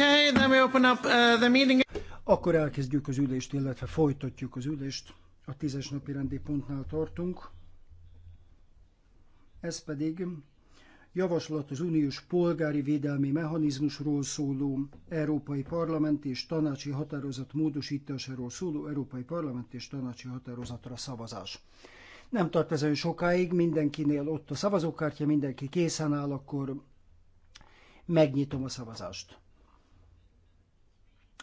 Okay, then we open up uh, the meeting. Akkor elkezdjük az ülést, illetve folytatjuk az ülést. A tízes napi rendi pontnál tartunk. Ez pedig javaslat az uniós polgári védelmi mechanizmusról szóló Európai Parlament és Tanácsi Határozat módosításáról szóló Európai Parlament és Tanácsi Határozatra szavazás. Nem tart ez olyan sokáig, mindenkinél ott a szavazókártya, mindenki készen áll, akkor megnyitom a szavazást.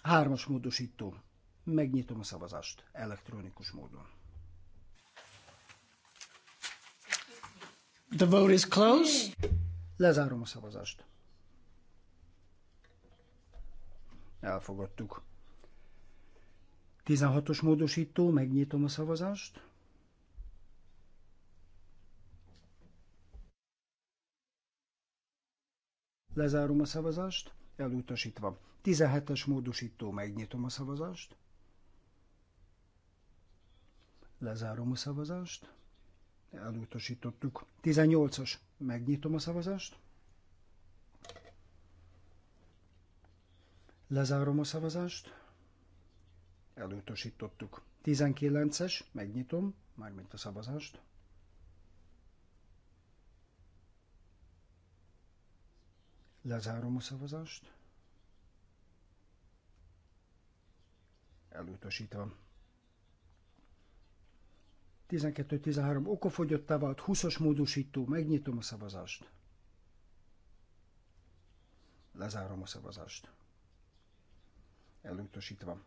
Hármas módosító. Megnyitom a szavazást elektronikus módon. The vote is closed. Lezárom a szavazást. Elfogadtuk. 16-os módosító, megnyitom a szavazást. Lezárom a szavazást, elutasítva. 17-es módosító, megnyitom a szavazást. Lezárom a szavazást. Elutasítottuk. 18-as, megnyitom a szavazást. Lezárom a szavazást. Elutasítottuk. 19-es, megnyitom, mármint a szavazást. Lezárom a szavazást. elutasítva. 12-13 okofogyottá vált, 20 os módosító, megnyitom a szavazást. Lezárom a szavazást. Elutasítva.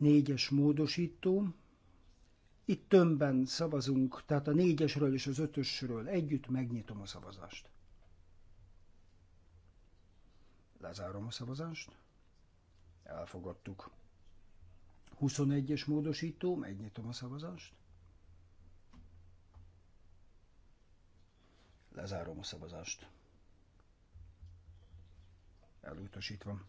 4-es módosító. Itt tömbben szavazunk, tehát a 4-esről és az 5-ösről együtt megnyitom a szavazást. Lezárom a szavazást. Elfogadtuk. 21-es módosító, megnyitom a szavazást. Lezárom a szavazást. Elutasítva.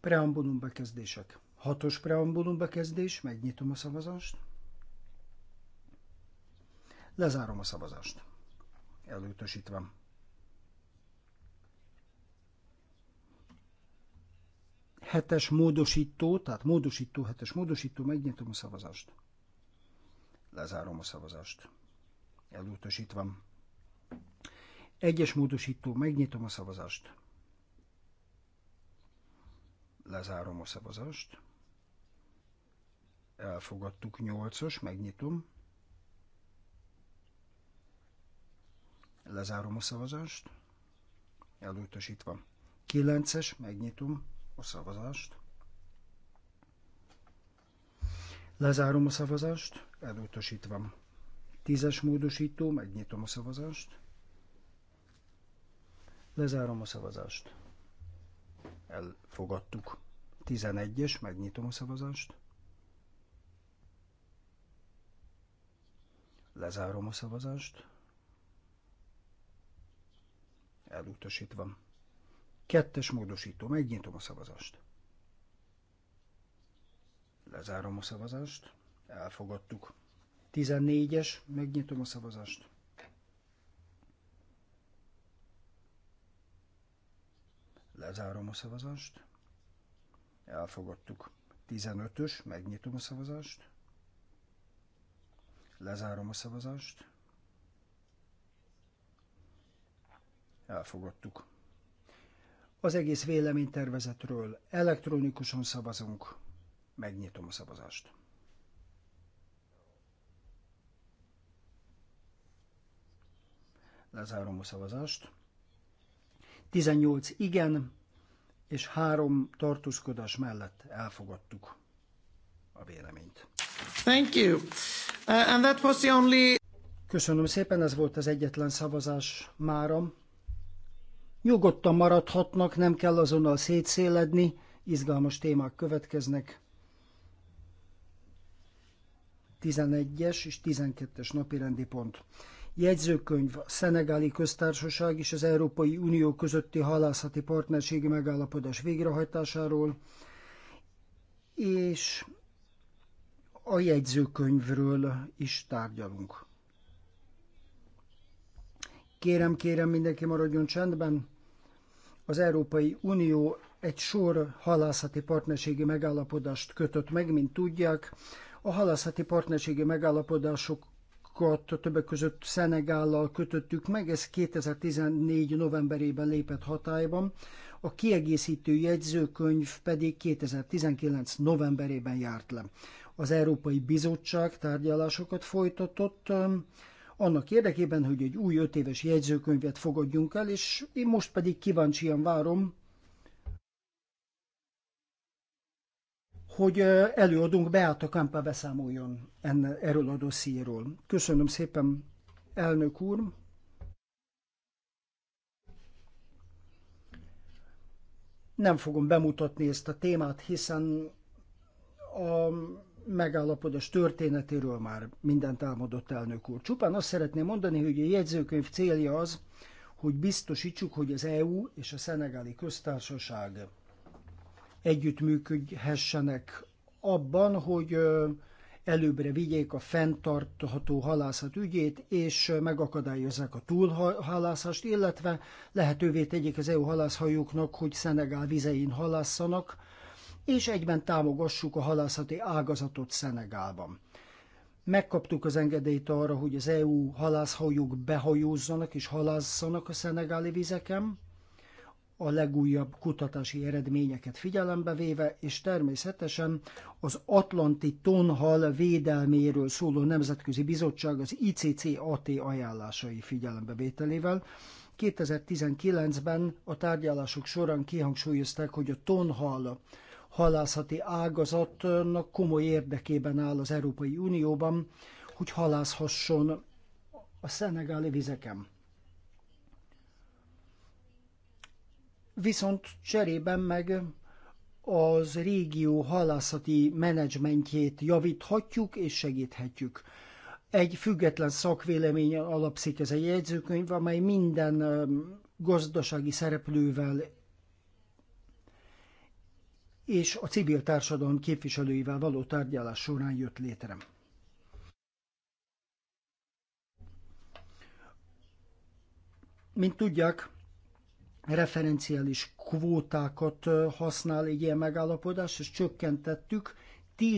Preambulum bekezdések. Hatos preambulum bekezdés, megnyitom a szavazást. Lezárom a szavazást. Elutasítva. hetes módosító, tehát módosító, hetes módosító, megnyitom a szavazást. Lezárom a szavazást. Elutasítva. Egyes módosító, megnyitom a szavazást. Lezárom a szavazást. Elfogadtuk 8-os, megnyitom. Lezárom a szavazást. Elutasítva. 9-es, megnyitom a szavazást. Lezárom a szavazást, elutasítva. Tízes módosító, megnyitom a szavazást. Lezárom a szavazást. Elfogadtuk. 11-es, megnyitom a szavazást. Lezárom a szavazást. Elutasítva. Kettes módosító. Megnyitom a szavazást. Lezárom a szavazást. Elfogadtuk. 14-es. Megnyitom a szavazást. Lezárom a szavazást. Elfogadtuk. 15-ös. Megnyitom a szavazást. Lezárom a szavazást. Elfogadtuk az egész véleménytervezetről. Elektronikusan szavazunk. Megnyitom a szavazást. Lezárom a szavazást. 18 igen, és három tartózkodás mellett elfogadtuk a véleményt. Thank you. Uh, and that was the only... Köszönöm szépen, ez volt az egyetlen szavazás máram. Nyugodtan maradhatnak, nem kell azonnal szétszéledni, izgalmas témák következnek. 11-es és 12-es rendi pont. Jegyzőkönyv a Szenegáli Köztársaság és az Európai Unió közötti halászati partnerségi megállapodás végrehajtásáról, és a jegyzőkönyvről is tárgyalunk. Kérem, kérem, mindenki maradjon csendben az Európai Unió egy sor halászati partnerségi megállapodást kötött meg, mint tudják. A halászati partnerségi megállapodások többek között Szenegállal kötöttük meg, ez 2014. novemberében lépett hatályban, a kiegészítő jegyzőkönyv pedig 2019. novemberében járt le. Az Európai Bizottság tárgyalásokat folytatott annak érdekében, hogy egy új öt éves jegyzőkönyvet fogadjunk el, és én most pedig kíváncsian várom, hogy előadunk Beata Kampa beszámoljon enne, erről a dossziéről. Köszönöm szépen, elnök úr! Nem fogom bemutatni ezt a témát, hiszen a megállapodás történetéről már mindent álmodott elnök úr. Csupán azt szeretném mondani, hogy a jegyzőkönyv célja az, hogy biztosítsuk, hogy az EU és a szenegáli köztársaság együttműködhessenek abban, hogy előbbre vigyék a fenntartható halászat ügyét, és megakadályozzák a túlhalászást, illetve lehetővé tegyék az EU halászhajóknak, hogy Szenegál vizein halászanak, és egyben támogassuk a halászati ágazatot Szenegálban. Megkaptuk az engedélyt arra, hogy az EU halászhajók behajózzanak és halásszanak a szenegáli vizeken, a legújabb kutatási eredményeket figyelembe véve, és természetesen az Atlanti Tonhal védelméről szóló Nemzetközi Bizottság az ICCAT ajánlásai figyelembevételével. 2019-ben a tárgyalások során kihangsúlyozták, hogy a tonhal halászati ágazatnak komoly érdekében áll az Európai Unióban, hogy halászhasson a szenegáli vizeken. Viszont cserében meg az régió halászati menedzsmentjét javíthatjuk és segíthetjük. Egy független szakvéleményen alapszik ez a jegyzőkönyv, amely minden gazdasági szereplővel és a civil társadalom képviselőivel való tárgyalás során jött létre. Mint tudják, referenciális kvótákat használ egy ilyen megállapodás, és csökkentettük.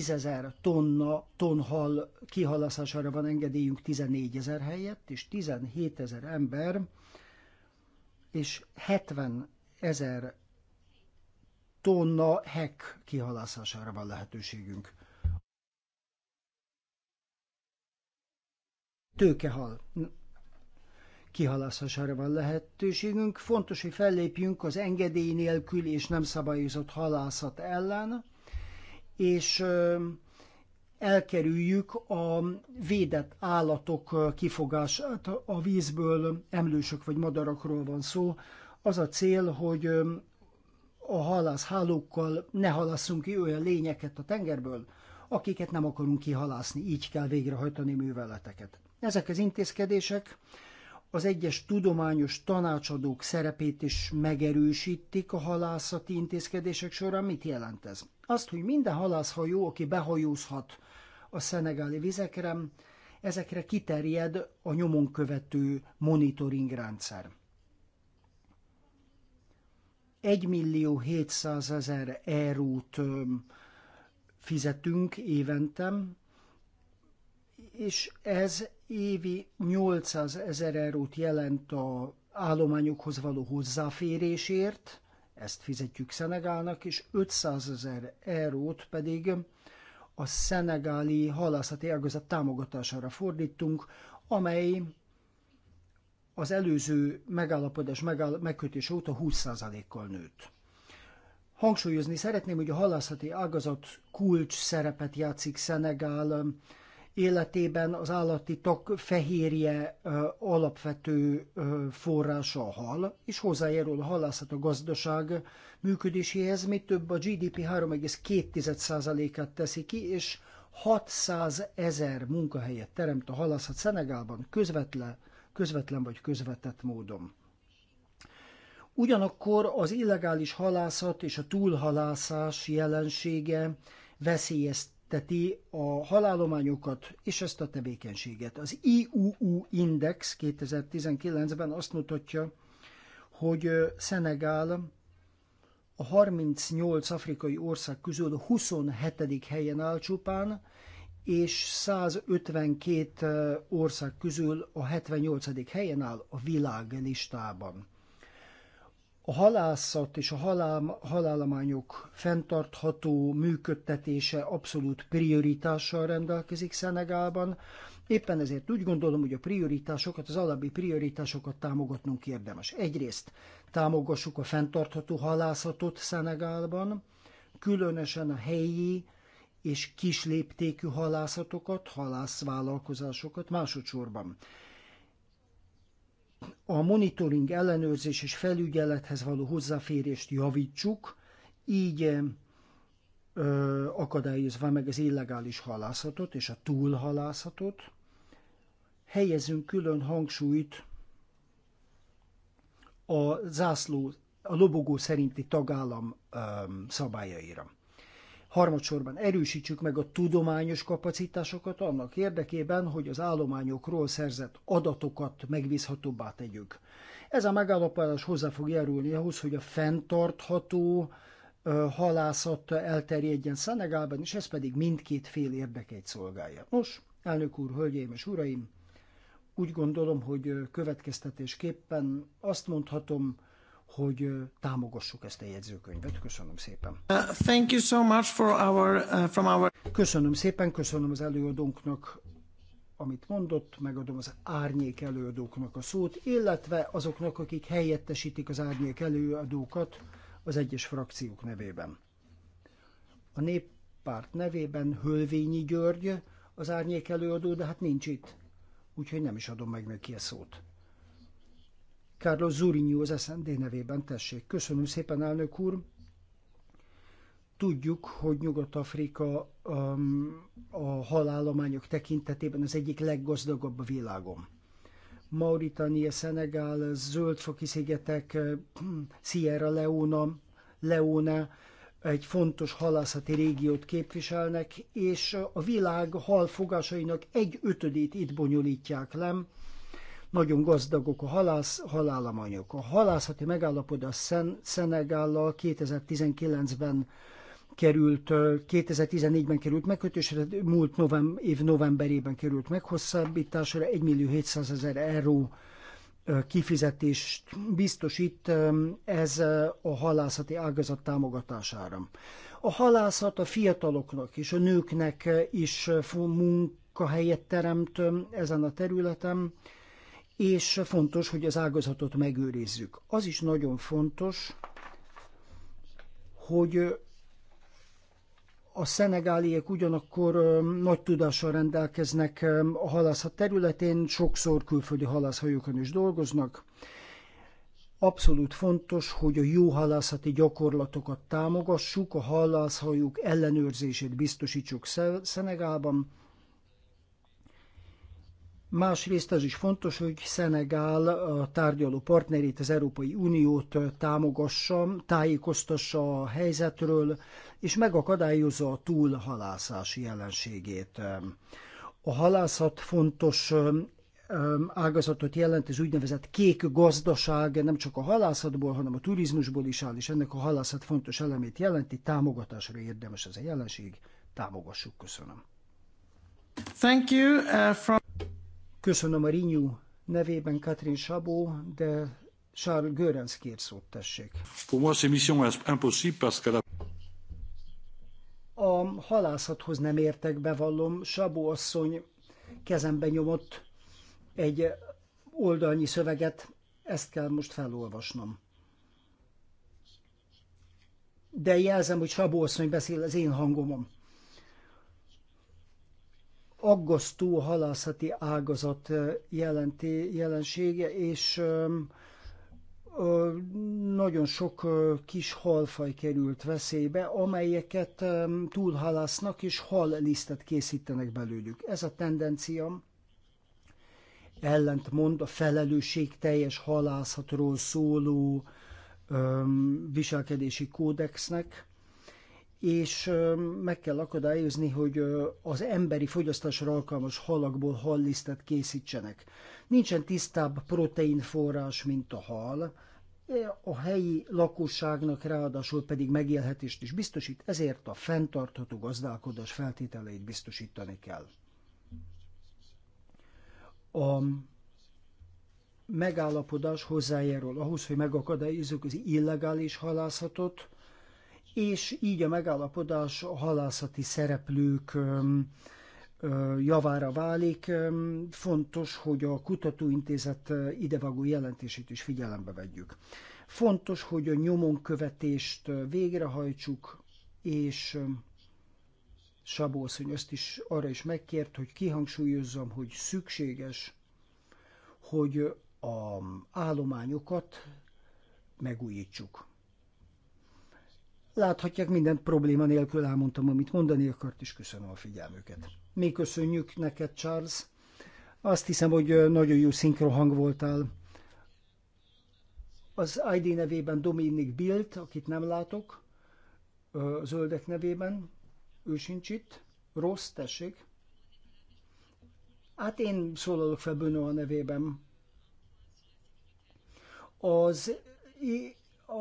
ezer tonna tonhal kihalaszására van engedélyünk ezer helyett, és ezer ember, és 70 ezer tonna hek kihalászására van lehetőségünk. Tőkehal kihalászására van lehetőségünk. Fontos, hogy fellépjünk az engedély nélkül és nem szabályozott halászat ellen, és elkerüljük a védett állatok kifogását a vízből, emlősök vagy madarakról van szó. Az a cél, hogy a hálókkal ne halasszunk ki olyan lényeket a tengerből, akiket nem akarunk kihalászni, így kell végrehajtani műveleteket. Ezek az intézkedések az egyes tudományos tanácsadók szerepét is megerősítik a halászati intézkedések során. Mit jelent ez? Azt, hogy minden halászhajó, aki behajózhat a szenegáli vizekre, ezekre kiterjed a nyomon követő monitoring rendszer. 1 millió 700 ezer eurót fizetünk évente, és ez évi 800 ezer eurót jelent a állományokhoz való hozzáférésért, ezt fizetjük Szenegálnak, és 500 ezer eurót pedig a szenegáli halászati ágazat támogatására fordítunk, amely az előző megállapodás megáll- megkötés óta 20%-kal nőtt. Hangsúlyozni szeretném, hogy a halászati ágazat kulcs szerepet játszik Szenegál um, életében, az állati tak fehérje uh, alapvető uh, forrása a hal, és hozzájárul a halászat a gazdaság működéséhez, mi több a GDP 3,2%-át teszi ki, és 600 ezer munkahelyet teremt a halászat Szenegálban közvetlen közvetlen vagy közvetett módon. Ugyanakkor az illegális halászat és a túlhalászás jelensége veszélyezteti a halálományokat és ezt a tevékenységet. Az IUU Index 2019-ben azt mutatja, hogy Szenegál a 38 afrikai ország közül a 27. helyen áll csupán, és 152 ország közül a 78. helyen áll a világ listában. A halászat és a halálományok fenntartható működtetése abszolút prioritással rendelkezik Szenegálban. Éppen ezért úgy gondolom, hogy a prioritásokat, az alábbi prioritásokat támogatnunk érdemes. Egyrészt támogassuk a fenntartható halászatot Szenegálban, különösen a helyi és kisléptékű halászatokat, halászvállalkozásokat másodszorban. A monitoring ellenőrzés és felügyelethez való hozzáférést javítsuk, így ö, akadályozva meg az illegális halászatot és a túlhalászatot, helyezünk külön hangsúlyt a zászló, a lobogó szerinti tagállam ö, szabályaira. Harmadsorban erősítsük meg a tudományos kapacitásokat annak érdekében, hogy az állományokról szerzett adatokat megbízhatóbbá tegyük. Ez a megállapodás hozzá fog járulni ahhoz, hogy a fenntartható halászat elterjedjen Szenegálban, és ez pedig mindkét fél érdekeit szolgálja. Nos, elnök úr, hölgyeim és uraim, úgy gondolom, hogy következtetésképpen azt mondhatom, hogy támogassuk ezt a jegyzőkönyvet. Köszönöm szépen. Uh, thank you so much for our, uh, from our... Köszönöm szépen, köszönöm az előadónknak, amit mondott, megadom az árnyék előadóknak a szót, illetve azoknak, akik helyettesítik az árnyék előadókat az egyes frakciók nevében. A néppárt nevében Hölvényi György az árnyék előadó, de hát nincs itt, úgyhogy nem is adom meg neki a szót. Carlos Zurinyó az SND nevében, tessék. Köszönöm szépen, elnök úr. Tudjuk, hogy Nyugat-Afrika um, a halállományok tekintetében az egyik leggazdagabb a világon. Mauritania, Szenegál, Zöldfoki szigetek, Sierra Leona, Leone egy fontos halászati régiót képviselnek, és a világ halfogásainak egy ötödét itt bonyolítják le, nagyon gazdagok a halász, halálamanyok. A halászati megállapodás Szen, Szenegállal 2019-ben került, 2014-ben került megkötésre, múlt novemb, év novemberében került meghosszabbításra, 1 millió 700 ezer euró kifizetést biztosít ez a halászati ágazat támogatására. A halászat a fiataloknak és a nőknek is munkahelyet teremt ezen a területen, és fontos, hogy az ágazatot megőrizzük. Az is nagyon fontos, hogy a szenegáliek ugyanakkor nagy tudással rendelkeznek a halászat területén, sokszor külföldi halászhajókon is dolgoznak. Abszolút fontos, hogy a jó halászati gyakorlatokat támogassuk, a halászhajók ellenőrzését biztosítsuk Szenegálban, Másrészt az is fontos, hogy Szenegál a tárgyaló partnerét, az Európai Uniót támogassa, tájékoztassa a helyzetről, és megakadályozza a túlhalászási jelenségét. A halászat fontos ágazatot jelent, az úgynevezett kék gazdaság nem csak a halászatból, hanem a turizmusból is áll, és ennek a halászat fontos elemét jelenti, támogatásra érdemes ez a jelenség, támogassuk, köszönöm. Thank you, uh, from... Köszönöm a Rinyú nevében Katrin Sabó, de Charles Görens kér szót tessék. Pour moi, mission impossible parce que la... A halászathoz nem értek, bevallom. Sabó asszony kezembe nyomott egy oldalnyi szöveget, ezt kell most felolvasnom. De jelzem, hogy Sabó asszony beszél az én hangomon aggasztó halászati ágazat jelenti, jelensége, és nagyon sok kis halfaj került veszélybe, amelyeket túlhalásznak és hal lisztet készítenek belőlük. Ez a tendencia ellentmond a felelősség teljes halászatról szóló viselkedési kódexnek, és meg kell akadályozni, hogy az emberi fogyasztásra alkalmas halakból hallisztet készítsenek. Nincsen tisztább proteinforrás, mint a hal, e, a helyi lakosságnak ráadásul pedig megélhetést is biztosít, ezért a fenntartható gazdálkodás feltételeit biztosítani kell. A megállapodás hozzájárul ahhoz, hogy megakadályozzuk az illegális halászatot, és így a megállapodás a halászati szereplők javára válik. Fontos, hogy a kutatóintézet idevágó jelentését is figyelembe vegyük. Fontos, hogy a nyomon követést végrehajtsuk, és Sabó asszony azt is arra is megkért, hogy kihangsúlyozzam, hogy szükséges, hogy a állományokat megújítsuk. Láthatják, minden probléma nélkül elmondtam, amit mondani akart, és köszönöm a figyelmüket. Mi köszönjük neked, Charles. Azt hiszem, hogy nagyon jó szinkrohang voltál. Az ID nevében Dominik Bilt, akit nem látok, a zöldek nevében, ő sincs itt. Rossz, tessék. Hát én szólalok fel Bruno a nevében. Az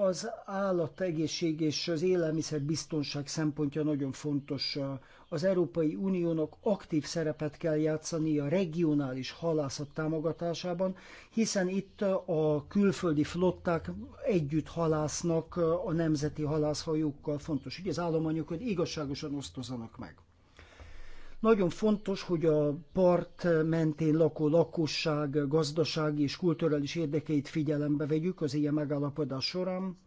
az állategészség és az élelmiszerbiztonság szempontja nagyon fontos. Az Európai Uniónak aktív szerepet kell játszani a regionális halászat támogatásában, hiszen itt a külföldi flották együtt halásznak a nemzeti halászhajókkal. Fontos, hogy az állományokat igazságosan osztozanak meg. Nagyon fontos, hogy a part mentén lakó lakosság gazdasági és kulturális érdekeit figyelembe vegyük az ilyen megállapodás során.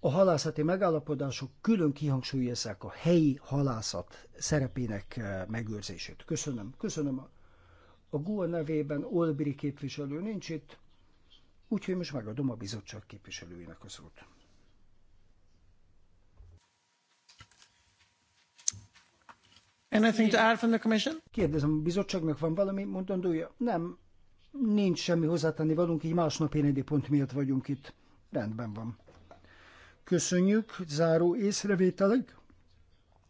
A halászati megállapodások külön kihangsúlyozzák a helyi halászat szerepének eh, megőrzését. Köszönöm. Köszönöm a, a GUA nevében Olbiri képviselő nincs itt, úgyhogy most megadom a bizottság képviselőjének a szót. Anything to add from the commission? Kérdezem, a bizottságnak van valami mondandója? Nem, nincs semmi hozzátenni valunk, így másnap én pont miatt vagyunk itt. Rendben van. Köszönjük, záró észrevételek.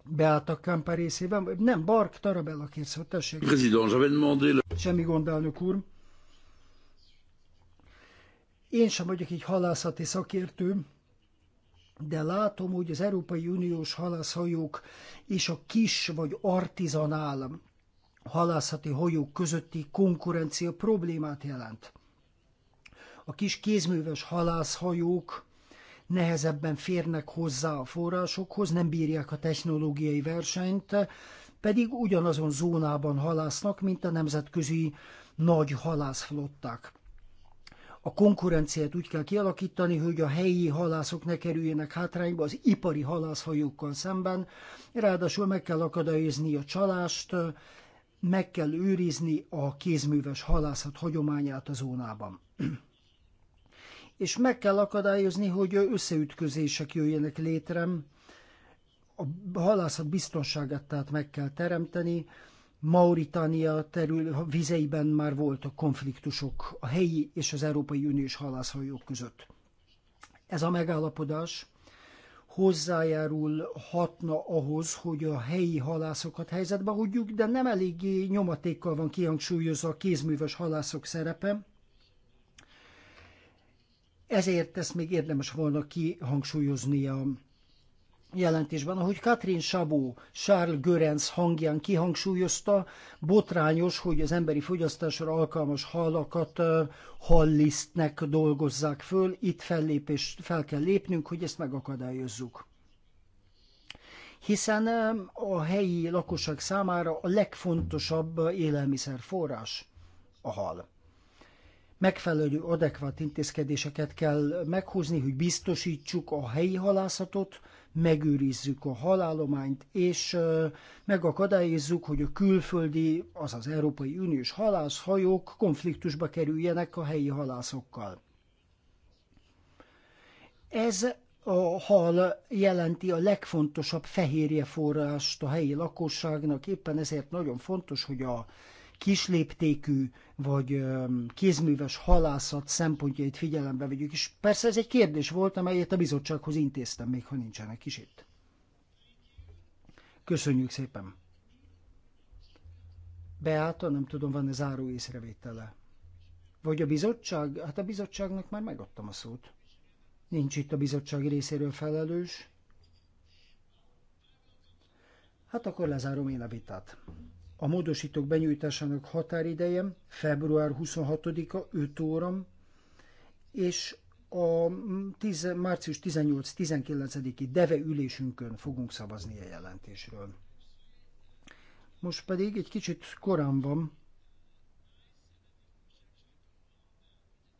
Beálltak Kampa részében, nem, Bark Tarabella kérsz, hogy tessék. Semmi gond, elnök úr. Én sem vagyok egy halászati szakértő, de látom, hogy az Európai Uniós halászhajók és a kis vagy artizanál halászati hajók közötti konkurencia problémát jelent. A kis kézműves halászhajók nehezebben férnek hozzá a forrásokhoz, nem bírják a technológiai versenyt, pedig ugyanazon zónában halásznak, mint a nemzetközi nagy halászflották. A konkurenciát úgy kell kialakítani, hogy a helyi halászok ne kerüljenek hátrányba az ipari halászhajókkal szemben, ráadásul meg kell akadályozni a csalást, meg kell őrizni a kézműves halászat hagyományát a zónában. és meg kell akadályozni, hogy összeütközések jöjjenek létre, a halászat biztonságát tehát meg kell teremteni, Mauritania terül vizeiben már voltak konfliktusok a helyi és az Európai Uniós halászhajók között. Ez a megállapodás hozzájárul hatna ahhoz, hogy a helyi halászokat helyzetbe hagyjuk, de nem eléggé nyomatékkal van kihangsúlyozva a kézműves halászok szerepe. Ezért ezt még érdemes volna kihangsúlyozni a jelentésben, ahogy Katrin Sabó Charles Görenc hangján kihangsúlyozta, botrányos, hogy az emberi fogyasztásra alkalmas halakat hallisztnek dolgozzák föl, itt fellépés, fel kell lépnünk, hogy ezt megakadályozzuk hiszen a helyi lakosság számára a legfontosabb élelmiszerforrás a hal. Megfelelő adekvát intézkedéseket kell meghozni, hogy biztosítsuk a helyi halászatot, megőrizzük a halálományt, és megakadályozzuk, hogy a külföldi, azaz Európai Uniós halászhajók konfliktusba kerüljenek a helyi halászokkal. Ez a hal jelenti a legfontosabb fehérje forrást a helyi lakosságnak, éppen ezért nagyon fontos, hogy a kisléptékű vagy kézműves halászat szempontjait figyelembe vegyük. És persze ez egy kérdés volt, amelyet a bizottsághoz intéztem, még ha nincsenek is itt. Köszönjük szépen! Beáta, nem tudom, van-e záró észrevétele? Vagy a bizottság? Hát a bizottságnak már megadtam a szót. Nincs itt a bizottság részéről felelős. Hát akkor lezárom én a vitát. A módosítók benyújtásának határideje február 26-a 5 óra, és a 10, március 18-19-i deve ülésünkön fogunk szavazni a jelentésről. Most pedig egy kicsit korán van,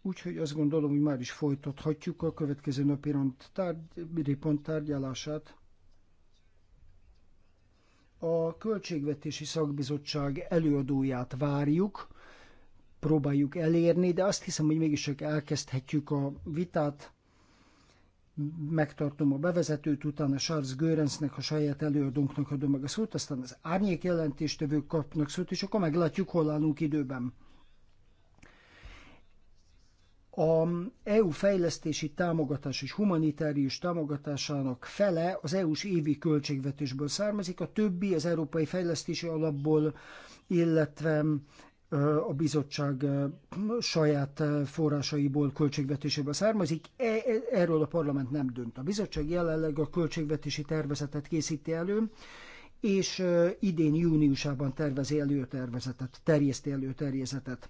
Úgyhogy azt gondolom, hogy már is folytathatjuk a következő napi pont tárgyalását. A Költségvetési Szakbizottság előadóját várjuk, próbáljuk elérni, de azt hiszem, hogy mégis csak elkezdhetjük a vitát. Megtartom a bevezetőt, utána Charles Görensnek, a saját előadónknak adom meg a szót, aztán az árnyék jelentéstevők kapnak szót, és akkor meglátjuk, hol állunk időben a EU fejlesztési támogatás és humanitárius támogatásának fele az EU-s évi költségvetésből származik, a többi az Európai Fejlesztési Alapból, illetve a bizottság saját forrásaiból, költségvetéséből származik. E, e, erről a parlament nem dönt. A bizottság jelenleg a költségvetési tervezetet készíti elő, és idén júniusában tervezi előtervezetet, terjeszti terjezetet.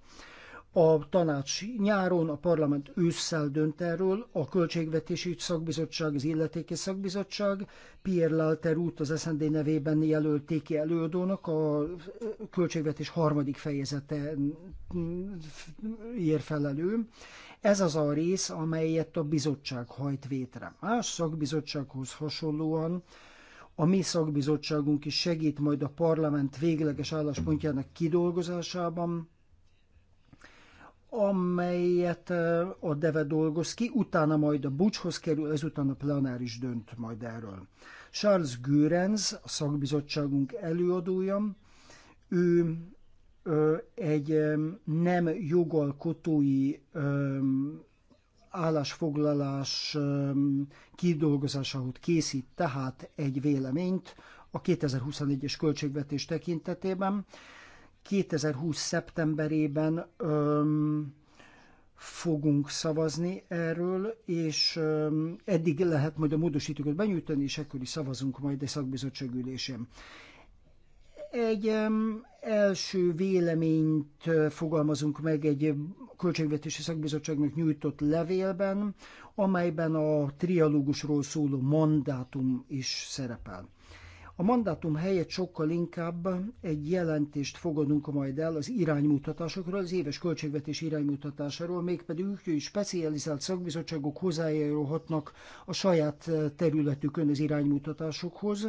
A tanács nyáron, a parlament ősszel dönt erről, a Költségvetési Szakbizottság, az Illetéki Szakbizottság, Pierre Lalter út az SZND nevében jelölték ki előadónak a költségvetés harmadik fejezete ér felelő. Ez az a rész, amelyet a bizottság hajt vétre. Más szakbizottsághoz hasonlóan a mi szakbizottságunk is segít majd a parlament végleges álláspontjának kidolgozásában, amelyet a DEVE dolgoz ki, utána majd a bucshoz kerül, ezután a plenáris dönt majd erről. Charles Gürenz, a szakbizottságunk előadója, ő egy nem jogalkotói állásfoglalás kidolgozásához készít tehát egy véleményt a 2021-es költségvetés tekintetében. 2020. szeptemberében öm, fogunk szavazni erről, és öm, eddig lehet majd a módosítókat benyújtani, és ekkor is szavazunk majd egy szakbizottság ülésén. Egy öm, első véleményt fogalmazunk meg egy költségvetési szakbizottságnak nyújtott levélben, amelyben a trialógusról szóló mandátum is szerepel. A mandátum helyett sokkal inkább egy jelentést fogadunk majd el az iránymutatásokról, az éves költségvetés iránymutatásáról, mégpedig ők hogy specializált szakbizottságok hozzájárulhatnak a saját területükön az iránymutatásokhoz.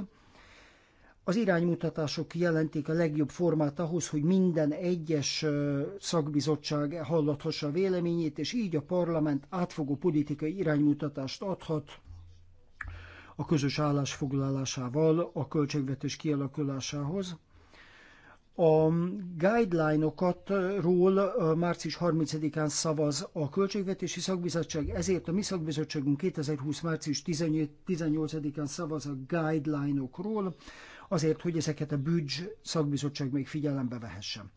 Az iránymutatások jelentik a legjobb formát ahhoz, hogy minden egyes szakbizottság hallathassa a véleményét, és így a parlament átfogó politikai iránymutatást adhat a közös állásfoglalásával a költségvetés kialakulásához. A guideline-okat ról március 30-án szavaz a Költségvetési Szakbizottság, ezért a mi szakbizottságunk 2020. március 18-án szavaz a guideline-okról, azért, hogy ezeket a büdzs szakbizottság még figyelembe vehessem.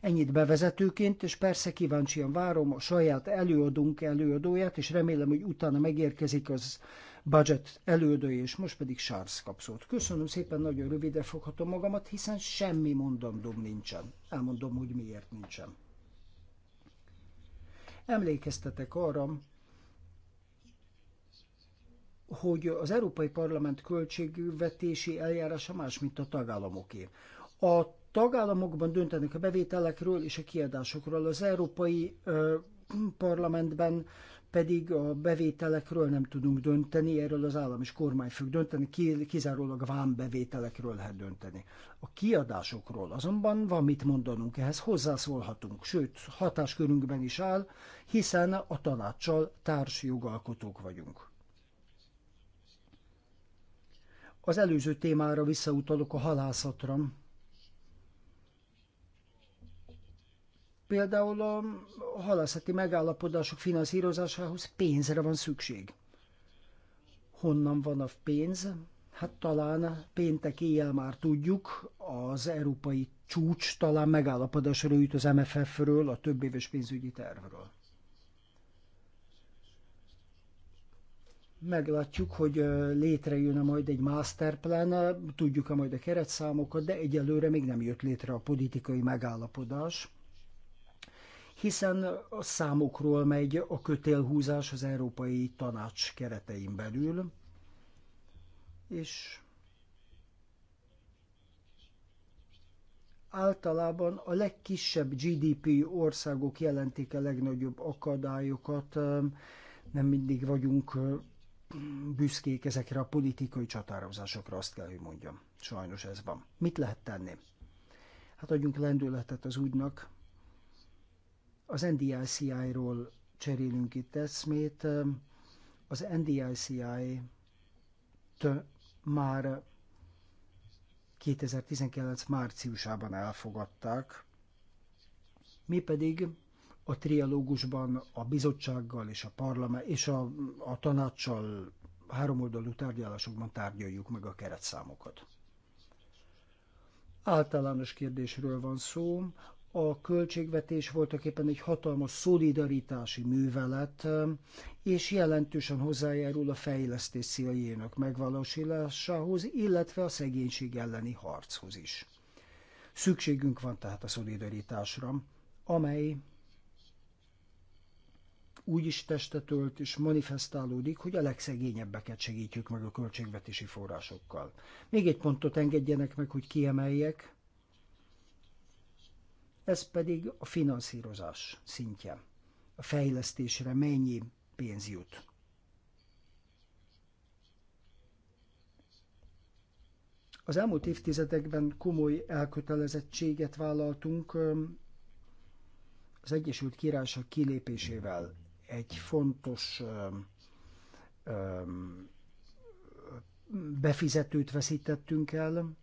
Ennyit bevezetőként, és persze kíváncsian várom a saját előadunk előadóját, és remélem, hogy utána megérkezik az budget elődő, és most pedig Sársz kapszót. Köszönöm szépen, nagyon rövide foghatom magamat, hiszen semmi mondandóm nincsen. Elmondom, hogy miért nincsen. Emlékeztetek arra, hogy az Európai Parlament költségvetési eljárása más, mint a tagállamoké. A tagállamokban döntenek a bevételekről és a kiadásokról. Az Európai ö, Parlamentben pedig a bevételekről nem tudunk dönteni, erről az állam és kormány fog dönteni, kizárólag vámbevételekről lehet dönteni. A kiadásokról azonban van mit mondanunk, ehhez hozzászólhatunk, sőt, hatáskörünkben is áll, hiszen a tanácssal társjogalkotók vagyunk. Az előző témára visszautalok a halászatra, Például a halászati megállapodások finanszírozásához pénzre van szükség. Honnan van a pénz? Hát talán péntek éjjel már tudjuk, az európai csúcs talán megállapodásra jut az MFF-ről, a több éves pénzügyi tervről. Meglátjuk, hogy létrejön-e majd egy masterplan, tudjuk-e majd a keretszámokat, de egyelőre még nem jött létre a politikai megállapodás hiszen a számokról megy a kötélhúzás az Európai Tanács keretein belül, és általában a legkisebb GDP országok jelentik a legnagyobb akadályokat, nem mindig vagyunk büszkék ezekre a politikai csatározásokra, azt kell, hogy mondjam. Sajnos ez van. Mit lehet tenni? Hát adjunk lendületet az úgynak, az NDICI-ról cserélünk itt eszmét. Az NDICI-t már 2019 márciusában elfogadták, mi pedig a trialógusban a bizottsággal és a parlament és a, a tanácssal háromoldalú tárgyalásokban tárgyaljuk meg a keretszámokat. Általános kérdésről van szó, a költségvetés voltak éppen egy hatalmas szolidaritási művelet, és jelentősen hozzájárul a fejlesztés céljának megvalósulásához, illetve a szegénység elleni harchoz is. Szükségünk van tehát a szolidaritásra, amely úgy is testet ölt és manifestálódik, hogy a legszegényebbeket segítjük meg a költségvetési forrásokkal. Még egy pontot engedjenek meg, hogy kiemeljek, ez pedig a finanszírozás szintje. A fejlesztésre mennyi pénz jut. Az elmúlt évtizedekben komoly elkötelezettséget vállaltunk az Egyesült Királyság kilépésével. Egy fontos befizetőt veszítettünk el,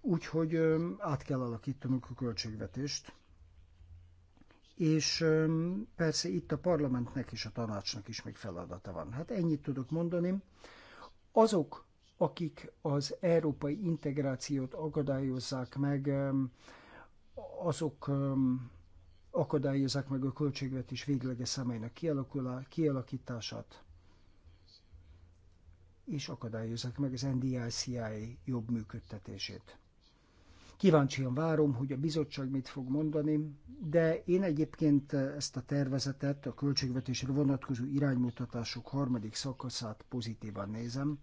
Úgyhogy át kell alakítanunk a költségvetést, és persze itt a parlamentnek és a tanácsnak is még feladata van. Hát ennyit tudok mondani. Azok, akik az európai integrációt akadályozzák meg, azok akadályozzák meg a költségvetés végleges személynek kialakítását, és akadályozzák meg az NDICI jobb működtetését. Kíváncsian várom, hogy a bizottság mit fog mondani, de én egyébként ezt a tervezetet, a költségvetésre vonatkozó iránymutatások harmadik szakaszát pozitívan nézem,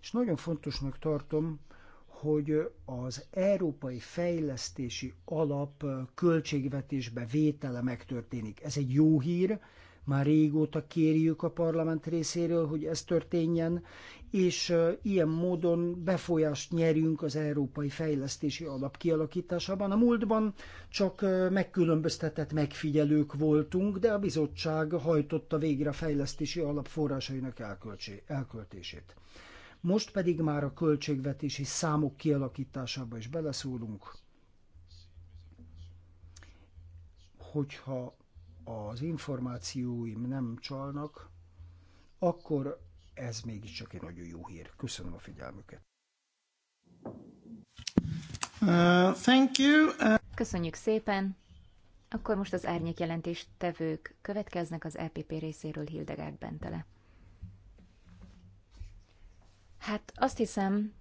és nagyon fontosnak tartom, hogy az Európai Fejlesztési Alap költségvetésbe vétele megtörténik. Ez egy jó hír, már régóta kérjük a parlament részéről, hogy ez történjen, és ilyen módon befolyást nyerünk az európai fejlesztési alap kialakításában. A múltban csak megkülönböztetett megfigyelők voltunk, de a bizottság hajtotta végre a fejlesztési alap forrásainak elköltését. Most pedig már a költségvetési számok kialakításába is beleszólunk. Hogyha az információim nem csalnak, akkor ez mégiscsak egy nagyon jó hír. Köszönöm a figyelmüket. Uh, thank you. Uh... Köszönjük szépen. Akkor most az árnyék jelentés tevők következnek az EPP részéről Hildegárd Bentele. Hát azt hiszem,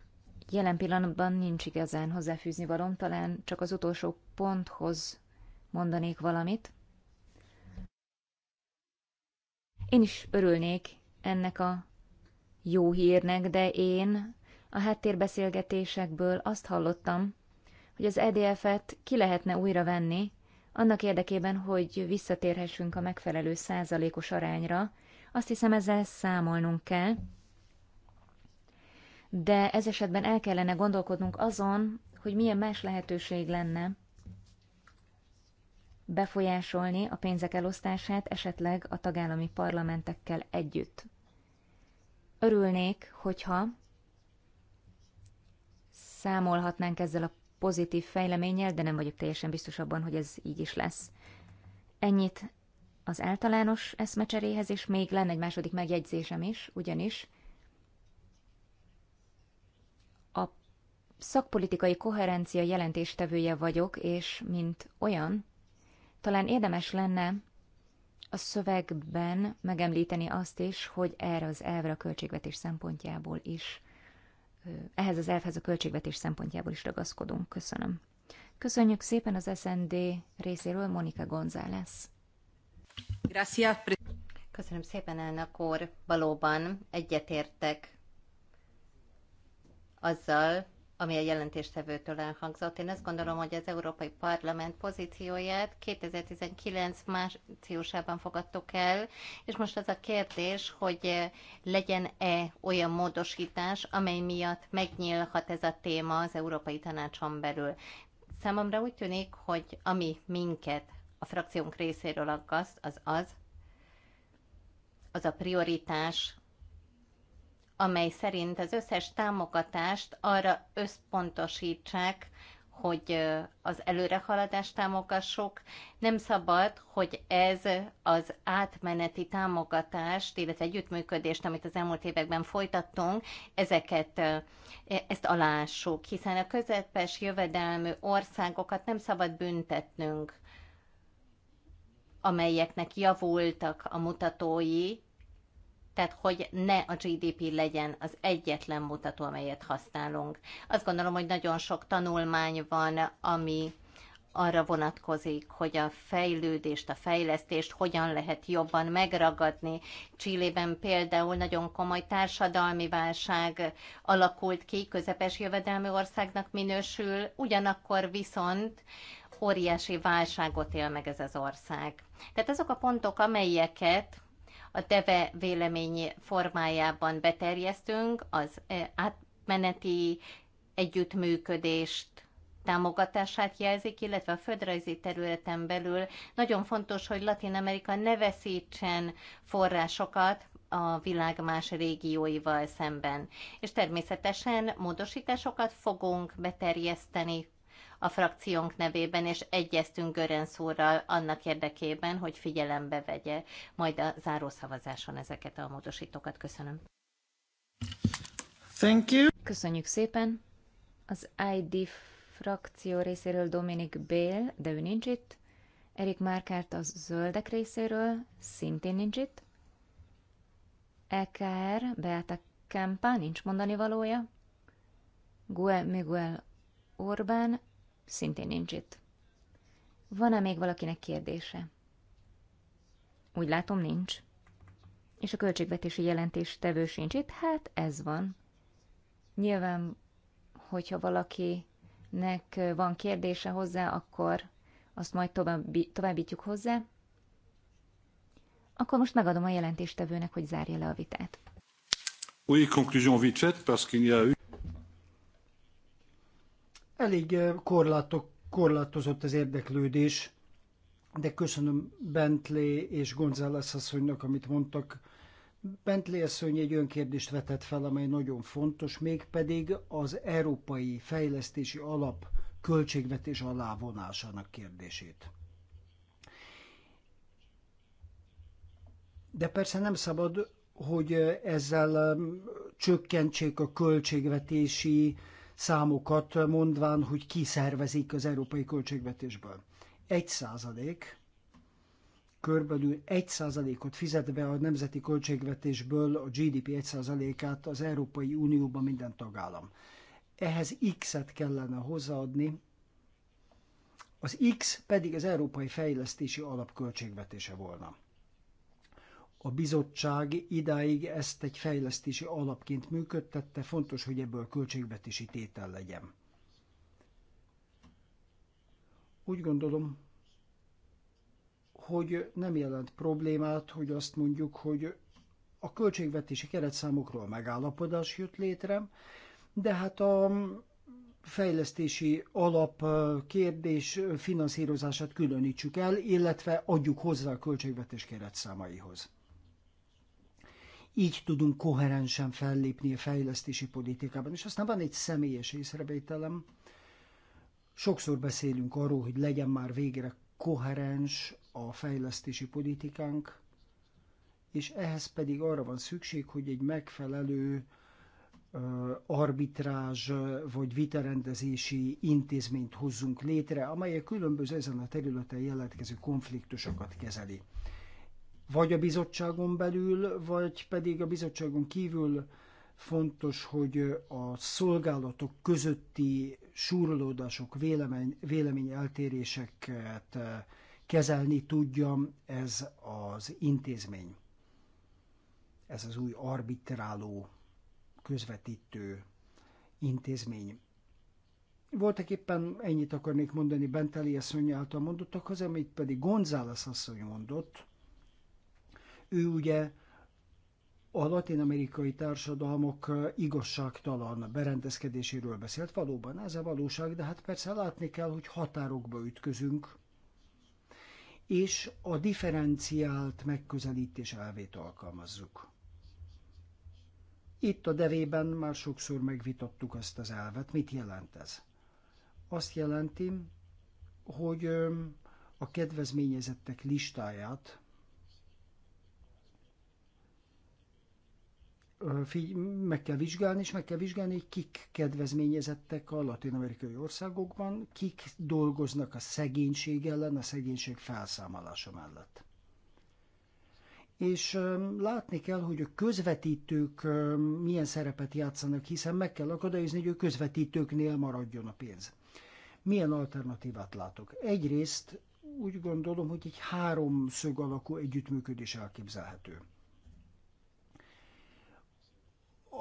jelen pillanatban nincs igazán hozzáfűzni valom, talán csak az utolsó ponthoz mondanék valamit. Én is örülnék ennek a jó hírnek, de én a háttérbeszélgetésekből azt hallottam, hogy az EDF-et ki lehetne újra venni, annak érdekében, hogy visszatérhessünk a megfelelő százalékos arányra. Azt hiszem, ezzel számolnunk kell. De ez esetben el kellene gondolkodnunk azon, hogy milyen más lehetőség lenne befolyásolni a pénzek elosztását esetleg a tagállami parlamentekkel együtt. Örülnék, hogyha számolhatnánk ezzel a pozitív fejleménnyel, de nem vagyok teljesen biztos abban, hogy ez így is lesz. Ennyit az általános eszmecseréhez, és még lenne egy második megjegyzésem is, ugyanis a szakpolitikai koherencia jelentéstevője vagyok, és mint olyan, talán érdemes lenne a szövegben megemlíteni azt is, hogy erre az elvre a költségvetés szempontjából is, ehhez az elvhez a költségvetés szempontjából is ragaszkodunk. Köszönöm. Köszönjük szépen az SND részéről Monika González. Köszönöm szépen, elnök úr. Valóban egyetértek azzal, ami a jelentéstevőtől elhangzott. Én azt gondolom, hogy az Európai Parlament pozícióját 2019 márciusában fogadtuk el, és most az a kérdés, hogy legyen-e olyan módosítás, amely miatt megnyílhat ez a téma az Európai Tanácson belül. Számomra úgy tűnik, hogy ami minket a frakciónk részéről aggaszt, az az, az a prioritás, amely szerint az összes támogatást arra összpontosítsák, hogy az előrehaladást támogassuk. Nem szabad, hogy ez az átmeneti támogatást, illetve együttműködést, amit az elmúlt években folytattunk, ezeket ezt alássuk, hiszen a közepes jövedelmű országokat nem szabad büntetnünk, amelyeknek javultak a mutatói, tehát hogy ne a GDP legyen az egyetlen mutató, amelyet használunk. Azt gondolom, hogy nagyon sok tanulmány van, ami arra vonatkozik, hogy a fejlődést, a fejlesztést hogyan lehet jobban megragadni. Csillében például nagyon komoly társadalmi válság alakult ki, közepes jövedelmi országnak minősül, ugyanakkor viszont óriási válságot él meg ez az ország. Tehát azok a pontok, amelyeket a DEVE e vélemény formájában beterjesztünk, az e, átmeneti együttműködést támogatását jelzik, illetve a földrajzi területen belül nagyon fontos, hogy Latin Amerika ne veszítsen forrásokat a világ más régióival szemben. És természetesen módosításokat fogunk beterjeszteni a frakciónk nevében, és egyeztünk Görenc annak érdekében, hogy figyelembe vegye majd a zárószavazáson ezeket a módosítókat. Köszönöm. Thank you. Köszönjük szépen. Az ID frakció részéről Dominik Bél, de ő nincs itt. Erik Márkárt az zöldek részéről szintén nincs itt. EKR, Beata Kempa, nincs mondani valója. Gue Miguel Orbán, szintén nincs itt. Van-e még valakinek kérdése? Úgy látom, nincs. És a költségvetési jelentés tevő sincs itt, hát ez van. Nyilván, hogyha valakinek van kérdése hozzá, akkor azt majd további, továbbítjuk hozzá. Akkor most megadom a jelentéstevőnek, hogy zárja le a vitát. Oui, conclusion vite faite, parce qu'il y a eu... Elég korlátok, korlátozott az érdeklődés, de köszönöm Bentley és González asszonynak, amit mondtak. Bentley asszony egy olyan kérdést vetett fel, amely nagyon fontos, mégpedig az Európai Fejlesztési Alap költségvetés alávonásának kérdését. De persze nem szabad, hogy ezzel csökkentsék a költségvetési számokat mondván, hogy kiszervezik az európai költségvetésből. Egy százalék, körülbelül egy ot fizet be a nemzeti költségvetésből a GDP egy át az Európai Unióban minden tagállam. Ehhez X-et kellene hozzáadni, az X pedig az Európai Fejlesztési Alap költségvetése volna. A bizottság idáig ezt egy fejlesztési alapként működtette, fontos, hogy ebből költségvetési tétel legyen. Úgy gondolom, hogy nem jelent problémát, hogy azt mondjuk, hogy a költségvetési keretszámokról megállapodás jött létre, de hát a fejlesztési alap kérdés finanszírozását különítsük el, illetve adjuk hozzá a költségvetés keretszámaihoz. Így tudunk koherensen fellépni a fejlesztési politikában. És aztán van egy személyes észrevételem. Sokszor beszélünk arról, hogy legyen már végre koherens a fejlesztési politikánk, és ehhez pedig arra van szükség, hogy egy megfelelő arbitrázs vagy vitarendezési intézményt hozzunk létre, amely a különböző ezen a területen jelentkező konfliktusokat kezeli vagy a bizottságon belül, vagy pedig a bizottságon kívül fontos, hogy a szolgálatok közötti súrolódások, vélemény, vélemény eltéréseket kezelni tudjam ez az intézmény. Ez az új arbitráló, közvetítő intézmény. Voltak éppen ennyit akarnék mondani Benteli asszony által az, amit pedig González asszony mondott, ő ugye a latin-amerikai társadalmak igazságtalan berendezkedéséről beszélt. Valóban ez a valóság, de hát persze látni kell, hogy határokba ütközünk, és a differenciált megközelítés elvét alkalmazzuk. Itt a devében már sokszor megvitattuk ezt az elvet. Mit jelent ez? Azt jelenti, hogy a kedvezményezettek listáját figy- meg kell vizsgálni, és meg kell vizsgálni, hogy kik kedvezményezettek a latin-amerikai országokban, kik dolgoznak a szegénység ellen, a szegénység felszámolása mellett. És látni kell, hogy a közvetítők milyen szerepet játszanak, hiszen meg kell akadályozni, hogy a közvetítőknél maradjon a pénz. Milyen alternatívát látok? Egyrészt úgy gondolom, hogy egy háromszög alakú együttműködés elképzelhető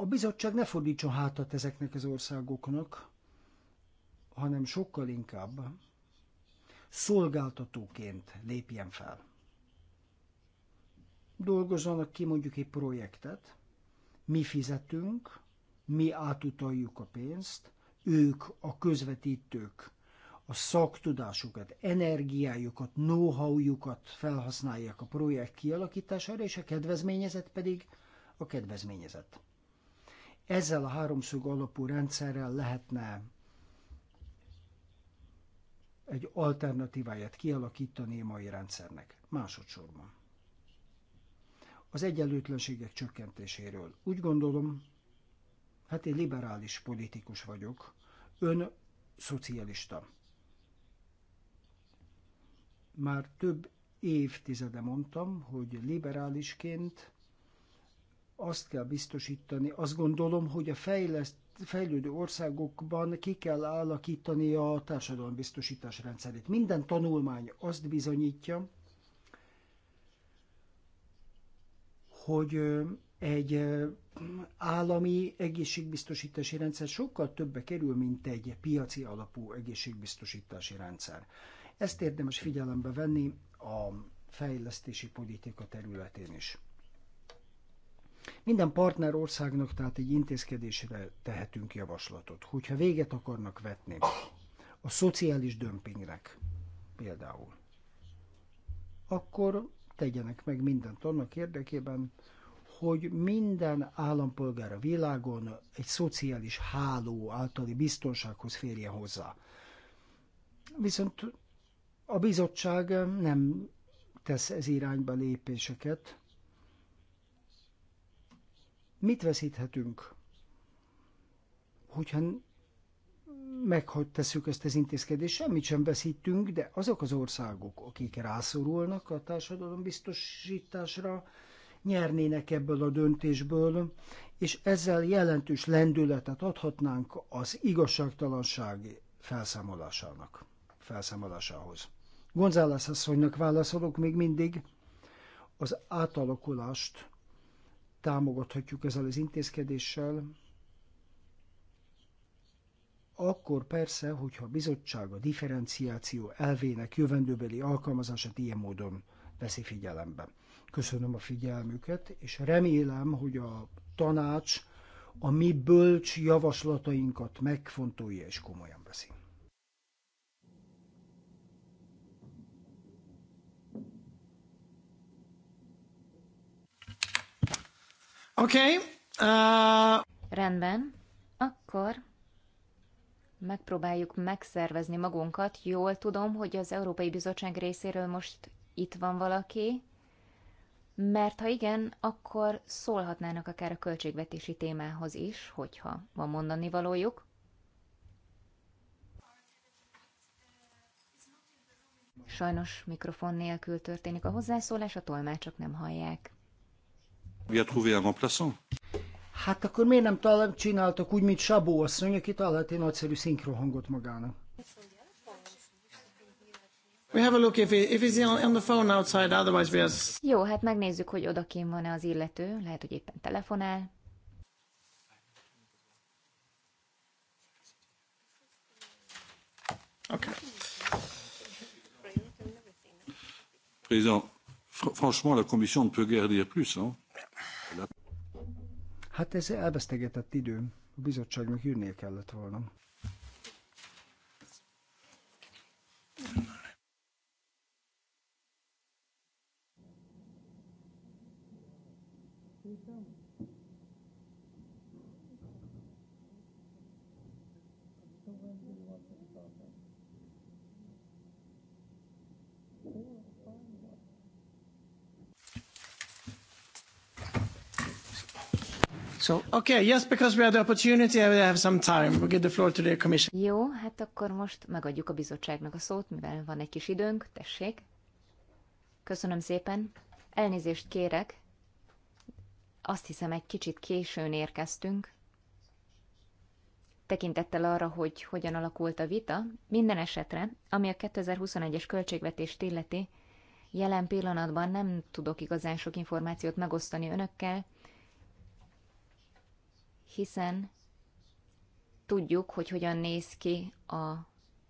a bizottság ne fordítson hátat ezeknek az országoknak, hanem sokkal inkább szolgáltatóként lépjen fel. Dolgozzanak ki mondjuk egy projektet, mi fizetünk, mi átutaljuk a pénzt, ők, a közvetítők a szaktudásukat, energiájukat, know-howjukat felhasználják a projekt kialakítására, és a kedvezményezet pedig a kedvezményezett. Ezzel a háromszög alapú rendszerrel lehetne egy alternatíváját kialakítani a mai rendszernek. Másodszorban. Az egyenlőtlenségek csökkentéséről. Úgy gondolom, hát én liberális politikus vagyok, ön szocialista. Már több évtizede mondtam, hogy liberálisként azt kell biztosítani. Azt gondolom, hogy a fejleszt, fejlődő országokban ki kell alakítani a biztosítás rendszerét. Minden tanulmány azt bizonyítja, hogy egy állami egészségbiztosítási rendszer sokkal többe kerül, mint egy piaci alapú egészségbiztosítási rendszer. Ezt érdemes figyelembe venni a fejlesztési politika területén is. Minden partner országnak tehát egy intézkedésre tehetünk javaslatot, hogyha véget akarnak vetni a szociális dömpingnek például, akkor tegyenek meg mindent annak érdekében, hogy minden állampolgár a világon egy szociális háló általi biztonsághoz férjen hozzá. Viszont a bizottság nem tesz ez irányba lépéseket, Mit veszíthetünk, hogyha tesszük ezt az intézkedést, semmit sem veszítünk, de azok az országok, akik rászorulnak a biztosításra nyernének ebből a döntésből, és ezzel jelentős lendületet adhatnánk az igazságtalanság felszámolásának, felszámolásához. González asszonynak válaszolok még mindig, az átalakulást támogathatjuk ezzel az intézkedéssel, akkor persze, hogyha a bizottság a differenciáció elvének jövendőbeli alkalmazását ilyen módon veszi figyelembe. Köszönöm a figyelmüket, és remélem, hogy a tanács a mi bölcs javaslatainkat megfontolja és komolyan veszi. Oké. Okay. Uh... Eh, Rendben. Akkor megpróbáljuk megszervezni magunkat. Jól tudom, hogy az Európai Bizottság részéről most itt van valaki, mert ha igen, akkor szólhatnának akár a költségvetési témához is, hogyha van mondani valójuk. Sajnos mikrofon nélkül történik a hozzászólás, a tolmácsok nem hallják. Hát akkor miért nem talán csináltak úgy, mint Sabó asszony, aki talált egy nagyszerű szinkrohangot magának? We have a look if, he, if he's on the phone outside, otherwise we have... Jó, hát megnézzük, hogy odakén van-e az illető, lehet, hogy éppen telefonál. Okay. Président, franchement, la Commission ne peut guère dire plus, Hein? Hát ez elvesztegetett időm. A bizottságnak jönnie kellett volna. So, okay, yes, because we had the opportunity, we have some time. We we'll give the floor to the commission. Jó, hát akkor most megadjuk a bizottságnak a szót, mivel van egy kis időnk, tessék. Köszönöm szépen. Elnézést kérek. Azt hiszem, egy kicsit későn érkeztünk. Tekintettel arra, hogy hogyan alakult a vita, minden esetre, ami a 2021-es költségvetést illeti, jelen pillanatban nem tudok igazán sok információt megosztani önökkel, hiszen tudjuk, hogy hogyan néz ki a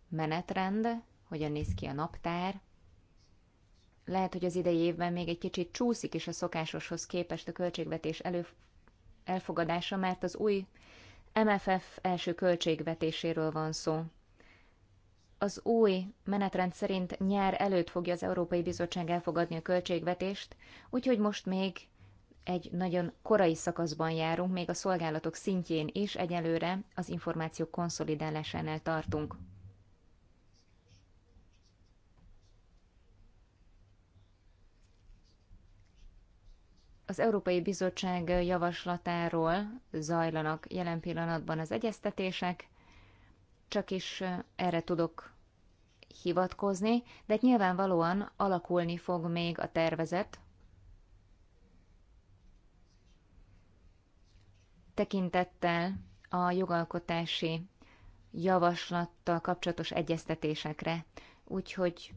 menetrend, hogyan néz ki a naptár. Lehet, hogy az idei évben még egy kicsit csúszik is a szokásoshoz képest a költségvetés elő, elfogadása, mert az új MFF első költségvetéséről van szó. Az új menetrend szerint nyár előtt fogja az Európai Bizottság elfogadni a költségvetést, úgyhogy most még egy nagyon korai szakaszban járunk, még a szolgálatok szintjén is egyelőre az információk konszolidálásánál tartunk. Az Európai Bizottság javaslatáról zajlanak jelen pillanatban az egyeztetések, csak is erre tudok hivatkozni, de nyilvánvalóan alakulni fog még a tervezet, tekintettel a jogalkotási javaslattal kapcsolatos egyeztetésekre. Úgyhogy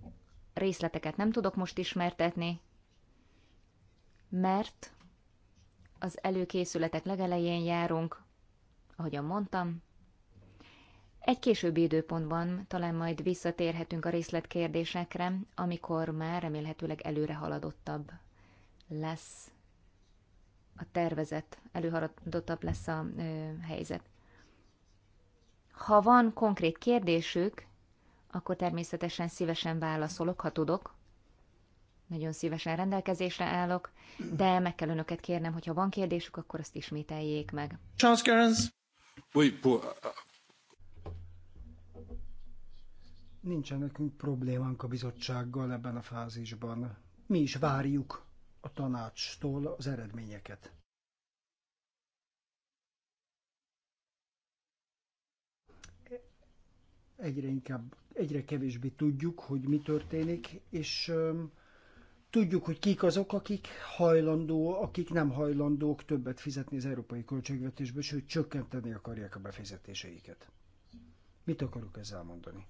részleteket nem tudok most ismertetni, mert az előkészületek legelején járunk, ahogyan mondtam. Egy későbbi időpontban talán majd visszatérhetünk a részletkérdésekre, amikor már remélhetőleg előre haladottabb lesz a tervezet előharadottabb lesz a helyzet. Ha van konkrét kérdésük, akkor természetesen szívesen válaszolok, ha tudok. Nagyon szívesen rendelkezésre állok, de meg kell önöket kérnem, hogyha van kérdésük, akkor azt ismételjék meg. Charles Gerns. Nincsen nekünk problémánk a bizottsággal ebben a fázisban. Mi is várjuk a tanácstól az eredményeket. Egyre inkább, egyre kevésbé tudjuk, hogy mi történik, és tudjuk, hogy kik azok, akik hajlandó, akik nem hajlandók többet fizetni az európai költségvetésbe, sőt csökkenteni akarják a befizetéseiket. Mit akarok ezzel mondani?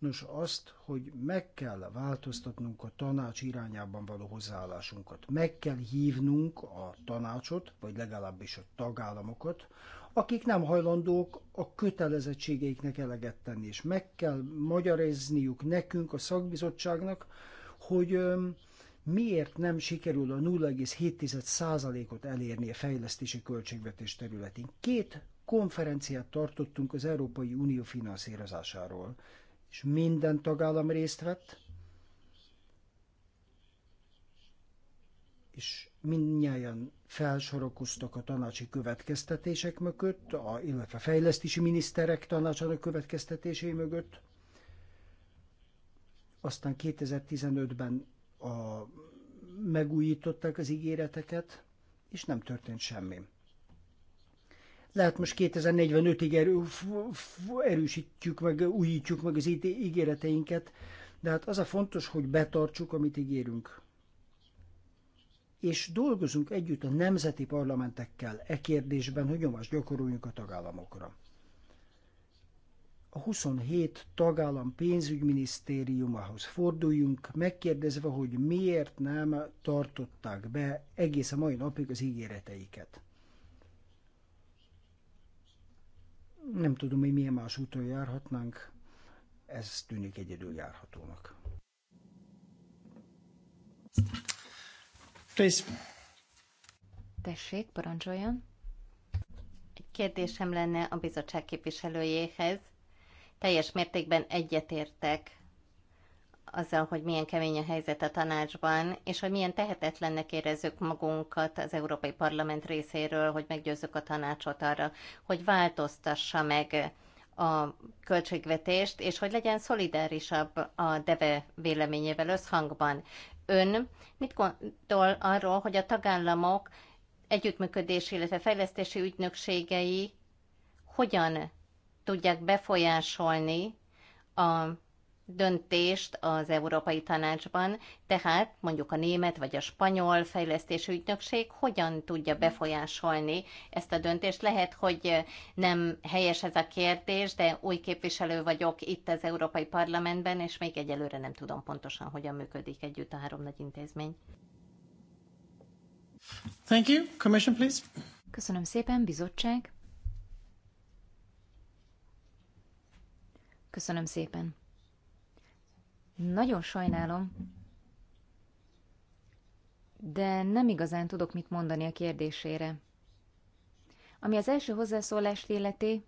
Nos, azt, hogy meg kell változtatnunk a tanács irányában való hozzáállásunkat. Meg kell hívnunk a tanácsot, vagy legalábbis a tagállamokat, akik nem hajlandók a kötelezettségeiknek eleget tenni, és meg kell magyarázniuk nekünk, a szakbizottságnak, hogy miért nem sikerül a 0,7%-ot elérni a fejlesztési költségvetés területén. Két konferenciát tartottunk az Európai Unió finanszírozásáról, és minden tagállam részt vett, és mindnyáján felsorokoztak a tanácsi következtetések mögött, a, illetve a fejlesztési miniszterek tanácsának következtetései mögött. Aztán 2015-ben a, megújították az ígéreteket, és nem történt semmi. Lehet most 2045-ig erő, erősítjük meg, újítjuk meg az ígéreteinket, de hát az a fontos, hogy betartsuk, amit ígérünk. És dolgozunk együtt a nemzeti parlamentekkel e kérdésben, hogy nyomást gyakoroljunk a tagállamokra. A 27 tagállam pénzügyminisztériumához forduljunk, megkérdezve, hogy miért nem tartották be egész a mai napig az ígéreteiket. Nem tudom, hogy milyen más úton járhatnánk, ez tűnik egyedül járhatónak. Please. Tessék, parancsoljon. Egy kérdésem lenne a bizottság képviselőjéhez. Teljes mértékben egyetértek azzal, hogy milyen kemény a helyzet a tanácsban, és hogy milyen tehetetlennek érezzük magunkat az Európai Parlament részéről, hogy meggyőzzük a tanácsot arra, hogy változtassa meg a költségvetést, és hogy legyen szolidárisabb a DEVE véleményével összhangban. Ön mit gondol arról, hogy a tagállamok együttműködési, illetve fejlesztési ügynökségei hogyan tudják befolyásolni a döntést az Európai Tanácsban, tehát mondjuk a német vagy a spanyol fejlesztési ügynökség hogyan tudja befolyásolni ezt a döntést. Lehet, hogy nem helyes ez a kérdés, de új képviselő vagyok itt az Európai Parlamentben, és még egyelőre nem tudom pontosan, hogyan működik együtt a három nagy intézmény. Thank you. Commission, please. Köszönöm szépen, bizottság. Köszönöm szépen. Nagyon sajnálom, de nem igazán tudok mit mondani a kérdésére. Ami az első hozzászólást illeti,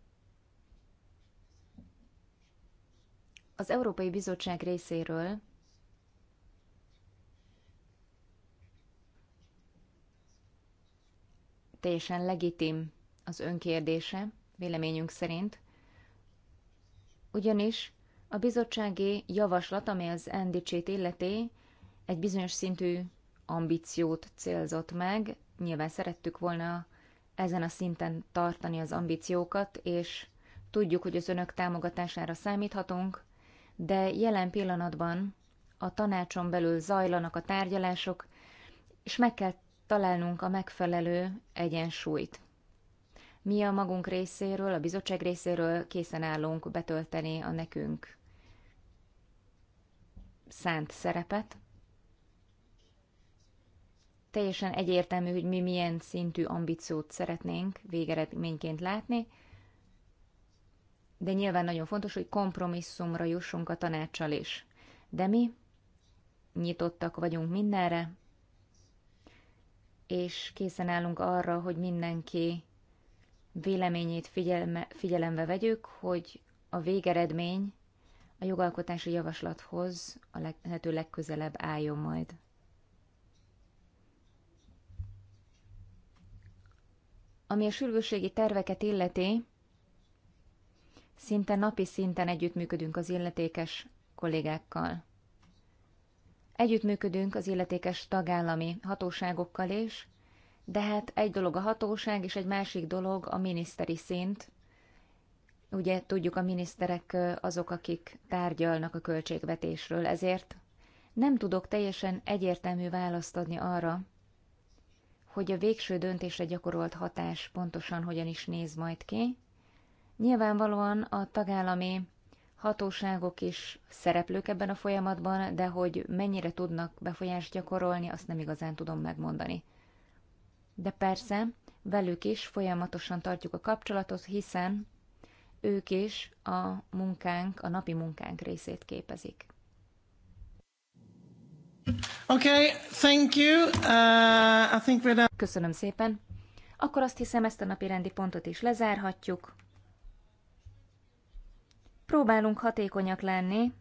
az Európai Bizottság részéről teljesen legitim az önkérdése, véleményünk szerint, ugyanis a bizottsági javaslat, ami az NDC-t illeti, egy bizonyos szintű ambíciót célzott meg. Nyilván szerettük volna ezen a szinten tartani az ambíciókat, és tudjuk, hogy az önök támogatására számíthatunk, de jelen pillanatban a tanácson belül zajlanak a tárgyalások, és meg kell találnunk a megfelelő egyensúlyt. Mi a magunk részéről, a bizottság részéről készen állunk betölteni a nekünk szánt szerepet. Teljesen egyértelmű, hogy mi milyen szintű ambíciót szeretnénk végeredményként látni, de nyilván nagyon fontos, hogy kompromisszumra jussunk a tanácssal is. De mi nyitottak vagyunk mindenre, és készen állunk arra, hogy mindenki véleményét figyelme, figyelembe vegyük, hogy a végeredmény a jogalkotási javaslathoz a lehető legközelebb álljon majd. Ami a sürgősségi terveket illeti, szinte napi szinten együttműködünk az illetékes kollégákkal. Együttműködünk az illetékes tagállami hatóságokkal is, de hát egy dolog a hatóság, és egy másik dolog a miniszteri szint, Ugye tudjuk, a miniszterek azok, akik tárgyalnak a költségvetésről, ezért nem tudok teljesen egyértelmű választ adni arra, hogy a végső döntésre gyakorolt hatás pontosan hogyan is néz majd ki. Nyilvánvalóan a tagállami hatóságok is szereplők ebben a folyamatban, de hogy mennyire tudnak befolyást gyakorolni, azt nem igazán tudom megmondani. De persze, velük is folyamatosan tartjuk a kapcsolatot, hiszen ők is a munkánk, a napi munkánk részét képezik. Okay, thank you. Uh, I think we're done. Köszönöm szépen. Akkor azt hiszem, ezt a napi rendi pontot is lezárhatjuk. Próbálunk hatékonyak lenni,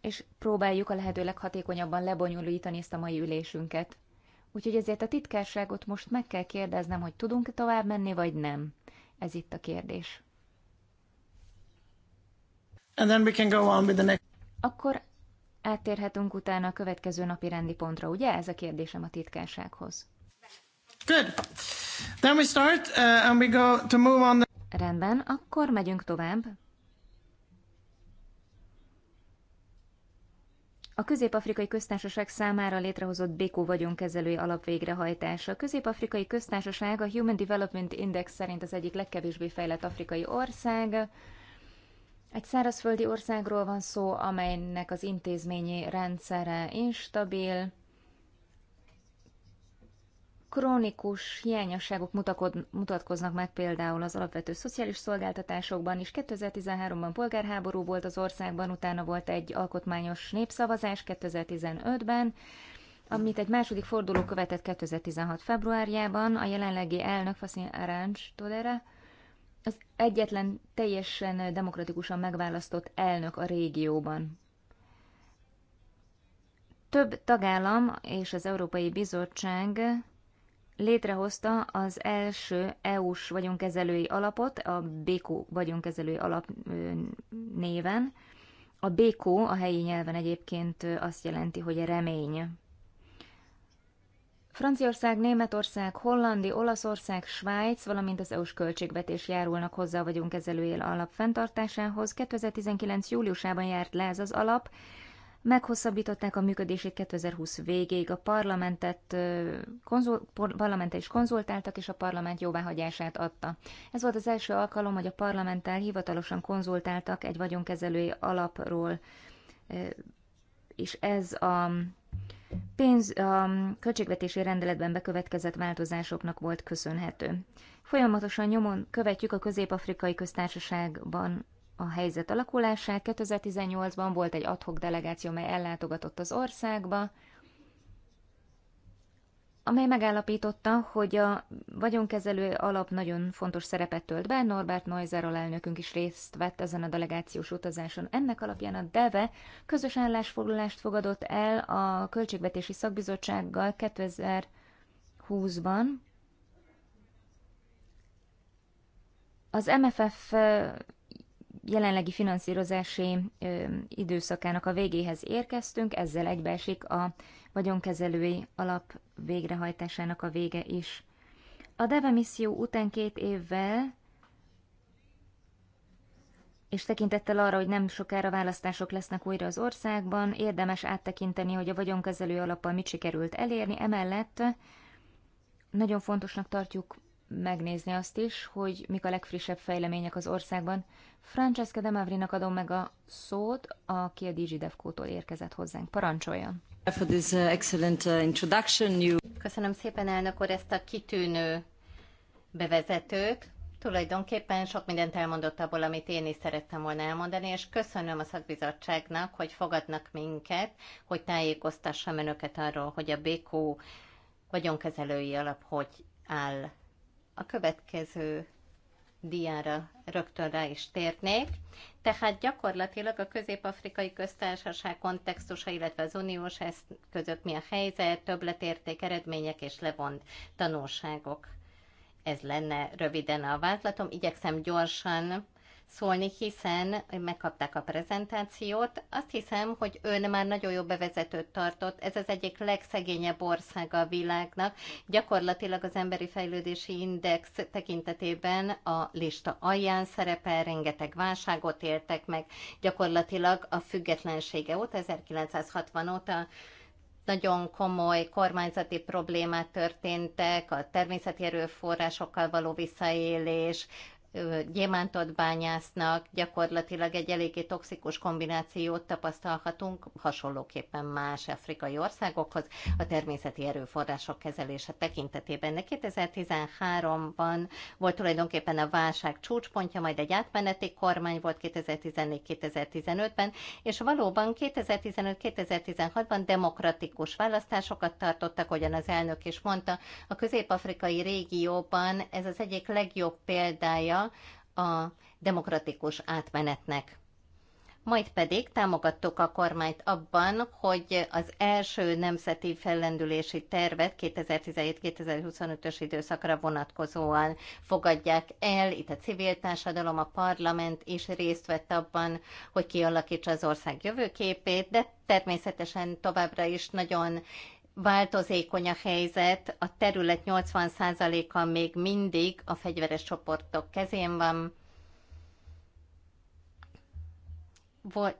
és próbáljuk a lehető leghatékonyabban lebonyolítani ezt a mai ülésünket. Úgyhogy ezért a titkárságot most meg kell kérdeznem, hogy tudunk-e tovább menni, vagy nem. Ez itt a kérdés. And then we can go on with the next. Akkor áttérhetünk utána a következő napi rendi pontra, ugye? Ez a kérdésem a titkársághoz. Good. Then we start uh, and we go to move on. The... Rendben, akkor megyünk tovább. A Közép-Afrikai Köztársaság számára létrehozott Békó vagyonkezelői alap végrehajtása. A Közép-Afrikai Köztársaság a Human Development Index szerint az egyik legkevésbé fejlett afrikai ország. Egy szárazföldi országról van szó, amelynek az intézményi rendszere instabil, krónikus hiányosságok mutatkoznak meg például az alapvető szociális szolgáltatásokban is. 2013-ban polgárháború volt az országban, utána volt egy alkotmányos népszavazás 2015-ben, amit egy második forduló követett 2016. februárjában a jelenlegi elnök Faszin Aráncs Tolera az egyetlen teljesen demokratikusan megválasztott elnök a régióban. Több tagállam és az Európai Bizottság létrehozta az első EU-s vagyonkezelői alapot, a Bk vagyonkezelői alap néven. A Bk a helyi nyelven egyébként azt jelenti, hogy remény. Franciaország, Németország, Hollandi, Olaszország, Svájc, valamint az EU-s költségvetés járulnak hozzá a vagyonkezelőjél alap fenntartásához. 2019. júliusában járt le ez az alap, meghosszabbították a működését 2020 végéig, a parlamentet, konzul, parlamentet is konzultáltak, és a parlament jóváhagyását adta. Ez volt az első alkalom, hogy a parlamenttel hivatalosan konzultáltak egy vagyonkezelői alapról, és ez a pénz a költségvetési rendeletben bekövetkezett változásoknak volt köszönhető. Folyamatosan nyomon követjük a Közép-Afrikai Köztársaságban a helyzet alakulását. 2018-ban volt egy adhok delegáció, mely ellátogatott az országba, amely megállapította, hogy a vagyonkezelő alap nagyon fontos szerepet tölt be, Norbert Neuser elnökünk is részt vett ezen a delegációs utazáson. Ennek alapján a DEVE közös állásfoglalást fogadott el a Költségvetési Szakbizottsággal 2020-ban. Az MFF jelenlegi finanszírozási időszakának a végéhez érkeztünk, ezzel egybeesik a vagyonkezelői alap végrehajtásának a vége is. A DEVE misszió után két évvel, és tekintettel arra, hogy nem sokára választások lesznek újra az országban, érdemes áttekinteni, hogy a vagyonkezelő alappal mit sikerült elérni, emellett nagyon fontosnak tartjuk megnézni azt is, hogy mik a legfrissebb fejlemények az országban. Francesca de Mavrinak adom meg a szót, aki a DigiDevco-tól érkezett hozzánk. Parancsoljon! Uh, uh, köszönöm szépen, elnök úr, ezt a kitűnő bevezetőt. Tulajdonképpen sok mindent elmondott abból, amit én is szerettem volna elmondani, és köszönöm a szakbizottságnak, hogy fogadnak minket, hogy tájékoztassam önöket arról, hogy a BQ vagyonkezelői alap hogy áll. A következő diára rögtön rá is térnék. Tehát gyakorlatilag a közép-afrikai köztársaság kontextusa, illetve az uniós között mi a helyzet, többletérték, eredmények és levont tanulságok. Ez lenne röviden a vázlatom. Igyekszem gyorsan szólni, hiszen megkapták a prezentációt. Azt hiszem, hogy ön már nagyon jó bevezetőt tartott. Ez az egyik legszegényebb országa a világnak. Gyakorlatilag az emberi fejlődési index tekintetében a lista alján szerepel, rengeteg válságot éltek meg. Gyakorlatilag a függetlensége óta, 1960 óta nagyon komoly kormányzati problémák történtek, a természeti erőforrásokkal való visszaélés, gyémántot bányásznak, gyakorlatilag egy eléggé toxikus kombinációt tapasztalhatunk, hasonlóképpen más afrikai országokhoz a természeti erőforrások kezelése tekintetében. 2013-ban volt tulajdonképpen a válság csúcspontja, majd egy átmeneti kormány volt 2014-2015-ben, és valóban 2015-2016-ban demokratikus választásokat tartottak, ahogyan az elnök is mondta, a közép-afrikai régióban ez az egyik legjobb példája a demokratikus átmenetnek. Majd pedig támogattuk a kormányt abban, hogy az első nemzeti fellendülési tervet 2017-2025-ös időszakra vonatkozóan fogadják el. Itt a civil társadalom, a parlament is részt vett abban, hogy kialakítsa az ország jövőképét, de természetesen továbbra is nagyon változékony a helyzet, a terület 80%-a még mindig a fegyveres csoportok kezén van. Volt,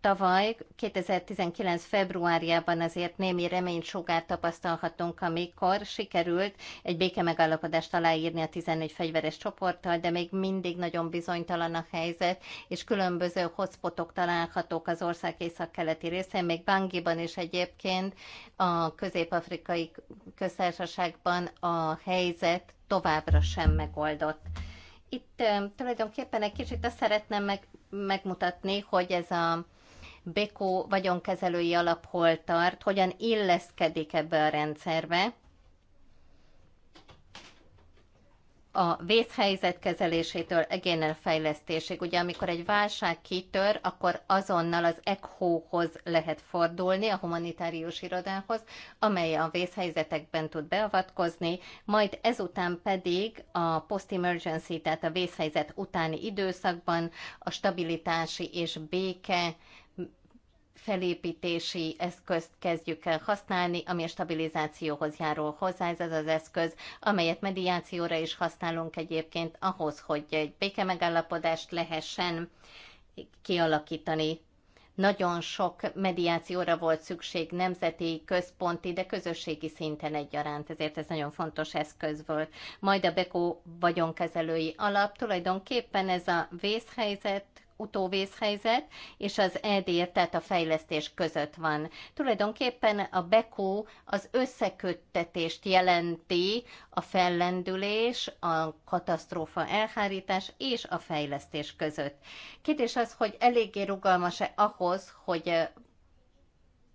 Tavaly 2019. februárjában azért némi reményt sugár tapasztalhatunk, amikor sikerült egy béke megállapodást aláírni a 14 fegyveres csoporttal, de még mindig nagyon bizonytalan a helyzet, és különböző hotspotok találhatók az ország észak-keleti részén, még Bangiban és egyébként a közép-afrikai köztársaságban a helyzet továbbra sem megoldott. Itt tulajdonképpen egy kicsit azt szeretném meg, megmutatni, hogy ez a Beko vagyonkezelői alap hol tart, hogyan illeszkedik ebbe a rendszerbe. a vészhelyzet kezelésétől fejlesztésig, Ugye amikor egy válság kitör, akkor azonnal az ECHO-hoz lehet fordulni, a humanitárius irodához, amely a vészhelyzetekben tud beavatkozni, majd ezután pedig a post-emergency, tehát a vészhelyzet utáni időszakban a stabilitási és béke felépítési eszközt kezdjük el használni, ami a stabilizációhoz járul hozzá. Ez az az eszköz, amelyet mediációra is használunk egyébként ahhoz, hogy egy béke megállapodást lehessen kialakítani. Nagyon sok mediációra volt szükség nemzeti, központi, de közösségi szinten egyaránt, ezért ez nagyon fontos eszköz volt. Majd a Beko vagyonkezelői alap, tulajdonképpen ez a vészhelyzet utóvészhelyzet és az EDR, tehát a fejlesztés között van. Tulajdonképpen a BECO az összeköttetést jelenti a fellendülés, a katasztrófa elhárítás és a fejlesztés között. Kérdés az, hogy eléggé rugalmas-e ahhoz, hogy eh,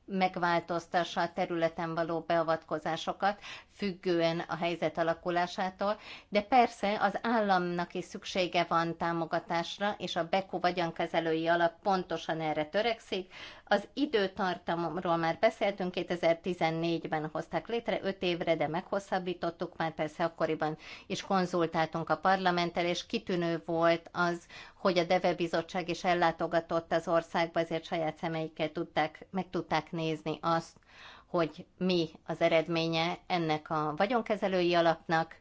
megváltoztassa a területen való beavatkozásokat, függően a helyzet alakulásától, de persze az államnak is szüksége van támogatásra, és a BEKU vagyonkezelői alap pontosan erre törekszik. Az időtartamról már beszéltünk, 2014-ben hozták létre, 5 évre, de meghosszabbítottuk már persze akkoriban, és konzultáltunk a parlamenttel, és kitűnő volt az, hogy a DEVE bizottság is ellátogatott az országba, ezért saját szemeikkel tudták, meg tudták nézni azt, hogy mi az eredménye ennek a vagyonkezelői alapnak,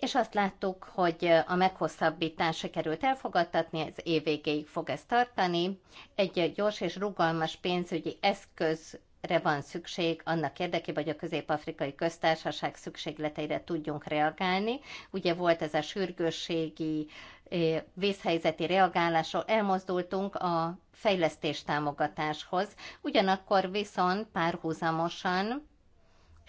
és azt láttuk, hogy a meghosszabbítás sikerült elfogadtatni, ez évvégéig fog ezt tartani. Egy gyors és rugalmas pénzügyi eszköz re van szükség annak érdekében, hogy a közép-afrikai köztársaság szükségleteire tudjunk reagálni. Ugye volt ez a sürgősségi vészhelyzeti reagálásról elmozdultunk a fejlesztés támogatáshoz, ugyanakkor viszont párhuzamosan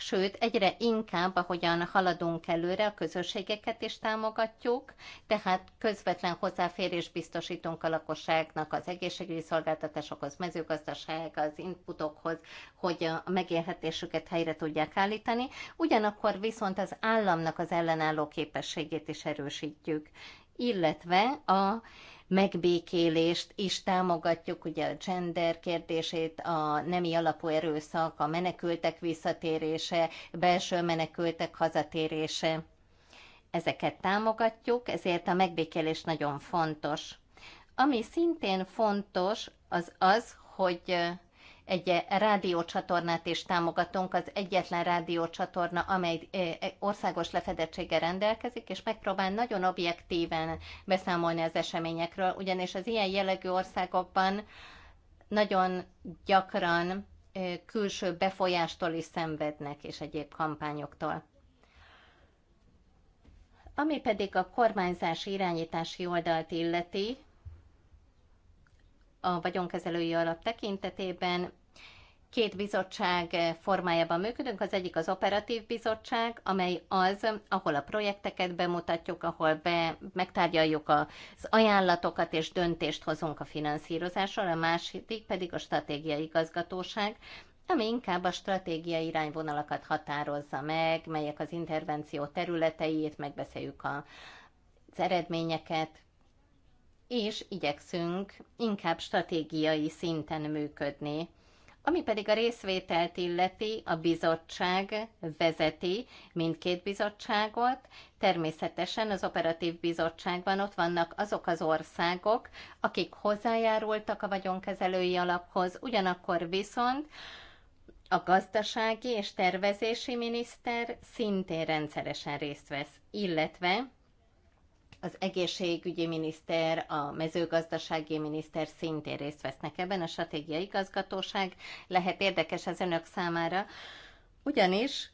sőt egyre inkább, ahogyan haladunk előre, a közösségeket is támogatjuk, tehát közvetlen hozzáférés biztosítunk a lakosságnak az egészségügyi szolgáltatásokhoz, mezőgazdaság, az inputokhoz, hogy a megélhetésüket helyre tudják állítani, ugyanakkor viszont az államnak az ellenálló képességét is erősítjük, illetve a megbékélést is támogatjuk, ugye a gender kérdését, a nemi alapú erőszak, a menekültek visszatérése, belső menekültek hazatérése. Ezeket támogatjuk, ezért a megbékélés nagyon fontos. Ami szintén fontos, az az, hogy egy rádiócsatornát is támogatunk, az egyetlen rádiócsatorna, amely e, országos lefedettséggel rendelkezik, és megpróbál nagyon objektíven beszámolni az eseményekről, ugyanis az ilyen jellegű országokban nagyon gyakran külső befolyástól is szenvednek, és egyéb kampányoktól. Ami pedig a kormányzási irányítási oldalt illeti, a vagyonkezelői alap tekintetében két bizottság formájában működünk. Az egyik az operatív bizottság, amely az, ahol a projekteket bemutatjuk, ahol be, megtárgyaljuk az ajánlatokat és döntést hozunk a finanszírozásról, a másik pedig a stratégiai igazgatóság, ami inkább a stratégiai irányvonalakat határozza meg, melyek az intervenció területeit, megbeszéljük a, az eredményeket, és igyekszünk inkább stratégiai szinten működni. Ami pedig a részvételt illeti, a bizottság vezeti mindkét bizottságot. Természetesen az operatív bizottságban ott vannak azok az országok, akik hozzájárultak a vagyonkezelői alaphoz, ugyanakkor viszont a gazdasági és tervezési miniszter szintén rendszeresen részt vesz, illetve az egészségügyi miniszter, a mezőgazdasági miniszter szintén részt vesznek ebben, a stratégiai igazgatóság lehet érdekes az önök számára, ugyanis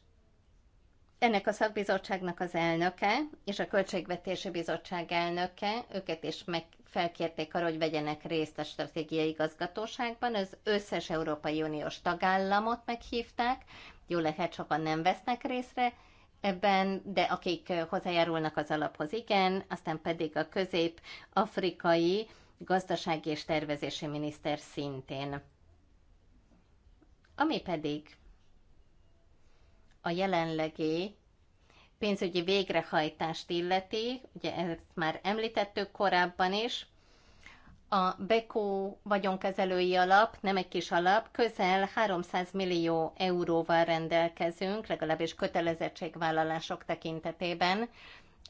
ennek a szakbizottságnak az elnöke és a Költségvetési Bizottság elnöke, őket is meg felkérték arra, hogy vegyenek részt a stratégiai igazgatóságban. Az összes Európai Uniós tagállamot meghívták, jó lehet sokan nem vesznek részre, ebben, de akik hozzájárulnak az alaphoz, igen, aztán pedig a közép-afrikai gazdasági és tervezési miniszter szintén. Ami pedig a jelenlegi pénzügyi végrehajtást illeti, ugye ezt már említettük korábban is, a beko vagyonkezelői alap, nem egy kis alap, közel 300 millió euróval rendelkezünk, legalábbis kötelezettségvállalások tekintetében,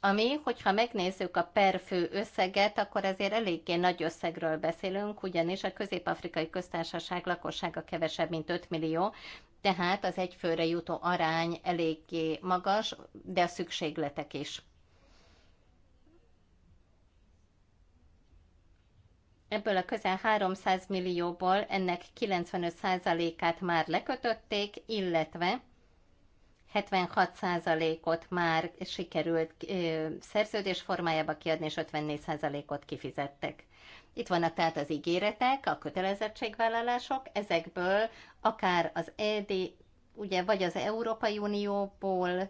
ami, hogyha megnézzük a per fő összeget, akkor azért eléggé nagy összegről beszélünk, ugyanis a Közép-Afrikai Köztársaság lakossága kevesebb, mint 5 millió, tehát az egyfőre jutó arány eléggé magas, de a szükségletek is. ebből a közel 300 millióból ennek 95%-át már lekötötték, illetve 76%-ot már sikerült ö, szerződés formájába kiadni, és 54%-ot kifizettek. Itt vannak tehát az ígéretek, a kötelezettségvállalások, ezekből akár az ED, ugye, vagy az Európai Unióból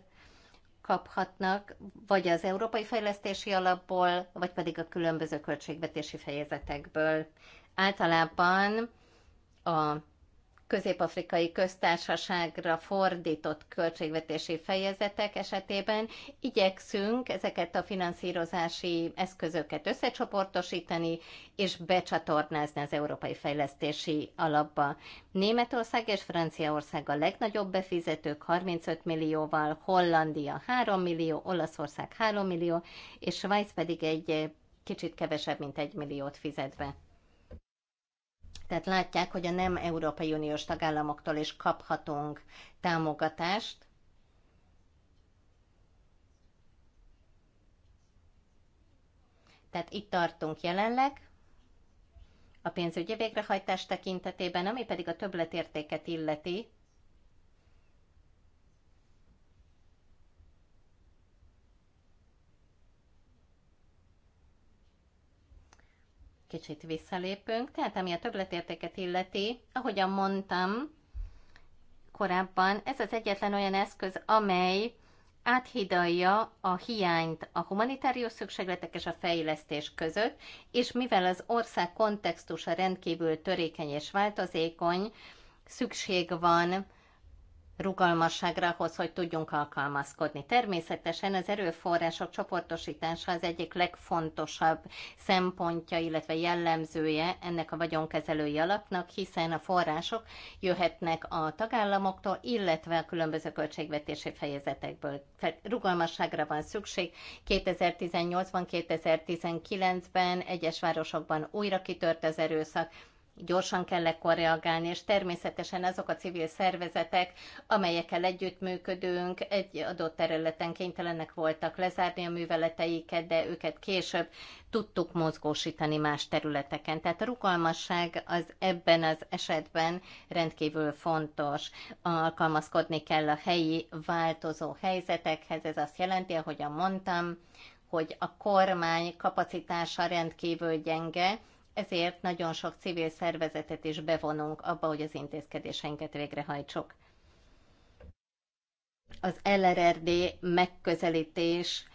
kaphatnak, vagy az Európai Fejlesztési Alapból, vagy pedig a különböző költségvetési fejezetekből. Általában a közép-afrikai köztársaságra fordított költségvetési fejezetek esetében igyekszünk ezeket a finanszírozási eszközöket összecsoportosítani és becsatornázni az Európai Fejlesztési Alapba. Németország és Franciaország a legnagyobb befizetők 35 millióval, Hollandia 3 millió, Olaszország 3 millió, és Svájc pedig egy kicsit kevesebb, mint egy milliót fizet be. Tehát látják, hogy a nem Európai Uniós tagállamoktól is kaphatunk támogatást, Tehát itt tartunk jelenleg a pénzügyi végrehajtás tekintetében, ami pedig a többletértéket illeti, kicsit visszalépünk. Tehát ami a többletértéket illeti, ahogyan mondtam korábban, ez az egyetlen olyan eszköz, amely áthidalja a hiányt a humanitárius szükségletek és a fejlesztés között, és mivel az ország kontextusa rendkívül törékeny és változékony, szükség van rugalmasságra ahhoz, hogy tudjunk alkalmazkodni. Természetesen az erőforrások csoportosítása az egyik legfontosabb szempontja, illetve jellemzője ennek a vagyonkezelői alapnak, hiszen a források jöhetnek a tagállamoktól, illetve a különböző költségvetési fejezetekből. Rugalmasságra van szükség. 2018-ban, 2019-ben egyes városokban újra kitört az erőszak, gyorsan kell ekkor reagálni, és természetesen azok a civil szervezetek, amelyekkel együttműködünk, egy adott területen kénytelenek voltak lezárni a műveleteiket, de őket később tudtuk mozgósítani más területeken. Tehát a rugalmasság az ebben az esetben rendkívül fontos. Alkalmazkodni kell a helyi változó helyzetekhez, ez azt jelenti, ahogyan mondtam, hogy a kormány kapacitása rendkívül gyenge, ezért nagyon sok civil szervezetet is bevonunk abba, hogy az intézkedéseinket végrehajtsuk. Az LRRD megközelítés,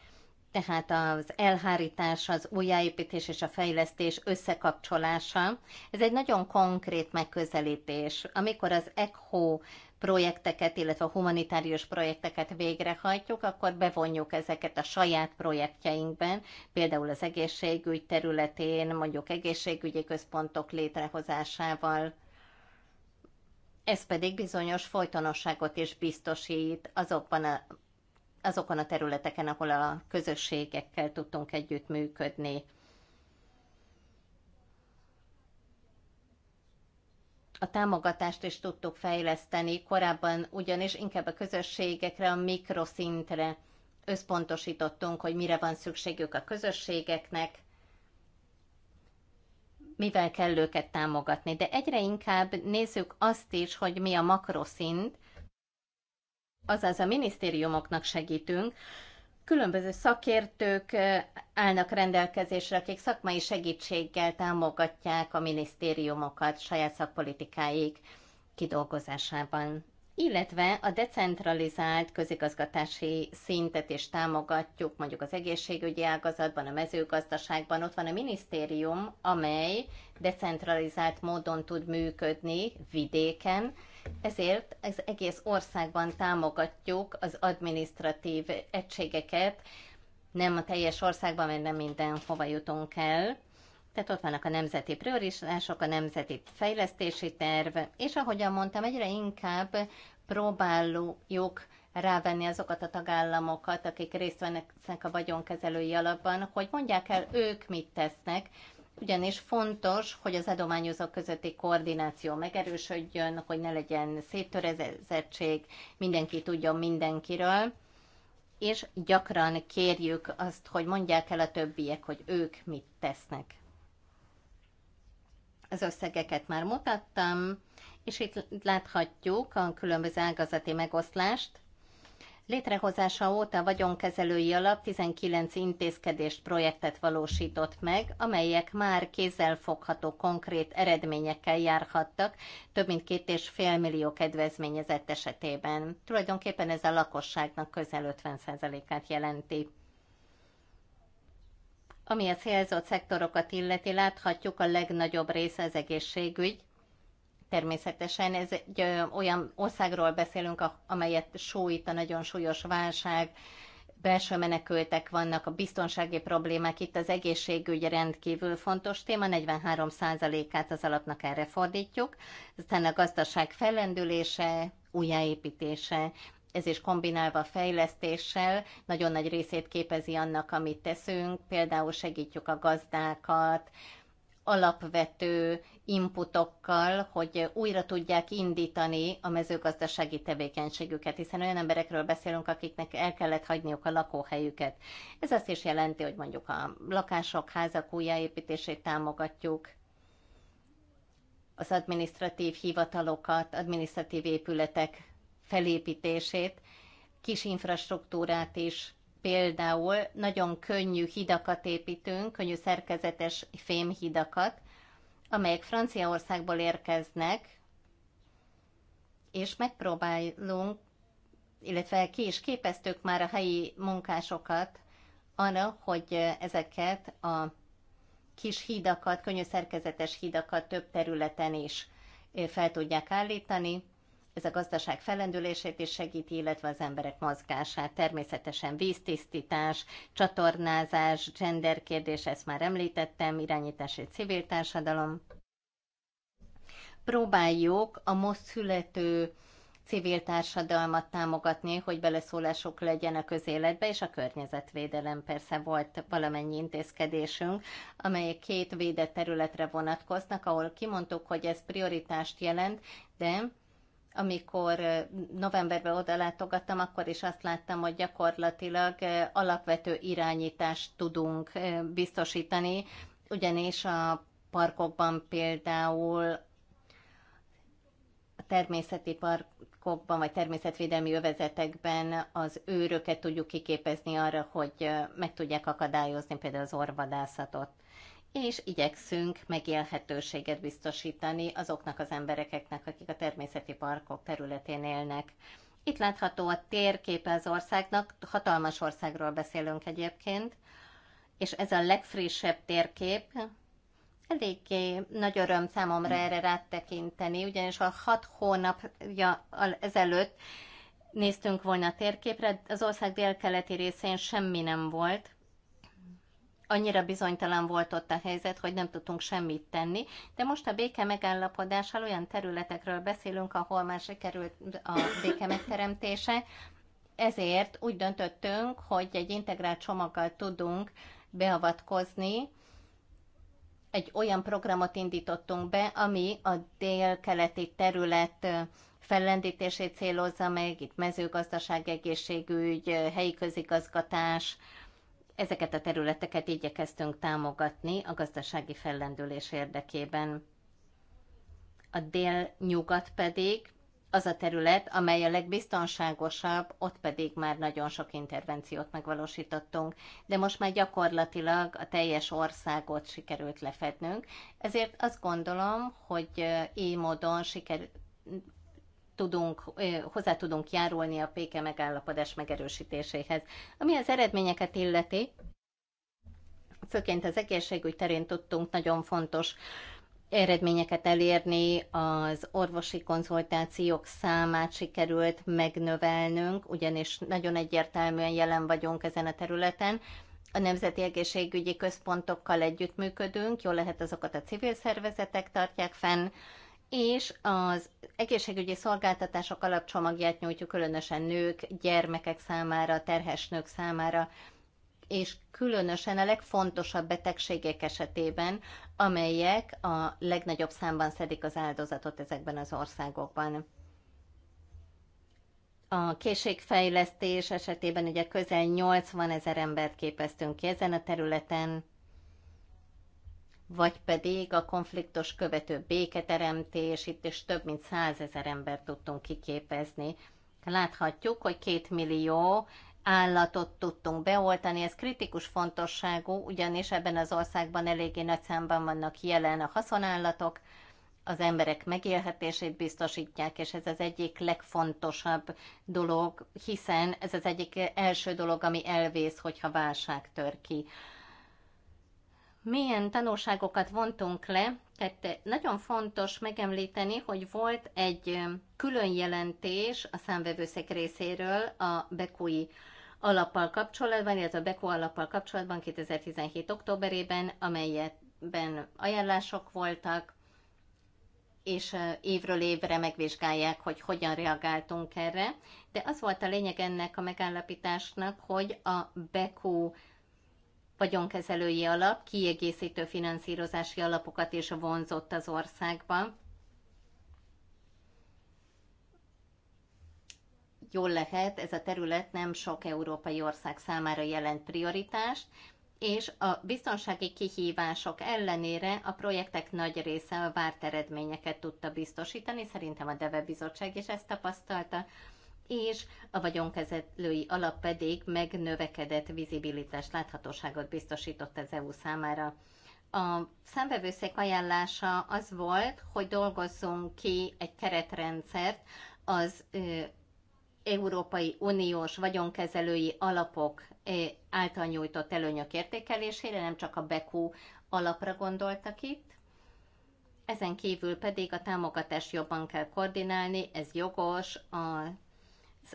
tehát az elhárítás, az újjáépítés és a fejlesztés összekapcsolása, ez egy nagyon konkrét megközelítés. Amikor az ECHO projekteket, illetve a humanitárius projekteket végrehajtjuk, akkor bevonjuk ezeket a saját projektjeinkben, például az egészségügy területén, mondjuk egészségügyi központok létrehozásával. Ez pedig bizonyos folytonosságot is biztosít azokban a, azokon a területeken, ahol a közösségekkel tudtunk együttműködni. a támogatást is tudtuk fejleszteni, korábban ugyanis inkább a közösségekre, a mikroszintre összpontosítottunk, hogy mire van szükségük a közösségeknek, mivel kell őket támogatni. De egyre inkább nézzük azt is, hogy mi a makroszint, azaz a minisztériumoknak segítünk, különböző szakértők állnak rendelkezésre, akik szakmai segítséggel támogatják a minisztériumokat saját szakpolitikáik kidolgozásában illetve a decentralizált közigazgatási szintet is támogatjuk, mondjuk az egészségügyi ágazatban, a mezőgazdaságban, ott van a minisztérium, amely decentralizált módon tud működni vidéken, ezért az egész országban támogatjuk az administratív egységeket, nem a teljes országban, mert nem mindenhova jutunk el, tehát ott vannak a nemzeti prioritások, a nemzeti fejlesztési terv, és ahogyan mondtam, egyre inkább próbáljuk rávenni azokat a tagállamokat, akik részt vennek a vagyonkezelői alapban, hogy mondják el ők mit tesznek, ugyanis fontos, hogy az adományozók közötti koordináció megerősödjön, hogy ne legyen széttörezettség, mindenki tudjon mindenkiről, és gyakran kérjük azt, hogy mondják el a többiek, hogy ők mit tesznek az összegeket már mutattam, és itt láthatjuk a különböző ágazati megoszlást. Létrehozása óta a vagyonkezelői alap 19 intézkedést, projektet valósított meg, amelyek már kézzelfogható konkrét eredményekkel járhattak, több mint két és fél millió kedvezményezett esetében. Tulajdonképpen ez a lakosságnak közel 50%-át jelenti. Ami a célzott szektorokat illeti, láthatjuk a legnagyobb része az egészségügy. Természetesen ez egy olyan országról beszélünk, amelyet sújt a nagyon súlyos válság, belső menekültek vannak, a biztonsági problémák, itt az egészségügy rendkívül fontos téma, 43%-át az alapnak erre fordítjuk, aztán a gazdaság fellendülése, újjáépítése, ez is kombinálva a fejlesztéssel nagyon nagy részét képezi annak, amit teszünk, például segítjük a gazdákat, alapvető inputokkal, hogy újra tudják indítani a mezőgazdasági tevékenységüket, hiszen olyan emberekről beszélünk, akiknek el kellett hagyniuk a lakóhelyüket. Ez azt is jelenti, hogy mondjuk a lakások, házak újjáépítését támogatjuk, az adminisztratív hivatalokat, adminisztratív épületek felépítését, kis infrastruktúrát is. Például nagyon könnyű hidakat építünk, könnyű szerkezetes fémhidakat, amelyek Franciaországból érkeznek, és megpróbálunk, illetve ki is képeztük már a helyi munkásokat arra, hogy ezeket a kis hídakat, könnyű szerkezetes hídakat több területen is fel tudják állítani. Ez a gazdaság fellendülését is segíti, illetve az emberek mozgását. Természetesen víztisztítás, csatornázás, genderkérdés, ezt már említettem, irányítási civil társadalom. Próbáljuk a most születő civil társadalmat támogatni, hogy beleszólásuk legyen a közéletbe, és a környezetvédelem persze volt valamennyi intézkedésünk, amelyek két védett területre vonatkoznak, ahol kimondtuk, hogy ez prioritást jelent, de amikor novemberben oda látogattam, akkor is azt láttam, hogy gyakorlatilag alapvető irányítást tudunk biztosítani, ugyanis a parkokban például a természeti parkokban vagy természetvédelmi övezetekben az őröket tudjuk kiképezni arra, hogy meg tudják akadályozni például az orvadászatot és igyekszünk megélhetőséget biztosítani azoknak az embereknek, akik a természeti parkok területén élnek. Itt látható a térképe az országnak, hatalmas országról beszélünk egyébként, és ez a legfrissebb térkép, eléggé nagy öröm számomra erre rátekinteni, ugyanis a hat hónapja ezelőtt néztünk volna a térképre, az ország délkeleti részén semmi nem volt, annyira bizonytalan volt ott a helyzet, hogy nem tudtunk semmit tenni, de most a béke megállapodással olyan területekről beszélünk, ahol már sikerült a béke megteremtése, ezért úgy döntöttünk, hogy egy integrált csomaggal tudunk beavatkozni, egy olyan programot indítottunk be, ami a dél-keleti terület fellendítését célozza meg, itt mezőgazdaság, egészségügy, helyi közigazgatás, ezeket a területeket igyekeztünk támogatni a gazdasági fellendülés érdekében. A dél-nyugat pedig az a terület, amely a legbiztonságosabb, ott pedig már nagyon sok intervenciót megvalósítottunk, de most már gyakorlatilag a teljes országot sikerült lefednünk, ezért azt gondolom, hogy így módon sikerült tudunk, hozzá tudunk járulni a péke megállapodás megerősítéséhez. Ami az eredményeket illeti, főként az egészségügy terén tudtunk nagyon fontos eredményeket elérni, az orvosi konzultációk számát sikerült megnövelnünk, ugyanis nagyon egyértelműen jelen vagyunk ezen a területen. A Nemzeti Egészségügyi Központokkal együttműködünk, jó lehet azokat a civil szervezetek tartják fenn, és az egészségügyi szolgáltatások alapcsomagját nyújtjuk különösen nők, gyermekek számára, terhes nők számára, és különösen a legfontosabb betegségek esetében, amelyek a legnagyobb számban szedik az áldozatot ezekben az országokban. A készségfejlesztés esetében ugye közel 80 ezer embert képeztünk ki ezen a területen, vagy pedig a konfliktus követő béketeremtés, itt is több mint százezer ember tudtunk kiképezni. Láthatjuk, hogy két millió állatot tudtunk beoltani, ez kritikus fontosságú, ugyanis ebben az országban eléggé nagy számban vannak jelen a haszonállatok, az emberek megélhetését biztosítják, és ez az egyik legfontosabb dolog, hiszen ez az egyik első dolog, ami elvész, hogyha válság tör ki milyen tanulságokat vontunk le. Tehát nagyon fontos megemlíteni, hogy volt egy külön jelentés a számvevőszék részéről a Bekui alappal kapcsolatban, illetve a Beko alappal kapcsolatban 2017. októberében, amelyetben ajánlások voltak, és évről évre megvizsgálják, hogy hogyan reagáltunk erre. De az volt a lényeg ennek a megállapításnak, hogy a Beko vagyonkezelői alap, kiegészítő finanszírozási alapokat és vonzott az országban. Jól lehet, ez a terület nem sok európai ország számára jelent prioritást, és a biztonsági kihívások ellenére a projektek nagy része a várt eredményeket tudta biztosítani. Szerintem a DEVE bizottság is ezt tapasztalta és a vagyonkezelői alap pedig megnövekedett vizibilitást, láthatóságot biztosított az EU számára. A számbevőszék ajánlása az volt, hogy dolgozzunk ki egy keretrendszert az Európai Uniós vagyonkezelői alapok által nyújtott előnyök értékelésére, nem csak a BEKU alapra gondoltak itt. Ezen kívül pedig a támogatást jobban kell koordinálni, ez jogos, a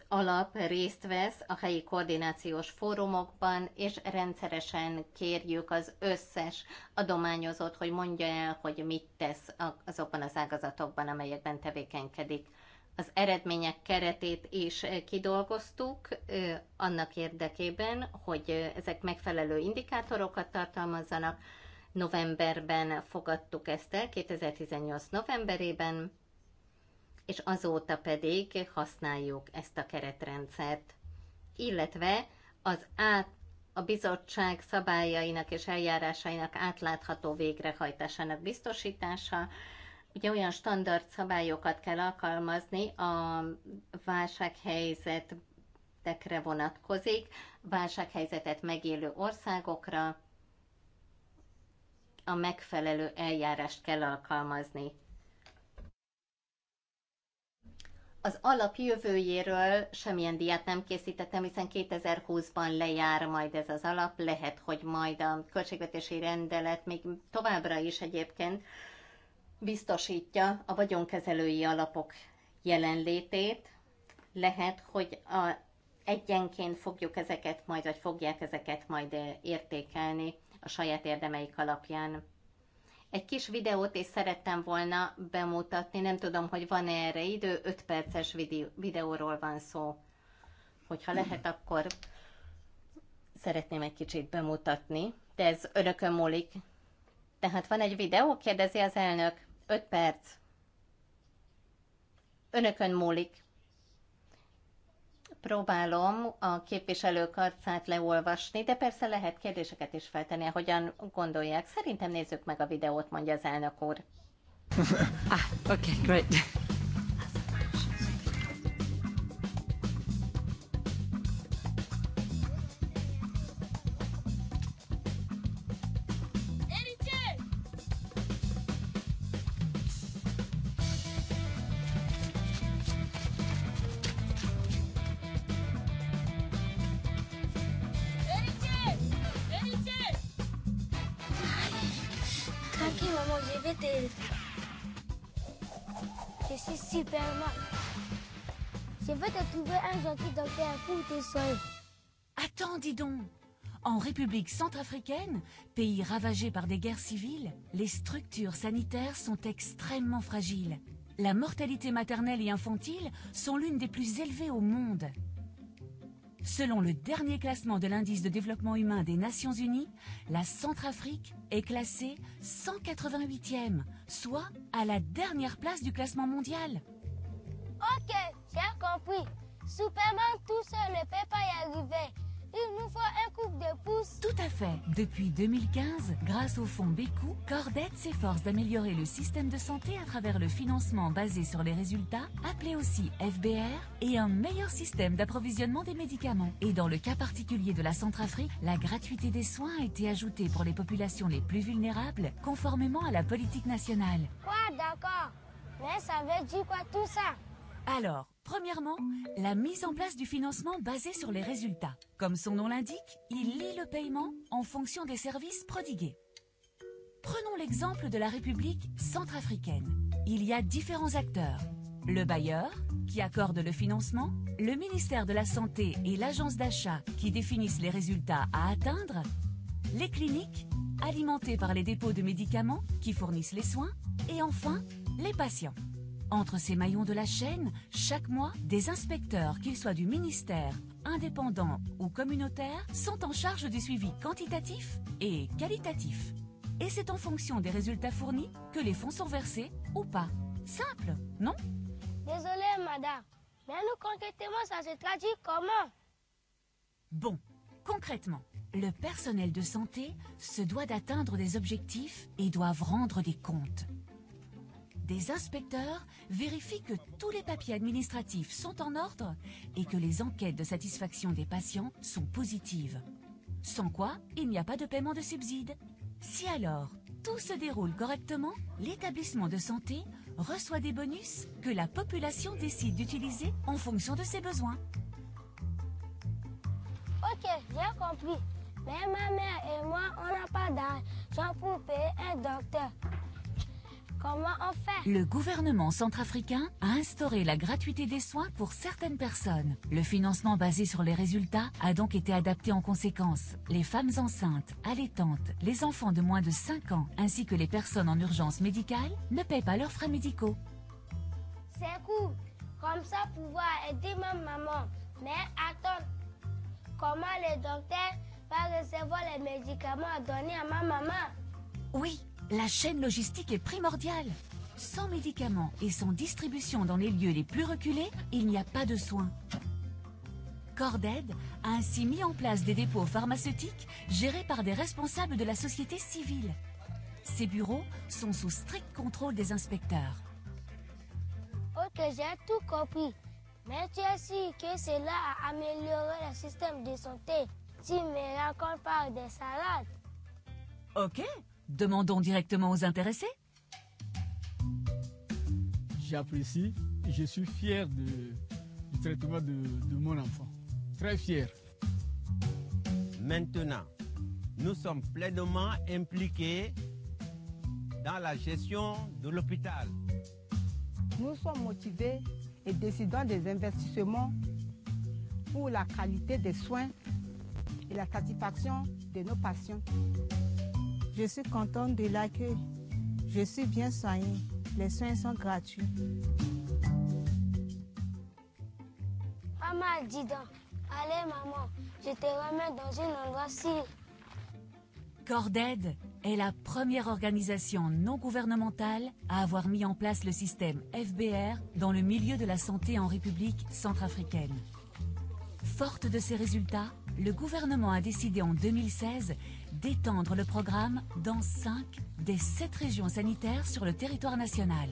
alap részt vesz a helyi koordinációs fórumokban, és rendszeresen kérjük az összes adományozót, hogy mondja el, hogy mit tesz azokban az ágazatokban, amelyekben tevékenykedik. Az eredmények keretét is eh, kidolgoztuk eh, annak érdekében, hogy eh, ezek megfelelő indikátorokat tartalmazzanak. Novemberben fogadtuk ezt el, 2018 novemberében, és azóta pedig használjuk ezt a keretrendszert. Illetve az át, a bizottság szabályainak és eljárásainak átlátható végrehajtásának biztosítása, ugye olyan standard szabályokat kell alkalmazni a válsághelyzetekre vonatkozik, válsághelyzetet megélő országokra a megfelelő eljárást kell alkalmazni. Az alap jövőjéről semmilyen diát nem készítettem, hiszen 2020-ban lejár majd ez az alap, lehet, hogy majd a költségvetési rendelet még továbbra is egyébként biztosítja a vagyonkezelői alapok jelenlétét. Lehet, hogy a, egyenként fogjuk ezeket majd, vagy fogják ezeket majd értékelni a saját érdemeik alapján. Egy kis videót is szerettem volna bemutatni, nem tudom, hogy van-e erre idő, 5 perces videóról van szó. Hogyha lehet, akkor szeretném egy kicsit bemutatni, de ez örökön múlik. Tehát van egy videó, kérdezi az elnök, 5 perc. Önökön múlik próbálom a képviselők arcát leolvasni, de persze lehet kérdéseket is feltenni, hogyan gondolják. Szerintem nézzük meg a videót, mondja az elnök úr. ah, okay, great. prima moglie vedere che si si per male. Je vais te trouver un gentil docteur pour tes soins. Attends, dis donc. En République centrafricaine, pays ravagé par des guerres civiles, les structures sanitaires sont extrêmement fragiles. La mortalité maternelle et infantile sont l'une des plus élevées au monde. Selon le dernier classement de l'indice de développement humain des Nations Unies, la Centrafrique est classée 188e, soit à la dernière place du classement mondial. Ok, j'ai compris. Superman tout seul ne peut pas y arriver. Il nous faut un de Tout à fait. Depuis 2015, grâce au fonds Bécou, Cordette s'efforce d'améliorer le système de santé à travers le financement basé sur les résultats, appelé aussi FBR, et un meilleur système d'approvisionnement des médicaments. Et dans le cas particulier de la Centrafrique, la gratuité des soins a été ajoutée pour les populations les plus vulnérables, conformément à la politique nationale. Quoi, d'accord. Mais ça veut dire quoi tout ça Alors, Premièrement, la mise en place du financement basé sur les résultats. Comme son nom l'indique, il lie le paiement en fonction des services prodigués. Prenons l'exemple de la République centrafricaine. Il y a différents acteurs. Le bailleur, qui accorde le financement, le ministère de la Santé et l'agence d'achat, qui définissent les résultats à atteindre, les cliniques, alimentées par les dépôts de médicaments, qui fournissent les soins, et enfin, les patients. Entre ces maillons de la chaîne, chaque mois, des inspecteurs, qu'ils soient du ministère, indépendants ou communautaires, sont en charge du suivi quantitatif et qualitatif. Et c'est en fonction des résultats fournis que les fonds sont versés ou pas. Simple, non Désolée, madame, mais nous concrètement, ça se traduit comment Bon, concrètement, le personnel de santé se doit d'atteindre des objectifs et doivent rendre des comptes des inspecteurs vérifient que tous les papiers administratifs sont en ordre et que les enquêtes de satisfaction des patients sont positives. Sans quoi, il n'y a pas de paiement de subside. Si alors tout se déroule correctement, l'établissement de santé reçoit des bonus que la population décide d'utiliser en fonction de ses besoins. Ok, j'ai compris. Mais ma mère et moi, on n'a pas d'argent pour payer un docteur. Comment on fait Le gouvernement centrafricain a instauré la gratuité des soins pour certaines personnes. Le financement basé sur les résultats a donc été adapté en conséquence. Les femmes enceintes, allaitantes, les enfants de moins de 5 ans ainsi que les personnes en urgence médicale ne paient pas leurs frais médicaux. C'est cool, comme ça pouvoir aider ma maman. Mais attends, comment les docteurs vont recevoir les médicaments à donner à ma maman Oui, la chaîne logistique est primordiale. Sans médicaments et sans distribution dans les lieux les plus reculés, il n'y a pas de soins. Corded a ainsi mis en place des dépôts pharmaceutiques gérés par des responsables de la société civile. Ces bureaux sont sous strict contrôle des inspecteurs. Ok, j'ai tout compris. Mais tu as su que cela a amélioré le système de santé. Tu me racontes par des salades. Ok, Demandons directement aux intéressés. J'apprécie, et je suis fier de, du traitement de, de mon enfant. Très fier. Maintenant, nous sommes pleinement impliqués dans la gestion de l'hôpital. Nous sommes motivés et décidons des investissements pour la qualité des soins et la satisfaction de nos patients. Je suis contente de l'accueil. Je suis bien soignée. Les soins sont gratuits. Maman, dis donc. Allez, maman, je te remets dans un endroit si. Corded est la première organisation non gouvernementale à avoir mis en place le système FBR dans le milieu de la santé en République centrafricaine. Forte de ces résultats, le gouvernement a décidé en 2016 d'étendre le programme dans 5 des 7 régions sanitaires sur le territoire national.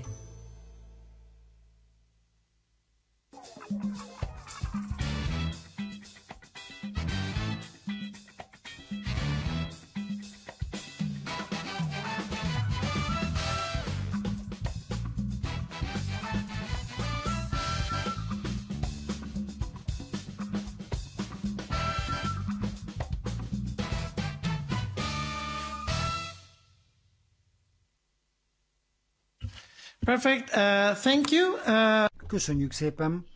Perfect, uh, thank you. Uh... Köszönjük szépen,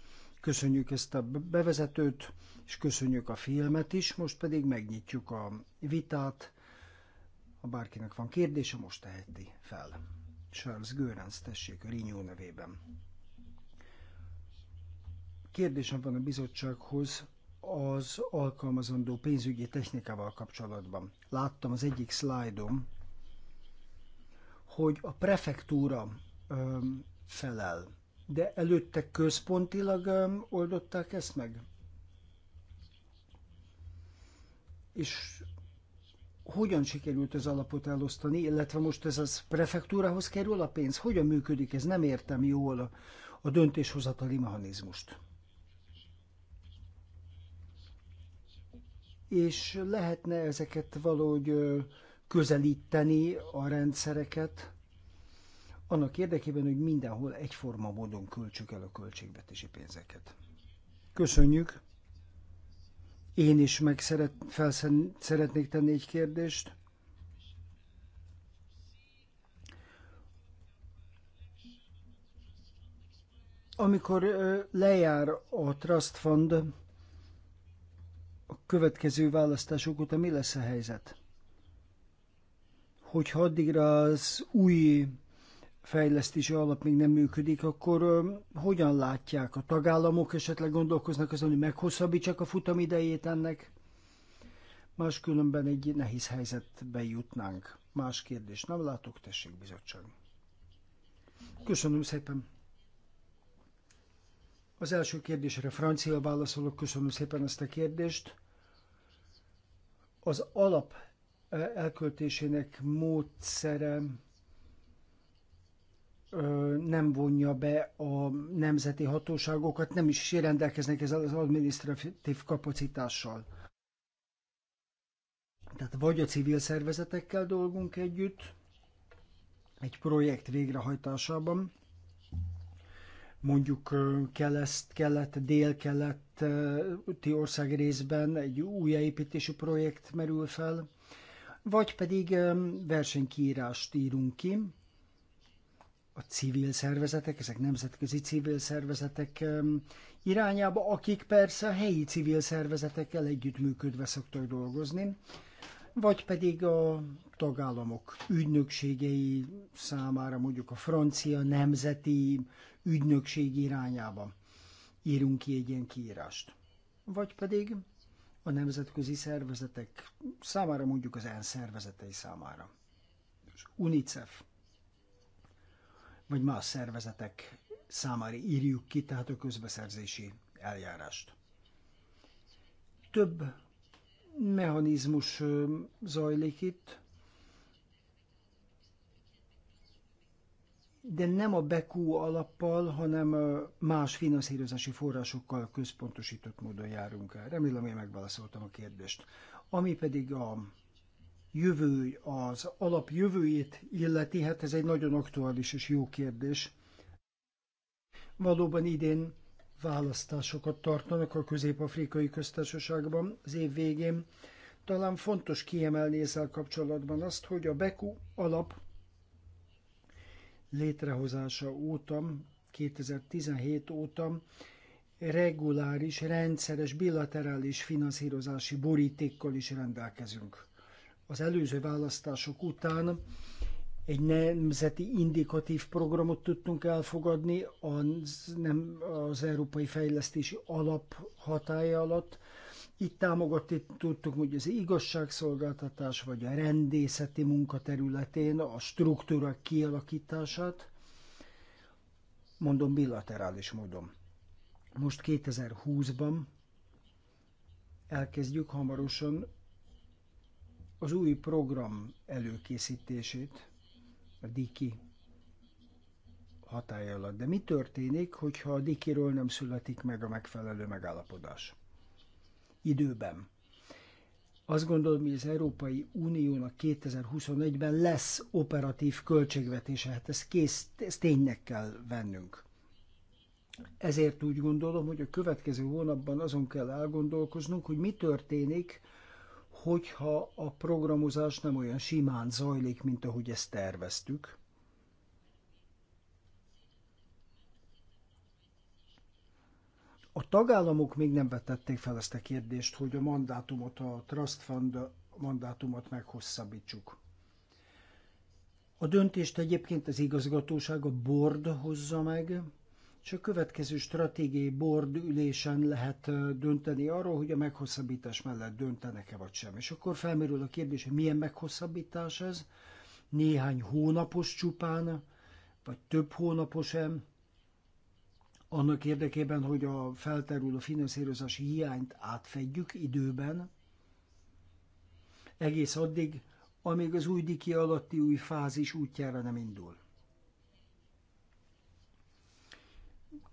köszönjük ezt a bevezetőt, és köszönjük a filmet is, most pedig megnyitjuk a vitát. Ha bárkinek van kérdése, most teheti fel. Charles Görens, tessék, Rinyó nevében. Kérdésem van a bizottsághoz az alkalmazandó pénzügyi technikával kapcsolatban. Láttam az egyik szlájdom, hogy a prefektúra felel. De előtte központilag oldották ezt meg? És hogyan sikerült az alapot elosztani, illetve most ez az prefektúrához kerül a pénz? Hogyan működik ez? Nem értem jól a döntéshozatali mechanizmust. És lehetne ezeket valahogy közelíteni a rendszereket, annak érdekében, hogy mindenhol egyforma módon költsük el a költségvetési pénzeket. Köszönjük! Én is meg szeret, felszen, szeretnék tenni egy kérdést. Amikor lejár a Trust Fund, a következő választások után mi lesz a helyzet? Hogyha addigra az új fejlesztési alap még nem működik, akkor hogyan látják a tagállamok, esetleg gondolkoznak azon, hogy meghosszabbítsák a futamidejét ennek? Máskülönben egy nehéz helyzetbe jutnánk. Más kérdés nem látok, tessék bizottság. Köszönöm szépen. Az első kérdésre francia válaszolok, köszönöm szépen ezt a kérdést. Az alap elköltésének módszere nem vonja be a nemzeti hatóságokat, nem is rendelkeznek ezzel az administratív kapacitással. Tehát vagy a civil szervezetekkel dolgunk együtt, egy projekt végrehajtásában, mondjuk kelet kelet, dél-keleti ország részben egy újjáépítési projekt merül fel, vagy pedig versenykiírást írunk ki, a civil szervezetek, ezek nemzetközi civil szervezetek irányába, akik persze a helyi civil szervezetekkel együttműködve szoktak dolgozni, vagy pedig a tagállamok ügynökségei számára, mondjuk a francia nemzeti ügynökség irányába írunk ki egy ilyen kiírást. Vagy pedig a nemzetközi szervezetek számára, mondjuk az ENSZ szervezetei számára. UNICEF, vagy más szervezetek számára írjuk ki, tehát a közbeszerzési eljárást. Több mechanizmus zajlik itt, de nem a BECU alappal, hanem más finanszírozási forrásokkal központosított módon járunk el. Remélem, én megválaszoltam a kérdést. Ami pedig a jövő, az alap jövőjét illeti, hát ez egy nagyon aktuális és jó kérdés. Valóban idén választásokat tartanak a Közép-Afrikai Köztársaságban az év végén. Talán fontos kiemelni ezzel kapcsolatban azt, hogy a BEKU alap létrehozása óta, 2017 óta reguláris, rendszeres, bilaterális finanszírozási borítékkal is rendelkezünk az előző választások után egy nemzeti indikatív programot tudtunk elfogadni az, nem, az Európai Fejlesztési Alap hatája alatt. Itt támogatni tudtuk, hogy az igazságszolgáltatás vagy a rendészeti munkaterületén a struktúra kialakítását, mondom bilaterális módon. Most 2020-ban elkezdjük hamarosan az új program előkészítését, a Diki hatája alatt. De mi történik, hogyha a Dikiről nem születik meg a megfelelő megállapodás? Időben. Azt gondolom, hogy az Európai Uniónak 2021-ben lesz operatív költségvetése, hát ezt, kész, ezt ténynek kell vennünk. Ezért úgy gondolom, hogy a következő hónapban azon kell elgondolkoznunk, hogy mi történik hogyha a programozás nem olyan simán zajlik, mint ahogy ezt terveztük. A tagállamok még nem vetették fel ezt a kérdést, hogy a mandátumot, a Trust Fund mandátumot meghosszabbítsuk. A döntést egyébként az igazgatóság, a board hozza meg, és a következő stratégiai board ülésen lehet dönteni arról, hogy a meghosszabbítás mellett döntenek-e vagy sem. És akkor felmerül a kérdés, hogy milyen meghosszabbítás ez, néhány hónapos csupán, vagy több hónapos sem? annak érdekében, hogy a felterülő finanszírozási hiányt átfedjük időben, egész addig, amíg az új diki alatti új fázis útjára nem indul.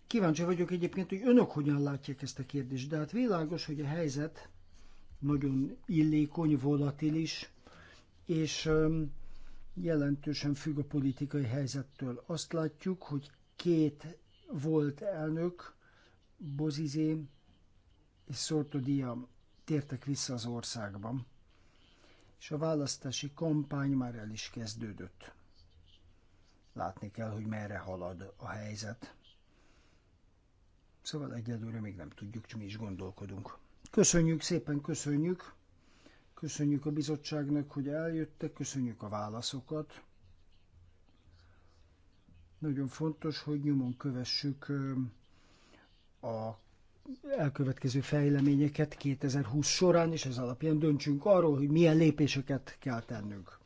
Kíváncsi vagyok egyébként, hogy önök hogyan látják ezt a kérdést, de hát világos, hogy a helyzet nagyon illékony, volatilis, és jelentősen függ a politikai helyzettől. Azt látjuk, hogy két volt elnök, Bozizé és Szortodia tértek vissza az országban, és a választási kampány már el is kezdődött. Látni kell, hogy merre halad a helyzet. Szóval egyelőre még nem tudjuk, csak mi is gondolkodunk. Köszönjük, szépen köszönjük. Köszönjük a bizottságnak, hogy eljöttek, köszönjük a válaszokat. Nagyon fontos, hogy nyomon kövessük a elkövetkező fejleményeket 2020 során, és ez alapján döntsünk arról, hogy milyen lépéseket kell tennünk.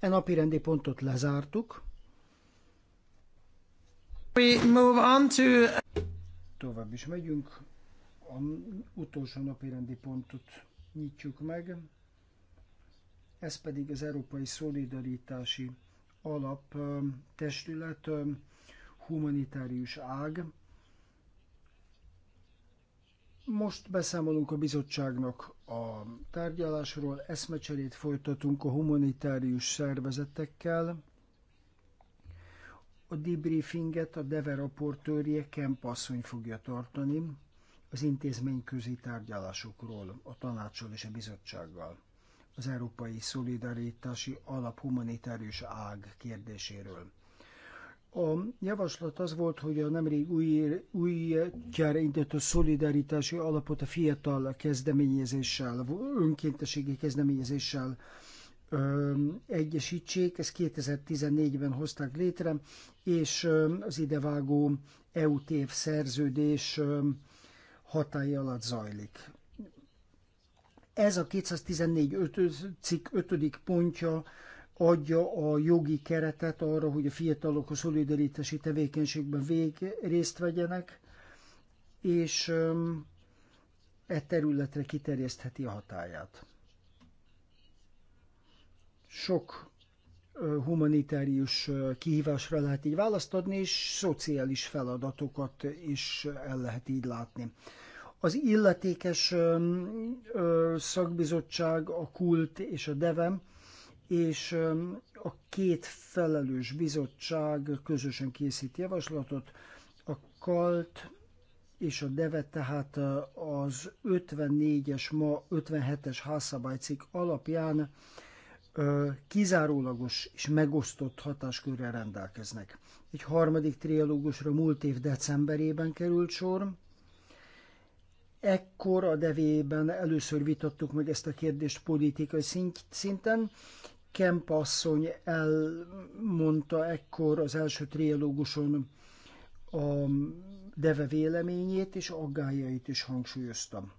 E napi rendi pontot lezártuk. We move on to tovább is megyünk. A utolsó napi rendi pontot nyitjuk meg. Ez pedig az Európai Szolidaritási Alap testület, humanitárius ág. Most beszámolunk a bizottságnak a tárgyalásról, eszmecserét folytatunk a humanitárius szervezetekkel, a debriefinget a DEVE raportőrje Kemp asszony fogja tartani az intézményközi tárgyalásokról, a tanácsol és a bizottsággal, az Európai Szolidaritási Alap humanitárius ág kérdéséről. A javaslat az volt, hogy a nemrég új, új gyára a szolidaritási alapot a fiatal kezdeményezéssel, önkéntességi kezdeményezéssel egyesítsék, ezt 2014-ben hozták létre, és az idevágó EUTF szerződés hatály alatt zajlik. Ez a 214 cikk 5. pontja adja a jogi keretet arra, hogy a fiatalok a szolidaritási tevékenységben vég részt vegyenek, és e területre kiterjesztheti a hatáját sok humanitárius kihívásra lehet így választ adni, és szociális feladatokat is el lehet így látni. Az illetékes szakbizottság, a kult és a devem, és a két felelős bizottság közösen készít javaslatot, a kalt és a deve, tehát az 54-es, ma 57-es házszabálycikk alapján kizárólagos és megosztott hatáskörrel rendelkeznek. Egy harmadik trialógusra múlt év decemberében került sor. Ekkor a devében először vitattuk meg ezt a kérdést politikai szinten. Kemp asszony elmondta ekkor az első trialóguson a deve véleményét és aggájait is hangsúlyoztam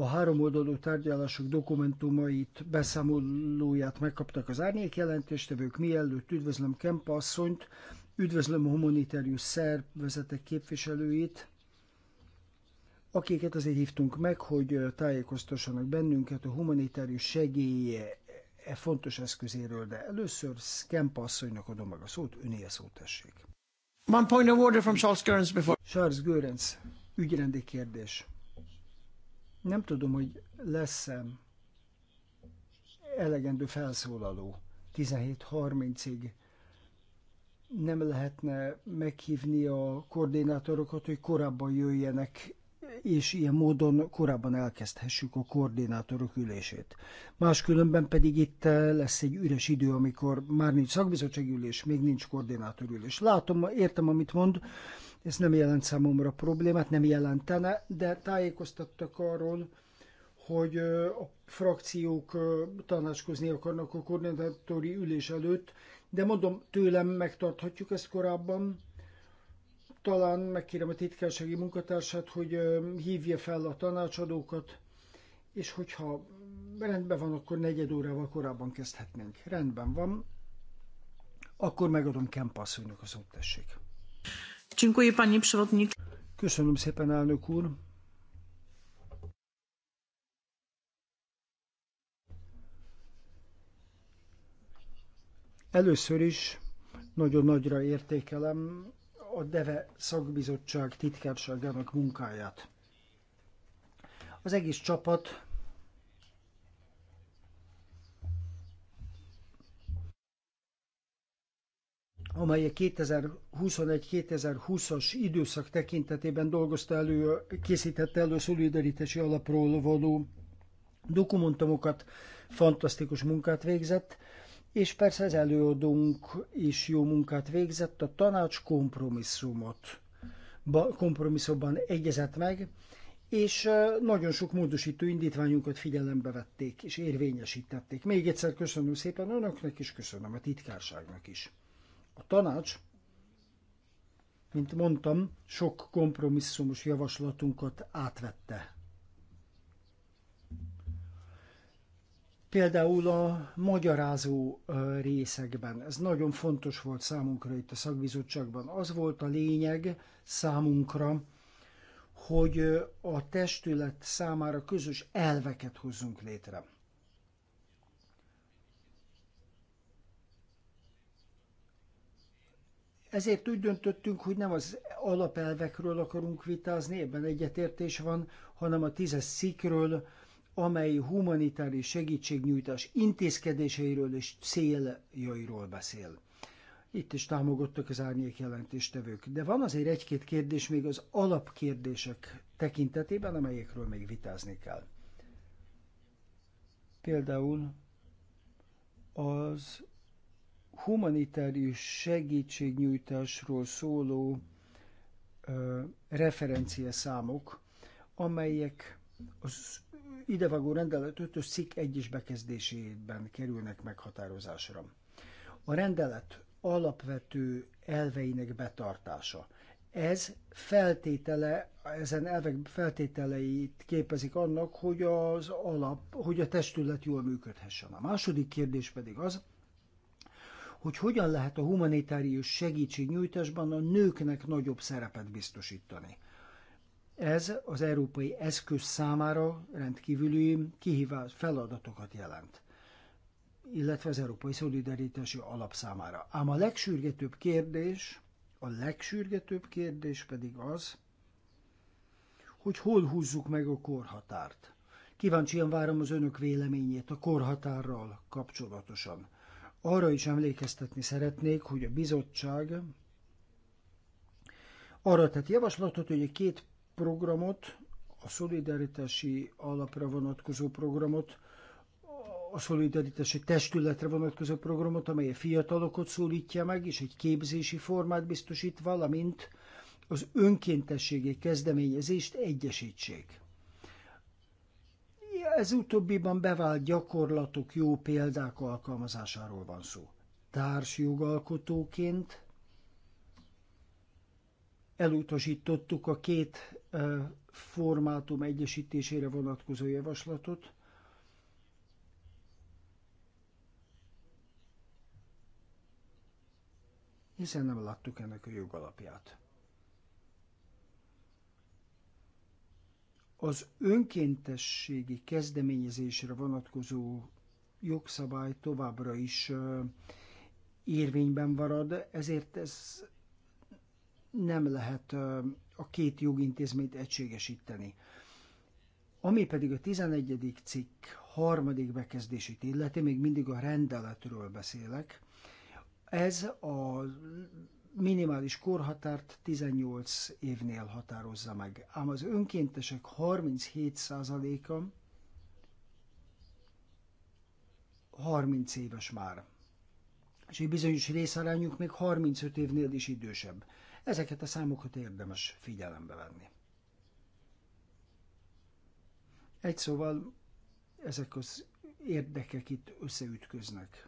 a háromoldalú tárgyalások dokumentumait, beszámolóját megkaptak az árnyék jelentéstevők. Mielőtt üdvözlöm Kempa asszonyt, üdvözlöm a humanitárius szervezetek képviselőit, akiket azért hívtunk meg, hogy tájékoztassanak bennünket a humanitárius segélye e fontos eszközéről, de először Kempa asszonynak adom meg a szót, öné a szót tessék. One point of order from Charles Görens before. Charles Görens, ügyrendi kérdés. Nem tudom, hogy lesz-e elegendő felszólaló 17.30-ig. Nem lehetne meghívni a koordinátorokat, hogy korábban jöjjenek, és ilyen módon korábban elkezdhessük a koordinátorok ülését. Máskülönben pedig itt lesz egy üres idő, amikor már nincs szakbizottsági ülés, még nincs koordinátorülés. Látom, értem, amit mond, ez nem jelent számomra problémát, nem jelentene, de tájékoztattak arról, hogy a frakciók tanácskozni akarnak a koordinátori ülés előtt, de mondom, tőlem megtarthatjuk ezt korábban. Talán megkérem a titkársági munkatársát, hogy hívja fel a tanácsadókat, és hogyha rendben van, akkor negyed órával korábban kezdhetnénk. Rendben van. Akkor megadom Kemp asszonynak az tessék. Köszönöm szépen, elnök úr. Először is nagyon nagyra értékelem a DEVE szakbizottság titkárságának munkáját. Az egész csapat amely a 2021-2020-as időszak tekintetében dolgozta elő, készítette elő a szolidaritási alapról való dokumentumokat, fantasztikus munkát végzett, és persze az előadónk is jó munkát végzett, a tanács kompromisszumot, kompromisszumban egyezett meg, és nagyon sok módosító indítványunkat figyelembe vették és érvényesítették. Még egyszer köszönöm szépen önöknek, és köszönöm a titkárságnak is. A tanács, mint mondtam, sok kompromisszumos javaslatunkat átvette. Például a magyarázó részekben, ez nagyon fontos volt számunkra itt a szakbizottságban, az volt a lényeg számunkra, hogy a testület számára közös elveket hozzunk létre. Ezért úgy döntöttünk, hogy nem az alapelvekről akarunk vitázni, ebben egyetértés van, hanem a tízes szikről, amely humanitári segítségnyújtás intézkedéseiről és céljairól beszél. Itt is támogattak az árnyék jelentéstevők. De van azért egy-két kérdés még az alapkérdések tekintetében, amelyekről még vitázni kell. Például az humanitárius segítségnyújtásról szóló ö, referenciaszámok, amelyek az idevágó rendelet 5-ös cikk 1 bekezdésében kerülnek meghatározásra. A rendelet alapvető elveinek betartása. Ez feltétele, ezen elvek feltételeit képezik annak, hogy az alap, hogy a testület jól működhessen. A második kérdés pedig az, hogy hogyan lehet a humanitárius segítségnyújtásban a nőknek nagyobb szerepet biztosítani. Ez az európai eszköz számára rendkívüli kihívás feladatokat jelent illetve az Európai Szolidaritási Alap számára. Ám a legsürgetőbb kérdés, a legsürgetőbb kérdés pedig az, hogy hol húzzuk meg a korhatárt. Kíváncsian várom az önök véleményét a korhatárral kapcsolatosan. Arra is emlékeztetni szeretnék, hogy a bizottság arra tett javaslatot, hogy a két programot, a szolidaritási alapra vonatkozó programot, a szolidaritási testületre vonatkozó programot, amely a fiatalokat szólítja meg, és egy képzési formát biztosít, valamint az önkéntességi kezdeményezést egyesítsék. Ez utóbbiban bevált gyakorlatok, jó példák alkalmazásáról van szó. Társjogalkotóként elutasítottuk a két formátum egyesítésére vonatkozó javaslatot, hiszen nem láttuk ennek a jogalapját. az önkéntességi kezdeményezésre vonatkozó jogszabály továbbra is érvényben marad, ezért ez nem lehet a két jogintézményt egységesíteni. Ami pedig a 11. cikk harmadik bekezdését illeti, még mindig a rendeletről beszélek, ez a minimális korhatárt 18 évnél határozza meg. Ám az önkéntesek 37%-a 30 éves már. És egy bizonyos részarányuk még 35 évnél is idősebb. Ezeket a számokat érdemes figyelembe venni. Egy szóval ezek az érdekek itt összeütköznek.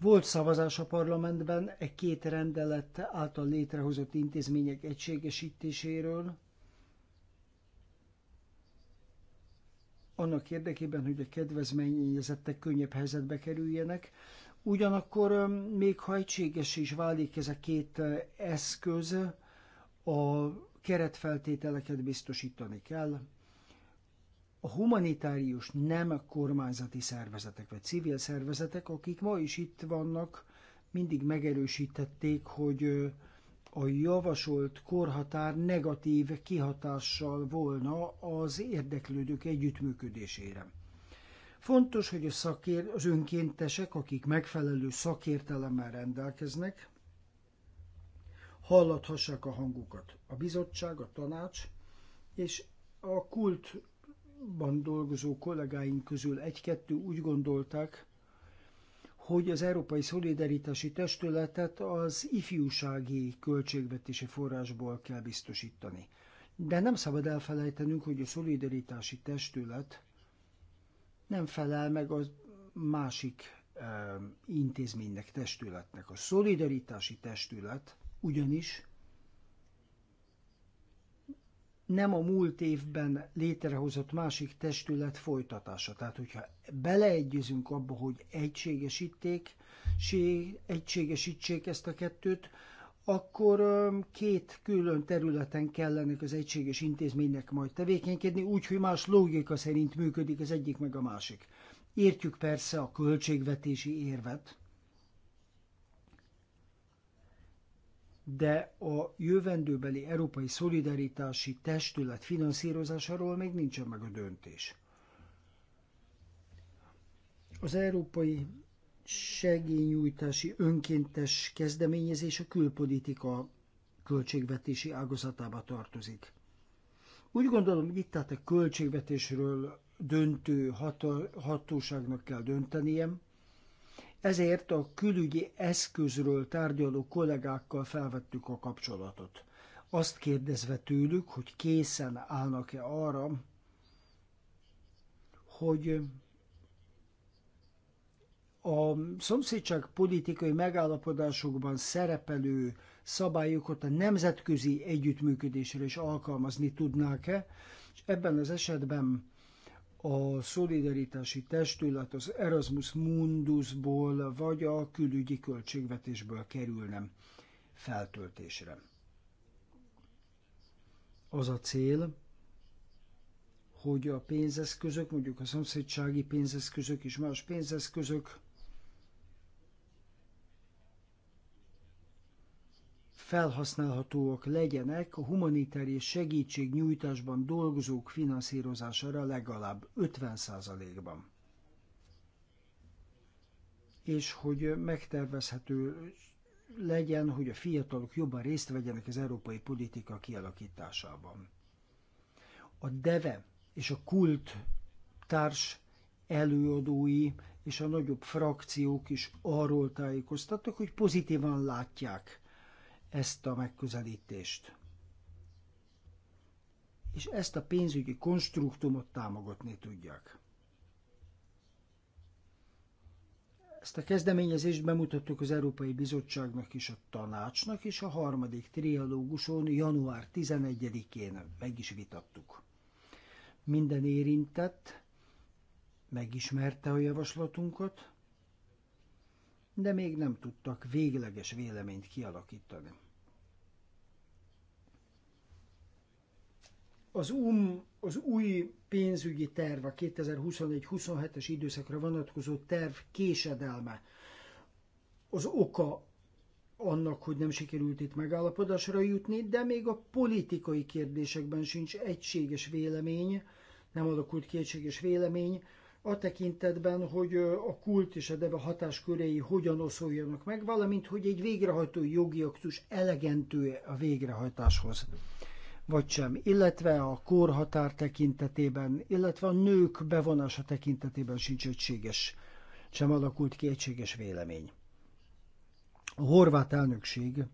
Volt szavazás a parlamentben e két rendelet által létrehozott intézmények egységesítéséről, annak érdekében, hogy a kedvezményezettek könnyebb helyzetbe kerüljenek. Ugyanakkor még ha egységes is válik ez a két eszköz, a keretfeltételeket biztosítani kell, a humanitárius nem kormányzati szervezetek, vagy civil szervezetek, akik ma is itt vannak, mindig megerősítették, hogy a javasolt korhatár negatív kihatással volna az érdeklődők együttműködésére. Fontos, hogy a szakér, az önkéntesek, akik megfelelő szakértelemmel rendelkeznek, hallathassák a hangukat. A bizottság, a tanács és a kult ban dolgozó kollégáink közül egy-kettő úgy gondolták, hogy az Európai Szolidaritási Testületet az ifjúsági költségvetési forrásból kell biztosítani. De nem szabad elfelejtenünk, hogy a Szolidaritási Testület nem felel meg a másik e, intézménynek, testületnek. A Szolidaritási Testület ugyanis nem a múlt évben létrehozott másik testület folytatása. Tehát, hogyha beleegyezünk abba, hogy egységesíték, egységesítsék ezt a kettőt, akkor két külön területen kellene az egységes intézménynek majd tevékenykedni, úgyhogy más logika szerint működik az egyik meg a másik. Értjük persze a költségvetési érvet, de a jövendőbeli Európai Szolidaritási Testület finanszírozásáról még nincsen meg a döntés. Az Európai Segélynyújtási Önkéntes Kezdeményezés a külpolitika költségvetési ágazatába tartozik. Úgy gondolom, hogy itt tehát a költségvetésről döntő hatóságnak kell döntenie, ezért a külügyi eszközről tárgyaló kollégákkal felvettük a kapcsolatot. Azt kérdezve tőlük, hogy készen állnak-e arra, hogy a szomszédság politikai megállapodásokban szerepelő szabályokat a nemzetközi együttműködésre is alkalmazni tudnák-e, és ebben az esetben a szolidaritási testület az Erasmus Mundusból vagy a külügyi költségvetésből kerülne feltöltésre. Az a cél, hogy a pénzeszközök, mondjuk a szomszédsági pénzeszközök és más pénzeszközök felhasználhatóak legyenek a humanitárius segítségnyújtásban dolgozók finanszírozására legalább 50%-ban. És hogy megtervezhető legyen, hogy a fiatalok jobban részt vegyenek az európai politika kialakításában. A DEVE és a KULT társ előadói és a nagyobb frakciók is arról tájékoztattak, hogy pozitívan látják ezt a megközelítést. És ezt a pénzügyi konstruktumot támogatni tudják. Ezt a kezdeményezést bemutattuk az Európai Bizottságnak és a tanácsnak, és a harmadik trialóguson január 11-én meg is vitattuk. Minden érintett megismerte a javaslatunkat, de még nem tudtak végleges véleményt kialakítani. Az UM, az új pénzügyi terv, a 2021-27-es időszakra vonatkozó terv késedelme az oka annak, hogy nem sikerült itt megállapodásra jutni, de még a politikai kérdésekben sincs egységes vélemény, nem alakult ki egységes vélemény, a tekintetben, hogy a kult és a deve hatásköréi hogyan oszoljanak meg, valamint, hogy egy végrehajtó jogi aktus elegentő a végrehajtáshoz vagy sem, illetve a korhatár tekintetében, illetve a nők bevonása tekintetében sincs egységes, sem alakult ki egységes vélemény. A horvát elnökség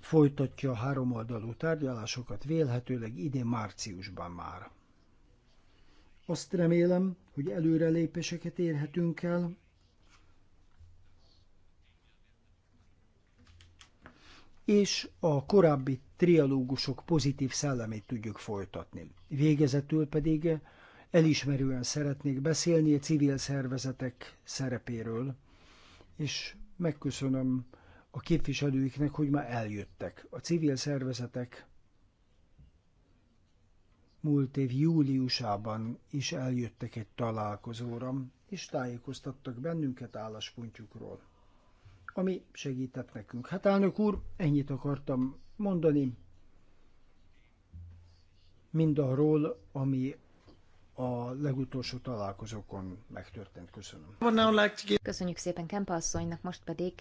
folytatja a háromoldalú tárgyalásokat vélhetőleg idén márciusban már. Azt remélem, hogy előrelépéseket érhetünk el, és a korábbi trialógusok pozitív szellemét tudjuk folytatni. Végezetül pedig elismerően szeretnék beszélni a civil szervezetek szerepéről, és megköszönöm a képviselőiknek, hogy ma eljöttek. A civil szervezetek múlt év júliusában is eljöttek egy találkozóra, és tájékoztattak bennünket álláspontjukról, ami segített nekünk. Hát elnök úr, ennyit akartam mondani, mindarról, ami a legutolsó találkozókon megtörtént. Köszönöm. Köszönjük szépen Kempa asszonynak, most pedig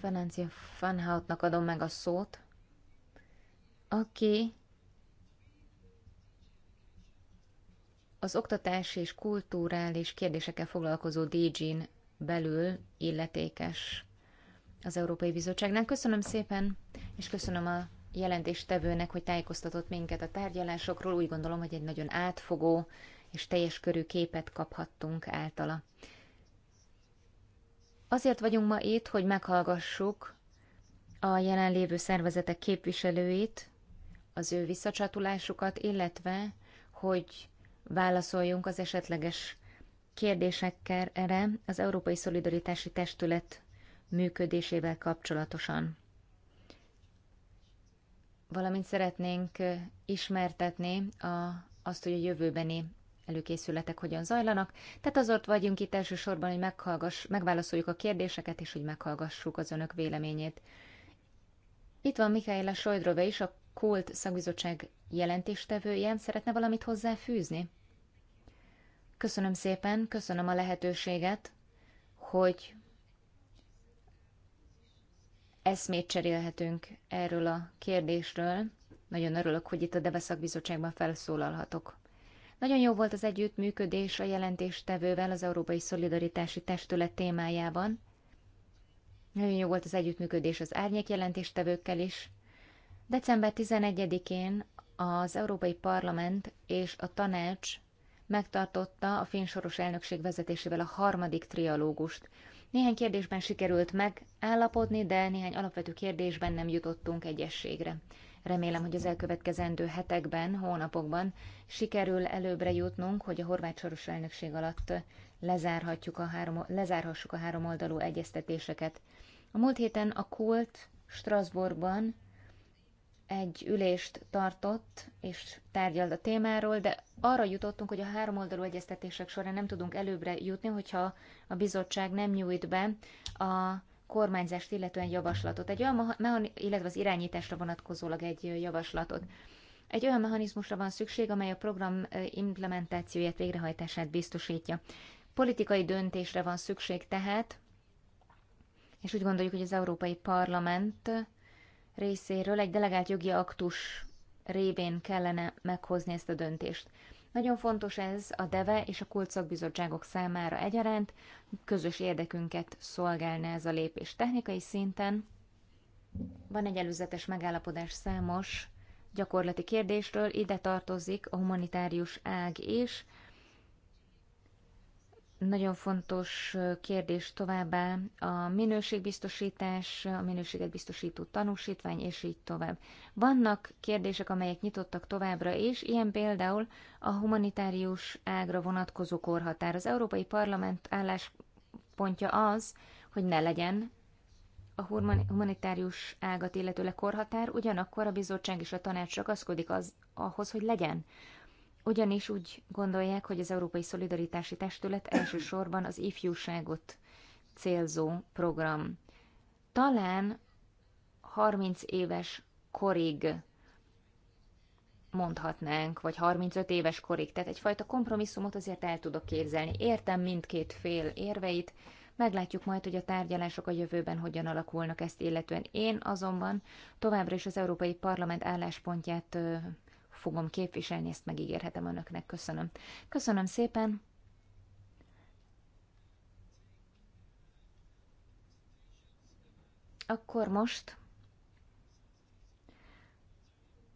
Ferencia Fanhautnak adom meg a szót, aki az oktatás és kulturális kérdésekkel foglalkozó DG-n belül illetékes az Európai Bizottságnál. Köszönöm szépen, és köszönöm a jelentéstevőnek, hogy tájékoztatott minket a tárgyalásokról. Úgy gondolom, hogy egy nagyon átfogó és teljes körű képet kaphattunk általa. Azért vagyunk ma itt, hogy meghallgassuk a jelenlévő szervezetek képviselőit, az ő visszacsatolásukat, illetve hogy válaszoljunk az esetleges kérdésekre az Európai Szolidaritási Testület működésével kapcsolatosan. Valamint szeretnénk ismertetni a, azt, hogy a jövőbeni előkészületek hogyan zajlanak. Tehát azért vagyunk itt elsősorban, hogy meghallgass, megválaszoljuk a kérdéseket, és hogy meghallgassuk az önök véleményét. Itt van Mikaela Sojdrove is, a Kult szakbizottság jelentéstevője. Szeretne valamit hozzáfűzni? Köszönöm szépen, köszönöm a lehetőséget, hogy eszmét cserélhetünk erről a kérdésről. Nagyon örülök, hogy itt a Deveszak Bizottságban felszólalhatok. Nagyon jó volt az együttműködés a jelentéstevővel az Európai Szolidaritási Testület témájában. Nagyon jó volt az együttműködés az árnyék jelentéstevőkkel is. December 11-én az Európai Parlament és a Tanács megtartotta a fénysoros elnökség vezetésével a harmadik trialógust. Néhány kérdésben sikerült megállapodni, de néhány alapvető kérdésben nem jutottunk egyességre. Remélem, hogy az elkövetkezendő hetekben, hónapokban sikerül előbbre jutnunk, hogy a horvát soros elnökség alatt lezárhatjuk a három, lezárhassuk a oldalú egyeztetéseket. A múlt héten a Kult Strasbourgban egy ülést tartott, és tárgyalt a témáról, de arra jutottunk, hogy a háromoldalú egyeztetések során nem tudunk előbbre jutni, hogyha a bizottság nem nyújt be a kormányzást illetően javaslatot, egy olyan mechani- illetve az irányításra vonatkozólag egy javaslatot. Egy olyan mechanizmusra van szükség, amely a program implementációját, végrehajtását biztosítja. Politikai döntésre van szükség tehát, és úgy gondoljuk, hogy az Európai Parlament részéről egy delegált jogi aktus révén kellene meghozni ezt a döntést. Nagyon fontos ez a DEVE és a kulcszakbizottságok számára egyaránt, közös érdekünket szolgálna ez a lépés. Technikai szinten van egy előzetes megállapodás számos gyakorlati kérdésről, ide tartozik a humanitárius ág is, nagyon fontos kérdés továbbá a minőségbiztosítás, a minőséget biztosító tanúsítvány, és így tovább. Vannak kérdések, amelyek nyitottak továbbra is, ilyen például a humanitárius ágra vonatkozó korhatár. Az Európai Parlament álláspontja az, hogy ne legyen a humanitárius ágat illetőleg korhatár, ugyanakkor a bizottság és a tanács ragaszkodik az, ahhoz, hogy legyen ugyanis úgy gondolják, hogy az Európai Szolidaritási Testület elsősorban az ifjúságot célzó program. Talán 30 éves korig mondhatnánk, vagy 35 éves korig, tehát egyfajta kompromisszumot azért el tudok képzelni. Értem mindkét fél érveit, meglátjuk majd, hogy a tárgyalások a jövőben hogyan alakulnak ezt illetően. Én azonban továbbra is az Európai Parlament álláspontját fogom képviselni, ezt megígérhetem önöknek. Köszönöm. Köszönöm szépen. Akkor most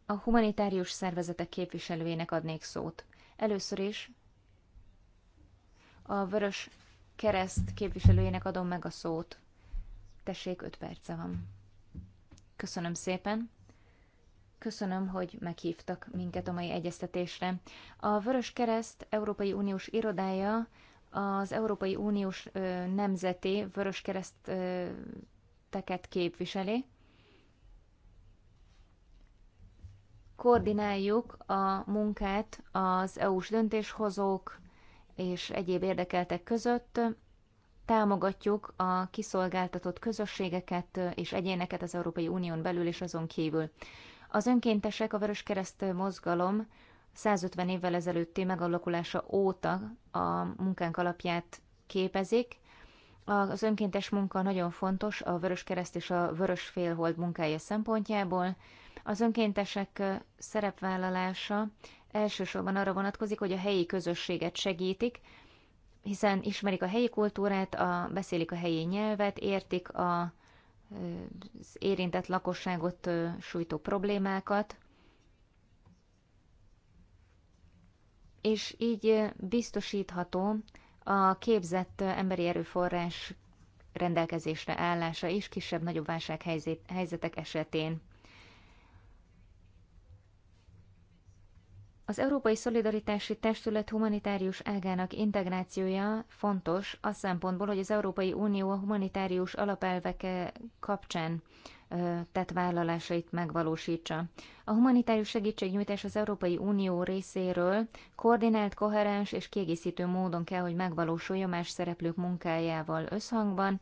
a humanitárius szervezetek képviselőjének adnék szót. Először is a Vörös Kereszt képviselőjének adom meg a szót. Tessék, öt perce van. Köszönöm szépen. Köszönöm, hogy meghívtak minket a mai egyeztetésre. A Vörös Kereszt Európai Uniós Irodája az Európai Uniós ö, Nemzeti Vörös Kereszteket képviseli. Koordináljuk a munkát az EU-s döntéshozók és egyéb érdekeltek között. Támogatjuk a kiszolgáltatott közösségeket és egyéneket az Európai Unión belül és azon kívül. Az önkéntesek, a Kereszt mozgalom 150 évvel ezelőtti megalakulása óta a munkánk alapját képezik. Az önkéntes munka nagyon fontos a Kereszt és a Vörös Félhold munkája szempontjából. Az önkéntesek szerepvállalása elsősorban arra vonatkozik, hogy a helyi közösséget segítik, hiszen ismerik a helyi kultúrát, a, beszélik a helyi nyelvet, értik a az érintett lakosságot sújtó problémákat, és így biztosítható a képzett emberi erőforrás rendelkezésre állása is kisebb-nagyobb válsághelyzetek esetén. Az Európai Szolidaritási Testület humanitárius ágának integrációja fontos a szempontból, hogy az Európai Unió a humanitárius alapelvek kapcsán tett vállalásait megvalósítsa. A humanitárius segítségnyújtás az Európai Unió részéről koordinált, koherens és kiegészítő módon kell, hogy megvalósulja más szereplők munkájával összhangban,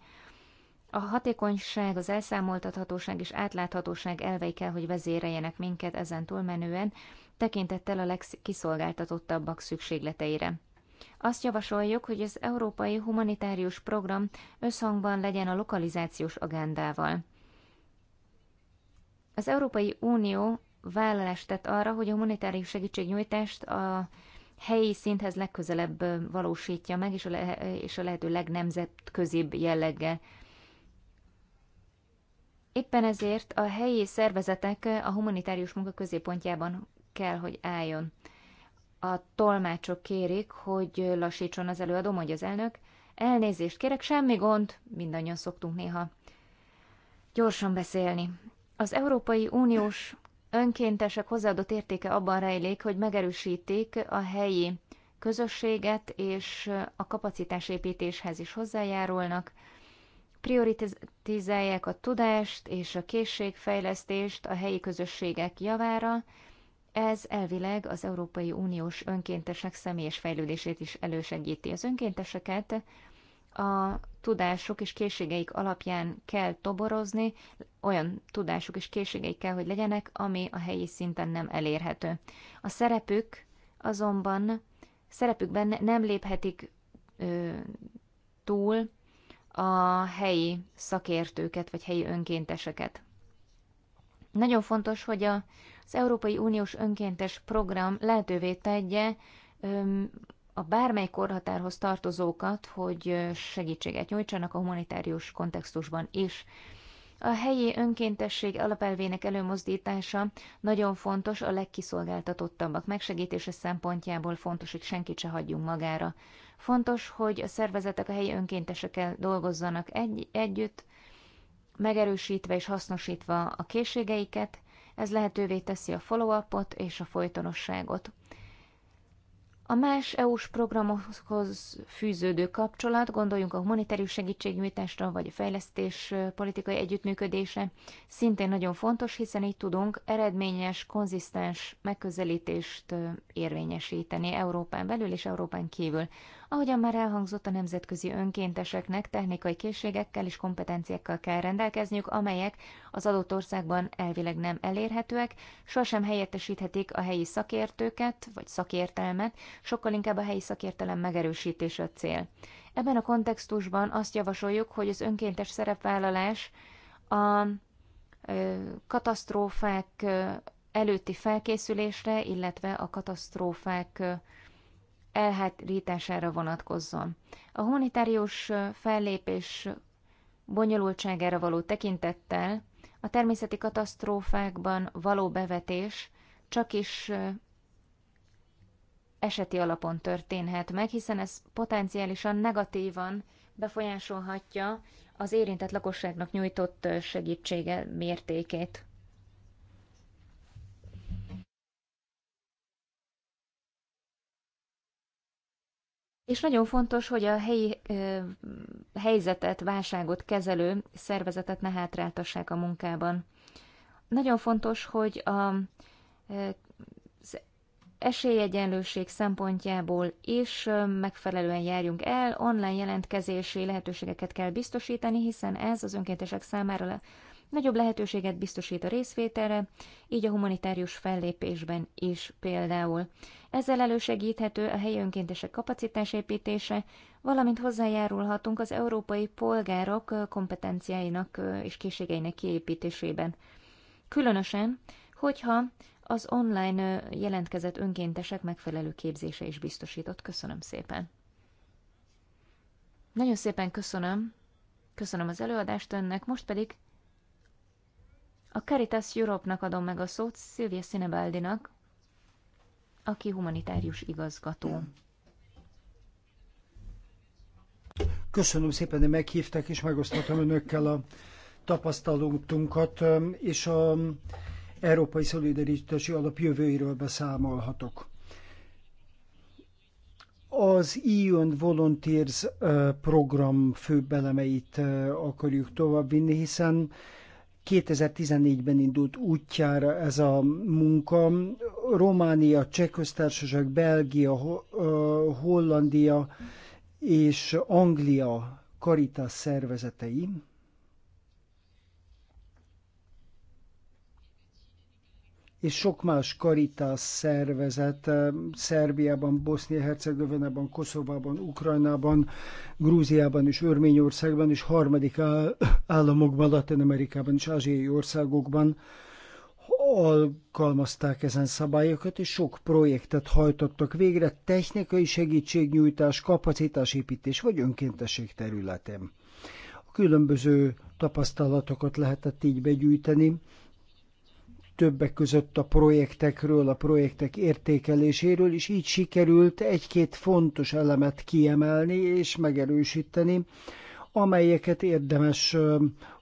a hatékonyság, az elszámoltathatóság és átláthatóság elvei kell, hogy vezéreljenek minket ezen túlmenően, tekintettel a legkiszolgáltatottabbak szükségleteire. Azt javasoljuk, hogy az Európai Humanitárius Program összhangban legyen a lokalizációs agendával. Az Európai Unió vállalást tett arra, hogy a humanitárius segítségnyújtást a helyi szinthez legközelebb valósítja meg, és a, le- és a lehető legnemzetközibb jelleggel. Éppen ezért a helyi szervezetek a humanitárius munka középpontjában kell, hogy álljon. A tolmácsok kérik, hogy lassítson az előadó, mondja az elnök. Elnézést kérek, semmi gond, mindannyian szoktunk néha gyorsan beszélni. Az Európai Uniós önkéntesek hozzáadott értéke abban rejlik, hogy megerősítik a helyi közösséget, és a kapacitásépítéshez is hozzájárulnak, prioritizálják a tudást és a készségfejlesztést a helyi közösségek javára, ez elvileg az Európai Uniós önkéntesek személyes fejlődését is elősegíti. Az önkénteseket a tudásuk és készségeik alapján kell toborozni, olyan tudásuk és készségeik kell, hogy legyenek, ami a helyi szinten nem elérhető. A szerepük azonban, szerepükben nem léphetik ö, túl a helyi szakértőket, vagy helyi önkénteseket. Nagyon fontos, hogy a, az Európai Uniós önkéntes program lehetővé tegye a bármely korhatárhoz tartozókat, hogy segítséget nyújtsanak a humanitárius kontextusban is. A helyi önkéntesség alapelvének előmozdítása nagyon fontos a legkiszolgáltatottabbak megsegítése szempontjából fontos, hogy senkit se hagyjunk magára. Fontos, hogy a szervezetek a helyi önkéntesekkel dolgozzanak egy- együtt, megerősítve és hasznosítva a készségeiket, ez lehetővé teszi a follow-upot és a folytonosságot. A más EU-s programokhoz fűződő kapcsolat, gondoljunk a humanitárius segítségnyújtásra vagy a fejlesztés politikai együttműködése, szintén nagyon fontos, hiszen így tudunk eredményes, konzisztens megközelítést érvényesíteni Európán belül és Európán kívül. Ahogyan már elhangzott, a nemzetközi önkénteseknek technikai készségekkel és kompetenciákkal kell rendelkezniük, amelyek az adott országban elvileg nem elérhetőek, sosem helyettesíthetik a helyi szakértőket vagy szakértelmet, sokkal inkább a helyi szakértelem megerősítése a cél. Ebben a kontextusban azt javasoljuk, hogy az önkéntes szerepvállalás a katasztrófák előtti felkészülésre, illetve a katasztrófák elhárítására vonatkozzon. A humanitárius fellépés bonyolultságára való tekintettel a természeti katasztrófákban való bevetés csak is eseti alapon történhet meg, hiszen ez potenciálisan negatívan befolyásolhatja az érintett lakosságnak nyújtott segítsége mértékét. És nagyon fontos, hogy a helyi ö, helyzetet, válságot kezelő szervezetet ne hátráltassák a munkában. Nagyon fontos, hogy a, az esélyegyenlőség szempontjából is megfelelően járjunk el, online jelentkezési lehetőségeket kell biztosítani, hiszen ez az önkéntesek számára Nagyobb lehetőséget biztosít a részvételre, így a humanitárius fellépésben is például. Ezzel elősegíthető a helyi önkéntesek kapacitásépítése, valamint hozzájárulhatunk az európai polgárok kompetenciáinak és készségeinek kiépítésében. Különösen, hogyha az online jelentkezett önkéntesek megfelelő képzése is biztosított. Köszönöm szépen! Nagyon szépen köszönöm. Köszönöm az előadást önnek, most pedig a Caritas Europe-nak adom meg a szót Szilvia Színebaldinak, aki humanitárius igazgató. Köszönöm szépen, hogy meghívtak, és megosztottam önökkel a tapasztalatunkat, és a Európai Szolidaritási Alap jövőiről beszámolhatok. Az EON Volunteers program fő elemeit akarjuk továbbvinni, hiszen 2014-ben indult útjára ez a munka. Románia, Csehköztársaság, Belgia, Hollandia és Anglia karitas szervezetei és sok más karitás szervezet eh, Szerbiában, Bosznia-Hercegovinában, Koszovában, Ukrajnában, Grúziában és Örményországban és harmadik államokban, Latin-Amerikában és ázsiai országokban alkalmazták ezen szabályokat, és sok projektet hajtottak végre technikai segítségnyújtás, kapacitásépítés vagy önkéntesség területén. A különböző tapasztalatokat lehetett így begyűjteni, többek között a projektekről, a projektek értékeléséről, és így sikerült egy-két fontos elemet kiemelni és megerősíteni, amelyeket érdemes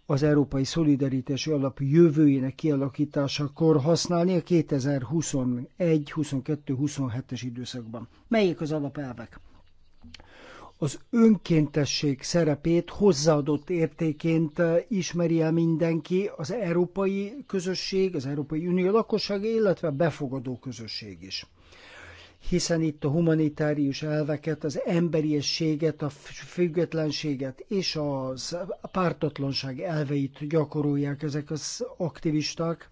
az Európai Szolidaritási Alap jövőjének kialakításakor használni a 2021-22-27-es időszakban. Melyik az alapelvek? az önkéntesség szerepét hozzáadott értéként eh, ismeri el mindenki, az európai közösség, az Európai Unió lakossága, illetve a befogadó közösség is. Hiszen itt a humanitárius elveket, az emberiességet, a függetlenséget és a pártatlanság elveit gyakorolják ezek az aktivisták,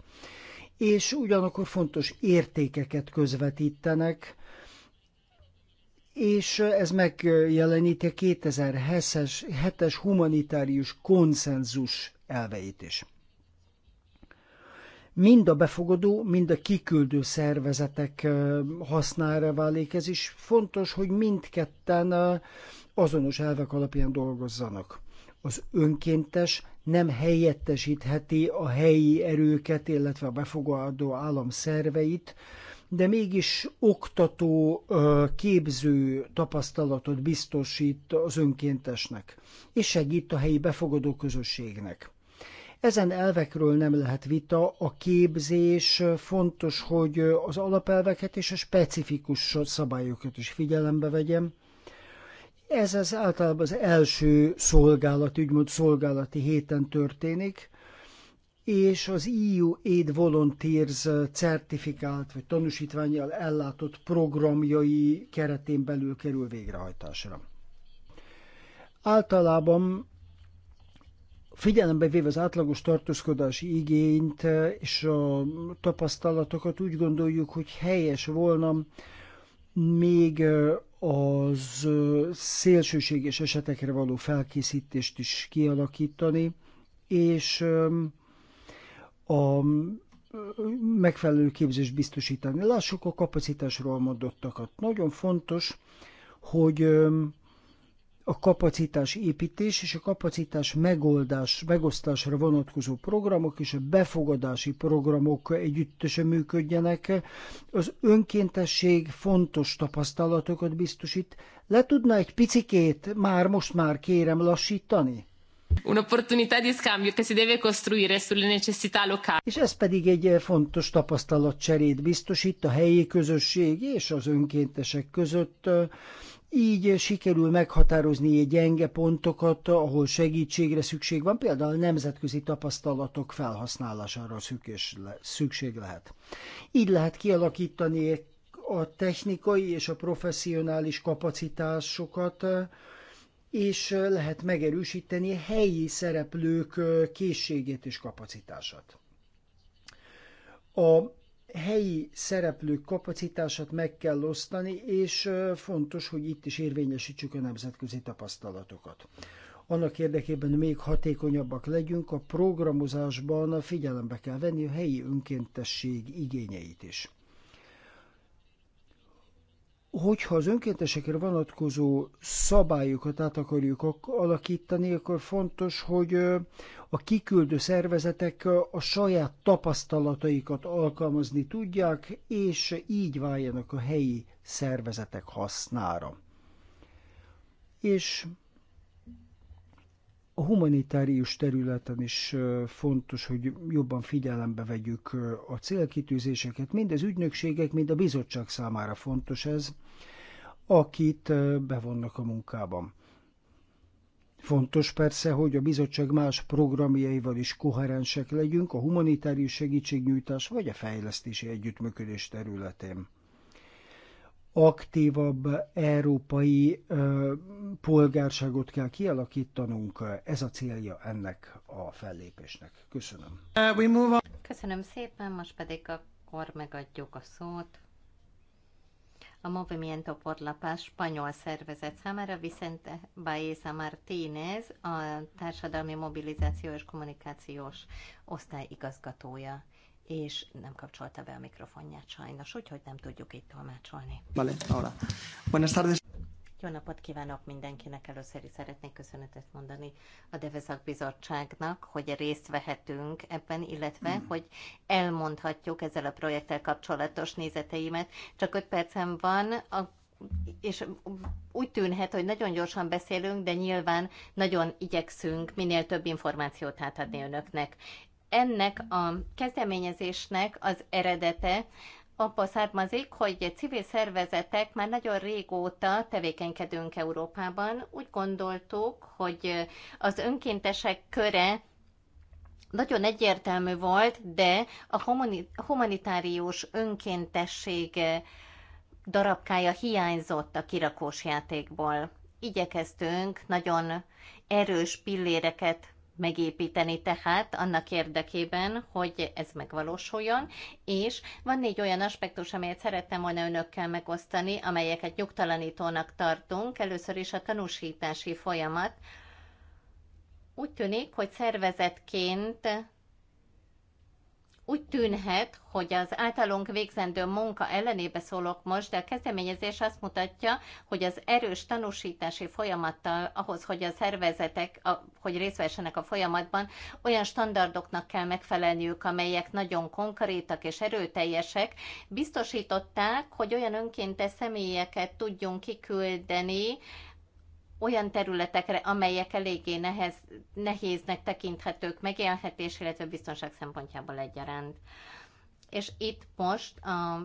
és ugyanakkor fontos értékeket közvetítenek, és ez megjeleníti a 2007-es humanitárius konszenzus elveit is. Mind a befogadó, mind a kiküldő szervezetek hasznára válik ez is. Fontos, hogy mindketten azonos elvek alapján dolgozzanak. Az önkéntes nem helyettesítheti a helyi erőket, illetve a befogadó állam szerveit, de mégis oktató, képző tapasztalatot biztosít az önkéntesnek, és segít a helyi befogadó közösségnek. Ezen elvekről nem lehet vita, a képzés fontos, hogy az alapelveket és a specifikus szabályokat is figyelembe vegyem. Ez az általában az első szolgálat, úgymond szolgálati héten történik, és az EU Aid Volunteers certifikált vagy tanúsítványjal ellátott programjai keretén belül kerül végrehajtásra. Általában figyelembe véve az átlagos tartózkodási igényt és a tapasztalatokat úgy gondoljuk, hogy helyes volna még az szélsőséges esetekre való felkészítést is kialakítani, és a megfelelő képzést biztosítani. Lássuk a kapacitásról mondottakat. Nagyon fontos, hogy a kapacitás építés és a kapacitás megoldás, megosztásra vonatkozó programok és a befogadási programok együttesen működjenek. Az önkéntesség fontos tapasztalatokat biztosít. Le tudná egy picikét, már most már kérem lassítani? Un'opportunità di scambio che si deve costruire sulle necessità locali. És ez pedig egy eh, fontos tapasztalatcserét biztosít a helyi közösség és az önkéntesek között. Eh, így sikerül meghatározni egy gyenge pontokat, ahol segítségre szükség van, például nemzetközi tapasztalatok felhasználására szükség lehet. Így lehet kialakítani a technikai és a professzionális kapacitásokat, eh, és lehet megerősíteni helyi szereplők készségét és kapacitását. A helyi szereplők kapacitását meg kell osztani, és fontos, hogy itt is érvényesítsük a nemzetközi tapasztalatokat. Annak érdekében még hatékonyabbak legyünk, a programozásban figyelembe kell venni a helyi önkéntesség igényeit is hogyha az önkéntesekre vonatkozó szabályokat át akarjuk alakítani, akkor fontos, hogy a kiküldő szervezetek a saját tapasztalataikat alkalmazni tudják, és így váljanak a helyi szervezetek hasznára. És a humanitárius területen is fontos, hogy jobban figyelembe vegyük a célkitűzéseket. Mind az ügynökségek, mind a bizottság számára fontos ez, akit bevonnak a munkában. Fontos persze, hogy a bizottság más programjaival is koherensek legyünk a humanitárius segítségnyújtás vagy a fejlesztési együttműködés területén aktívabb európai ö, polgárságot kell kialakítanunk. Ez a célja ennek a fellépésnek. Köszönöm. Uh, Köszönöm szépen, most pedig akkor megadjuk a szót a Movimiento por spanyol szervezet számára Vicente Baeza Martínez, a társadalmi mobilizáció és kommunikációs osztály igazgatója és nem kapcsolta be a mikrofonját sajnos, úgyhogy nem tudjuk így tolmácsolni. Vale, ahora. Buenas tardes. Jó napot kívánok mindenkinek! Először is szeretnék köszönetet mondani a Devezak Bizottságnak, hogy részt vehetünk ebben, illetve mm. hogy elmondhatjuk ezzel a projekttel kapcsolatos nézeteimet. Csak 5 percem van, a és úgy tűnhet, hogy nagyon gyorsan beszélünk, de nyilván nagyon igyekszünk minél több információt átadni önöknek ennek a kezdeményezésnek az eredete abból származik, hogy civil szervezetek már nagyon régóta tevékenykedünk Európában. Úgy gondoltuk, hogy az önkéntesek köre nagyon egyértelmű volt, de a humanitárius önkéntesség darabkája hiányzott a kirakós játékból. Igyekeztünk nagyon erős pilléreket megépíteni tehát annak érdekében, hogy ez megvalósuljon, és van négy olyan aspektus, amelyet szerettem volna önökkel megosztani, amelyeket nyugtalanítónak tartunk. Először is a tanúsítási folyamat. Úgy tűnik, hogy szervezetként úgy tűnhet, hogy az általunk végzendő munka ellenébe szólok most, de a kezdeményezés azt mutatja, hogy az erős tanúsítási folyamattal ahhoz, hogy a szervezetek, a, hogy részt vessenek a folyamatban, olyan standardoknak kell megfelelniük, amelyek nagyon konkrétak és erőteljesek. Biztosították, hogy olyan önkéntes személyeket tudjunk kiküldeni, olyan területekre, amelyek eléggé nehez, nehéznek tekinthetők megélhetés, illetve biztonság szempontjából egyaránt. És itt most a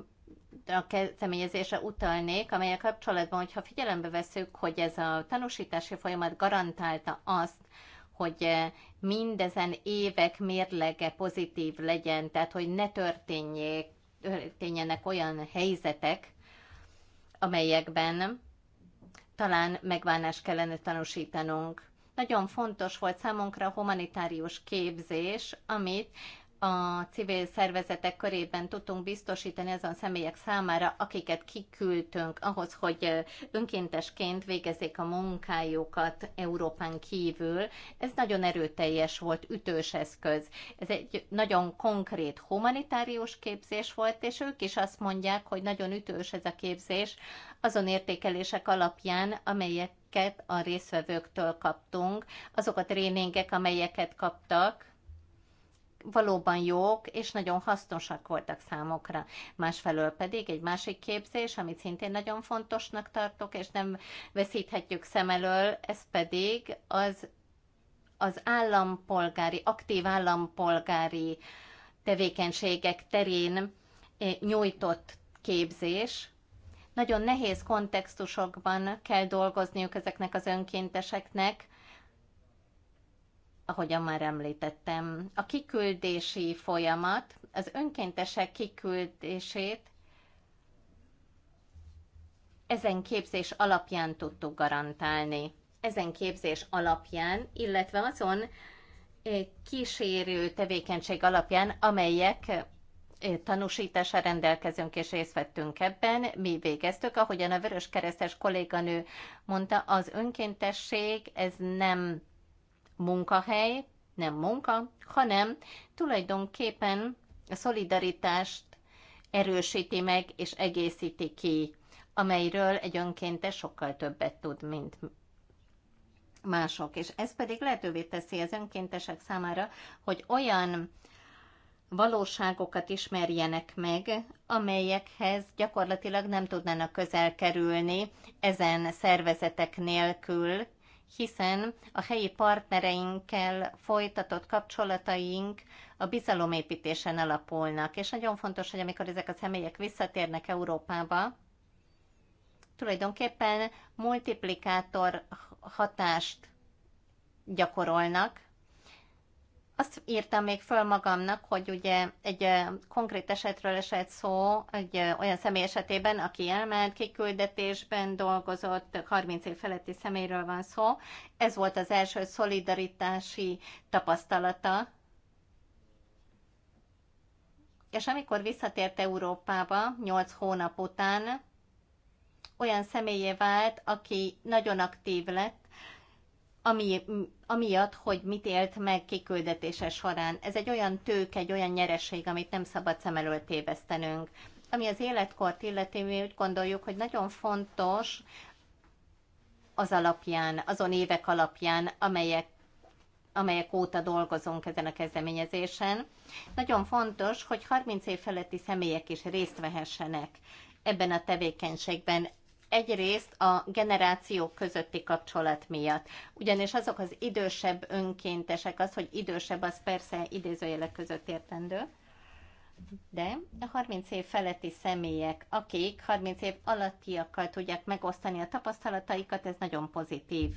a kezdeményezésre utalnék, a kapcsolatban, hogyha figyelembe veszük, hogy ez a tanúsítási folyamat garantálta azt, hogy eh, mindezen évek mérlege pozitív legyen, tehát hogy ne történjék, történjenek olyan helyzetek, amelyekben talán megválnást kellene tanúsítanunk. Nagyon fontos volt számunkra a humanitárius képzés, amit a civil szervezetek körében tudtunk biztosítani azon személyek számára, akiket kiküldtünk ahhoz, hogy önkéntesként végezzék a munkájukat Európán kívül. Ez nagyon erőteljes volt, ütős eszköz. Ez egy nagyon konkrét humanitárius képzés volt, és ők is azt mondják, hogy nagyon ütős ez a képzés azon értékelések alapján, amelyeket a részvevőktől kaptunk, azok a tréningek, amelyeket kaptak, valóban jók és nagyon hasznosak voltak számokra. Másfelől pedig egy másik képzés, amit szintén nagyon fontosnak tartok, és nem veszíthetjük szem elől, ez pedig az, az állampolgári, aktív állampolgári tevékenységek terén eh, nyújtott képzés, nagyon nehéz kontextusokban kell dolgozniuk ezeknek az önkénteseknek, ahogyan már említettem. A kiküldési folyamat, az önkéntesek kiküldését ezen képzés alapján tudtuk garantálni. Ezen képzés alapján, illetve azon eh, kísérő tevékenység alapján, amelyek eh, tanúsítása rendelkezünk és részt vettünk ebben. Mi végeztük, ahogyan a vörös kolléganő mondta, az önkéntesség ez nem munkahely, nem munka, hanem tulajdonképpen a szolidaritást erősíti meg és egészíti ki, amelyről egy önkéntes sokkal többet tud, mint mások. És ez pedig lehetővé teszi az önkéntesek számára, hogy olyan valóságokat ismerjenek meg, amelyekhez gyakorlatilag nem tudnának közel kerülni ezen szervezetek nélkül, hiszen a helyi partnereinkkel folytatott kapcsolataink a bizalomépítésen alapulnak, és nagyon fontos, hogy amikor ezek a személyek visszatérnek Európába, tulajdonképpen multiplikátor hatást gyakorolnak azt írtam még föl magamnak, hogy ugye egy konkrét esetről esett szó, egy olyan személy esetében, aki elment, kiküldetésben dolgozott, 30 év feletti személyről van szó. Ez volt az első szolidaritási tapasztalata. És amikor visszatért Európába 8 hónap után, olyan személyé vált, aki nagyon aktív lett, ami, amiatt, hogy mit élt meg kiküldetése során. Ez egy olyan tők, egy olyan nyereség, amit nem szabad szem elől tévesztenünk. Ami az életkort illeti, mi úgy gondoljuk, hogy nagyon fontos az alapján, azon évek alapján, amelyek amelyek óta dolgozunk ezen a kezdeményezésen. Nagyon fontos, hogy 30 év feletti személyek is részt vehessenek ebben a tevékenységben. Egyrészt a generációk közötti kapcsolat miatt. Ugyanis azok az idősebb önkéntesek, az, hogy idősebb, az persze idézőjelek között értendő, de a 30 év feletti személyek, akik 30 év alattiakkal tudják megosztani a tapasztalataikat, ez nagyon pozitív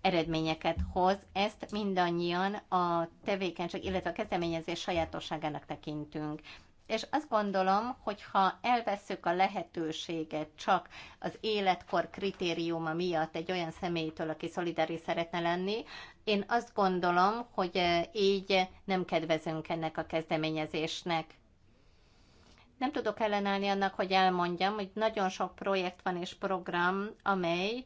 eredményeket hoz. Ezt mindannyian a tevékenység, illetve a kezdeményezés sajátosságának tekintünk és azt gondolom, hogy ha elveszük a lehetőséget csak az életkor kritériuma miatt egy olyan személytől, aki szolidári szeretne lenni, én azt gondolom, hogy e, így nem kedvezünk ennek a kezdeményezésnek. Nem tudok ellenállni annak, hogy elmondjam, hogy nagyon sok projekt van és program, amely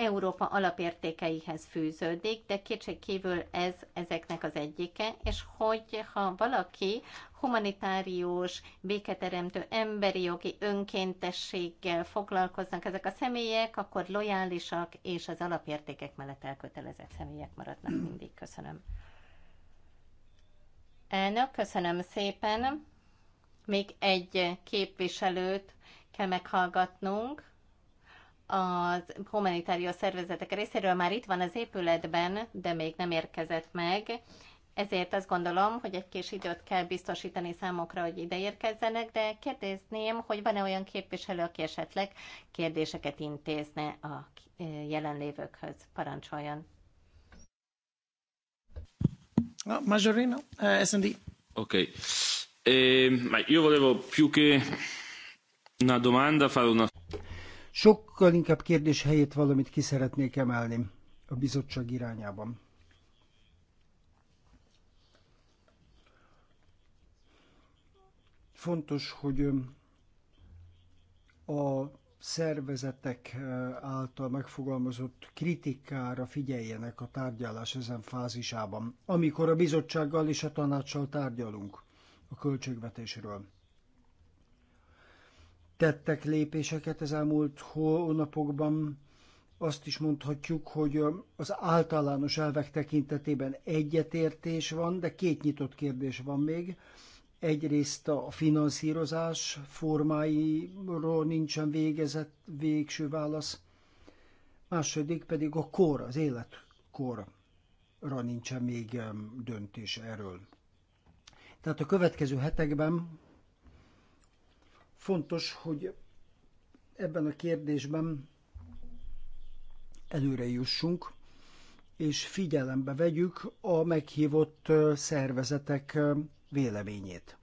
Európa alapértékeihez fűződik, de kétség kívül ez ezeknek az egyike, és hogy ha valaki humanitárius, béketeremtő, emberi jogi önkéntességgel foglalkoznak ezek a személyek, akkor lojálisak és az alapértékek mellett elkötelezett személyek maradnak mindig. Köszönöm. Elnök, köszönöm szépen. Még egy képviselőt kell meghallgatnunk az humanitárius szervezetek részéről már itt van az épületben, de még nem érkezett meg. Ezért azt gondolom, hogy egy kis időt kell biztosítani számokra, hogy ide érkezzenek, de kérdezném, hogy van-e olyan képviselő, aki esetleg kérdéseket intézne a eh, jelenlévőkhöz. Parancsoljon. Majorino, eh, S&D. Ok. Eh, io volevo più che una domanda fare una... Sokkal inkább kérdés helyét valamit ki szeretnék emelni a bizottság irányában. Fontos, hogy a szervezetek által megfogalmazott kritikára figyeljenek a tárgyalás ezen fázisában, amikor a bizottsággal és a tanácssal tárgyalunk a költségvetésről tettek lépéseket az elmúlt hónapokban. Azt is mondhatjuk, hogy az általános elvek tekintetében egyetértés van, de két nyitott kérdés van még. Egyrészt a finanszírozás formáiról nincsen végezett végső válasz, második pedig a kor, az életkorra nincsen még döntés erről. Tehát a következő hetekben Fontos, hogy ebben a kérdésben előre jussunk, és figyelembe vegyük a meghívott szervezetek véleményét.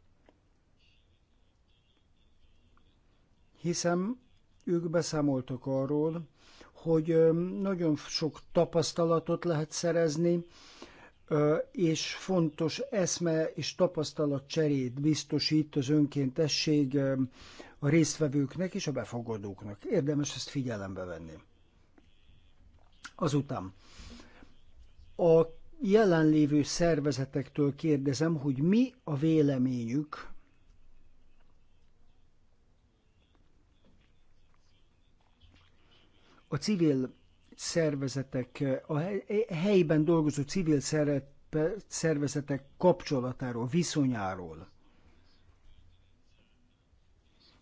Hiszen ők beszámoltak arról, hogy nagyon sok tapasztalatot lehet szerezni, és fontos eszme és tapasztalat cserét biztosít az önkéntesség a résztvevőknek és a befogadóknak. Érdemes ezt figyelembe venni. Azután a jelenlévő szervezetektől kérdezem, hogy mi a véleményük a civil szervezetek, a eh, helyben dolgozó civil szervezetek kapcsolatáról, viszonyáról.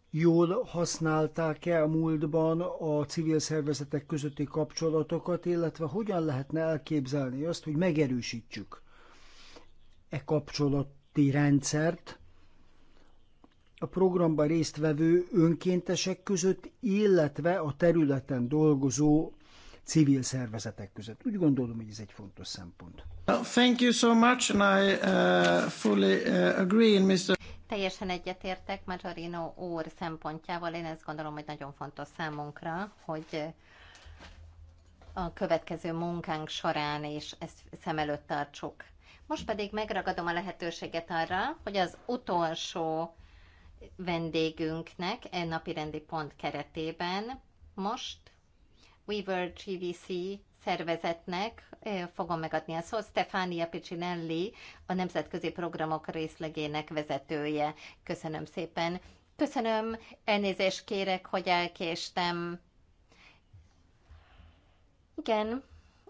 Jól használták-e a múltban a civil szervezetek közötti kapcsolatokat, illetve hogyan lehetne elképzelni azt, hogy megerősítsük e kapcsolati rendszert, a programban résztvevő önkéntesek között, illetve a területen dolgozó civil szervezetek között. Úgy gondolom, hogy ez egy fontos szempont. Thank you so much, and I uh, fully uh, agree, Mr. Teljesen egyetértek Magyarino úr szempontjával. Én ezt gondolom, hogy nagyon fontos számunkra, hogy uh, a következő munkánk során és ezt szem előtt tartsuk. Most pedig megragadom a lehetőséget arra, hogy az utolsó vendégünknek e napi rendi pont keretében most Weaver GVC szervezetnek fogom megadni a szót. Stefania Piccinelli, a Nemzetközi Programok részlegének vezetője. Köszönöm szépen. Köszönöm, elnézést kérek, hogy elkéstem. Igen,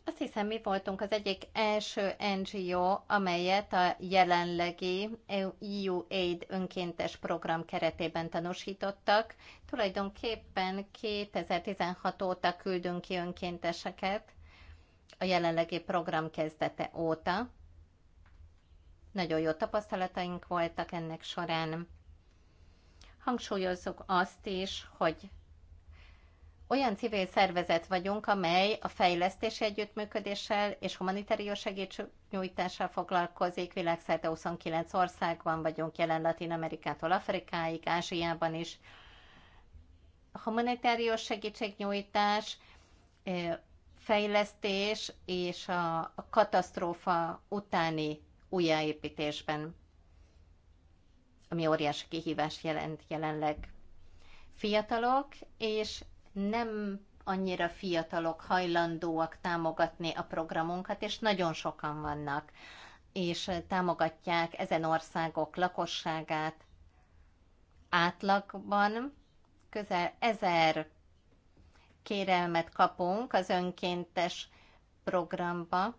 azt hiszem, mi voltunk az egyik első NGO, amelyet a jelenlegi EU Aid önkéntes program keretében tanúsítottak. Tulajdonképpen 2016 óta küldünk ki önkénteseket a jelenlegi program kezdete óta. Nagyon jó tapasztalataink voltak ennek során. Hangsúlyozzuk azt is, hogy olyan civil szervezet vagyunk, amely a fejlesztési együttműködéssel és humanitárius segítségnyújtással foglalkozik. Világszerte 29 országban vagyunk jelen Latin Amerikától Afrikáig, Ázsiában is. A humanitárius segítségnyújtás, fejlesztés és a katasztrófa utáni újjáépítésben, ami óriási kihívást jelent jelenleg fiatalok és nem annyira fiatalok hajlandóak támogatni a programunkat, és nagyon sokan vannak, és támogatják ezen országok lakosságát. Átlagban közel ezer kérelmet kapunk az önkéntes programba,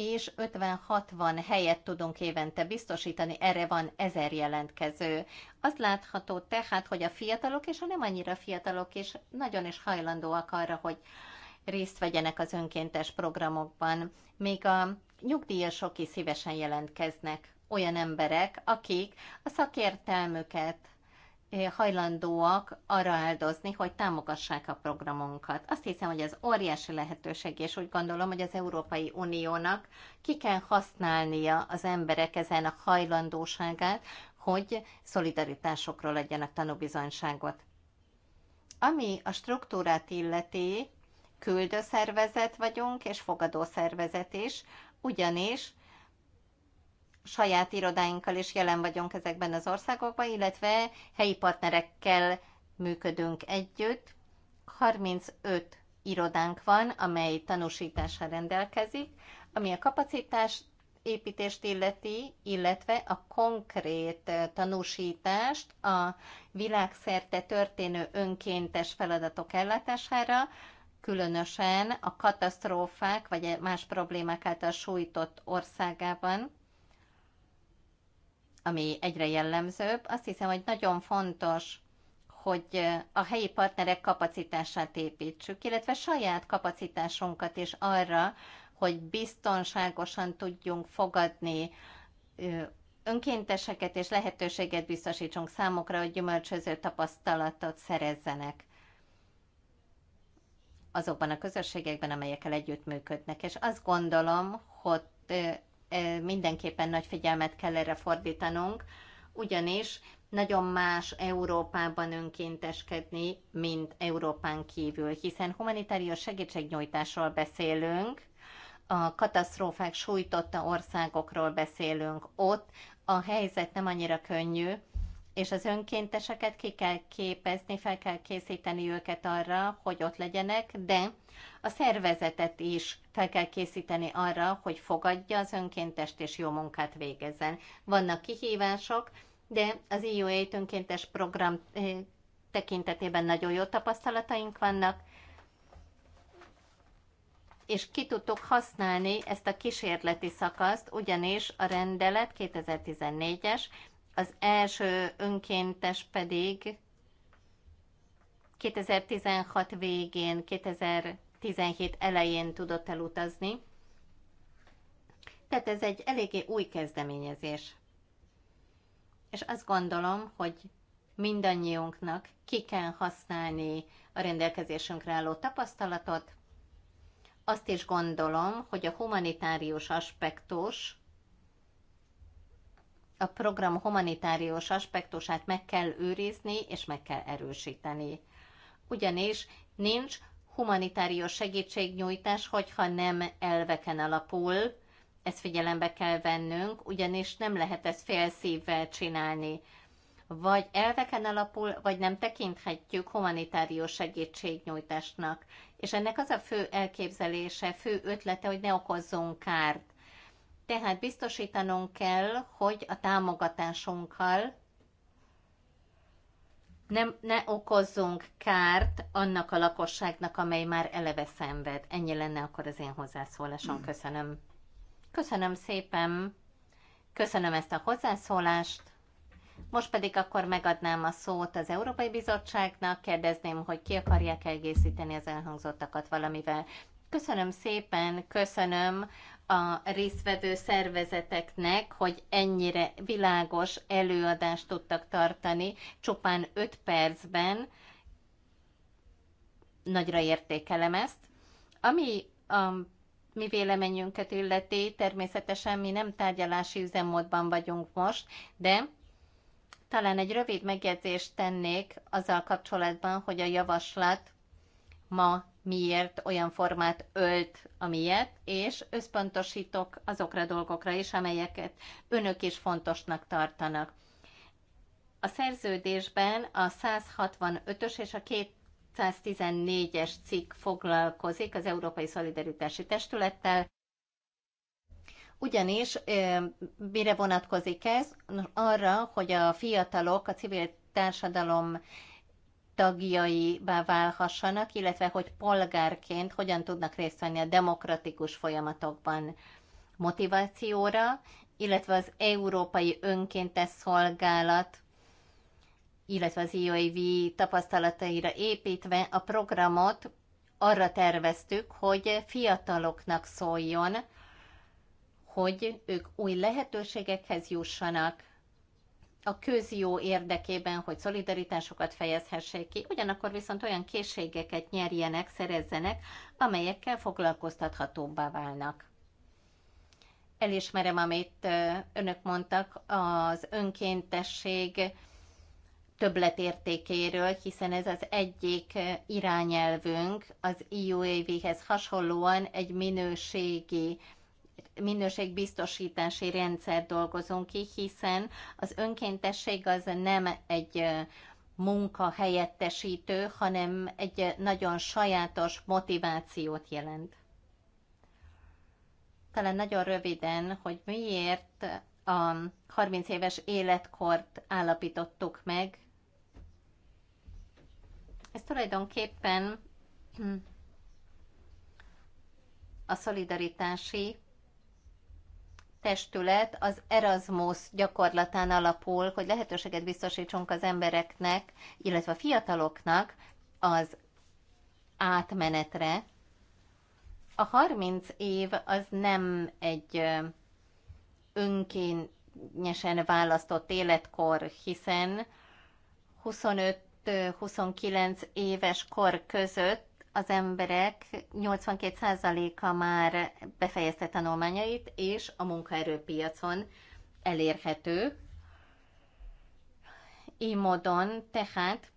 és 50-60 helyet tudunk évente biztosítani, erre van ezer jelentkező. Azt látható tehát, hogy a fiatalok és a nem annyira fiatalok is nagyon is hajlandóak arra, hogy részt vegyenek az önkéntes programokban. Még a nyugdíjasok is szívesen jelentkeznek olyan emberek, akik a szakértelmüket Eh, hajlandóak arra áldozni, hogy támogassák a programunkat. Azt hiszem, hogy ez óriási lehetőség, és úgy gondolom, hogy az Európai Uniónak ki kell használnia az emberek ezen a hajlandóságát, hogy szolidaritásokról legyenek tanúbizonyságot. Ami a struktúrát illeti, küldőszervezet vagyunk, és fogadószervezet is, ugyanis saját irodáinkkal is jelen vagyunk ezekben az országokban, illetve helyi partnerekkel működünk együtt. 35 irodánk van, amely tanúsítással rendelkezik, ami a kapacitás építést illeti, illetve a konkrét tanúsítást a világszerte történő önkéntes feladatok ellátására, különösen a katasztrófák vagy e- más problémák által sújtott országában ami egyre jellemzőbb, azt hiszem, hogy nagyon fontos, hogy a helyi partnerek kapacitását építsük, illetve saját kapacitásunkat is arra, hogy biztonságosan tudjunk fogadni önkénteseket és lehetőséget biztosítsunk számukra, hogy gyümölcsöző tapasztalatot szerezzenek azokban a közösségekben, amelyekkel együttműködnek. És azt gondolom, hogy mindenképpen nagy figyelmet kell erre fordítanunk, ugyanis nagyon más Európában önkénteskedni, mint Európán kívül, hiszen humanitárius segítségnyújtásról beszélünk, a katasztrófák sújtotta országokról beszélünk, ott a helyzet nem annyira könnyű, és az önkénteseket ki kell képezni, fel kell készíteni őket arra, hogy ott legyenek, de a szervezetet is fel kell készíteni arra, hogy fogadja az önkéntest és jó munkát végezzen. Vannak kihívások, de az IUA önkéntes program eh, tekintetében nagyon jó tapasztalataink vannak, és ki tudtuk használni ezt a kísérleti szakaszt, ugyanis a rendelet 2014-es az első önkéntes pedig 2016 végén, 2017 elején tudott elutazni. Tehát ez egy eléggé új kezdeményezés. És azt gondolom, hogy mindannyiunknak ki kell használni a rendelkezésünkre álló tapasztalatot. Azt is gondolom, hogy a humanitárius aspektus a program humanitárius aspektusát meg kell őrizni és meg kell erősíteni. Ugyanis nincs humanitárius segítségnyújtás, hogyha nem elveken alapul, ezt figyelembe kell vennünk, ugyanis nem lehet ezt félszívvel csinálni. Vagy elveken alapul, vagy nem tekinthetjük humanitárius segítségnyújtásnak. És ennek az a fő elképzelése, fő ötlete, hogy ne okozzunk kárt tehát biztosítanunk kell, hogy a támogatásunkkal nem, ne okozzunk kárt annak a lakosságnak, amely már eleve szenved. Ennyi lenne akkor az én hozzászólásom. Hmm. Köszönöm. Köszönöm szépen. Köszönöm ezt a hozzászólást. Most pedig akkor megadnám a szót az Európai Bizottságnak, kérdezném, hogy ki akarják egészíteni az elhangzottakat valamivel. Köszönöm szépen, köszönöm a résztvevő szervezeteknek, hogy ennyire világos előadást tudtak tartani csupán 5 percben. Nagyra értékelem ezt. Ami a mi véleményünket illeti, természetesen mi nem tárgyalási üzemmódban vagyunk most, de talán egy rövid megjegyzést tennék azzal kapcsolatban, hogy a javaslat ma miért olyan formát ölt, amilyet, és összpontosítok azokra a dolgokra is, amelyeket önök is fontosnak tartanak. A szerződésben a 165-ös és a 214-es cikk foglalkozik az Európai Szolidaritási Testülettel, ugyanis mire vonatkozik ez? Arra, hogy a fiatalok a civil társadalom tagjaibá válhassanak, illetve hogy polgárként hogyan tudnak részt venni a demokratikus folyamatokban motivációra, illetve az Európai Önkéntes Szolgálat, illetve az IOIV tapasztalataira építve a programot arra terveztük, hogy fiataloknak szóljon, hogy ők új lehetőségekhez jussanak, a közjó érdekében, hogy szolidaritásokat fejezhessék ki, ugyanakkor viszont olyan készségeket nyerjenek, szerezzenek, amelyekkel foglalkoztathatóbbá válnak. Elismerem, amit önök mondtak az önkéntesség többletértékéről, hiszen ez az egyik irányelvünk az EUAV-hez hasonlóan egy minőségi minőségbiztosítási rendszer dolgozunk ki, hiszen az önkéntesség az nem egy munka helyettesítő, hanem egy nagyon sajátos motivációt jelent. Talán nagyon röviden, hogy miért a 30 éves életkort állapítottuk meg. Ez tulajdonképpen a szolidaritási testület az Erasmus gyakorlatán alapul, hogy lehetőséget biztosítsunk az embereknek, illetve a fiataloknak az átmenetre. A 30 év az nem egy önkényesen választott életkor, hiszen 25-29 éves kor között az emberek 82%-a már befejezte tanulmányait, és a munkaerőpiacon elérhető. Így módon tehát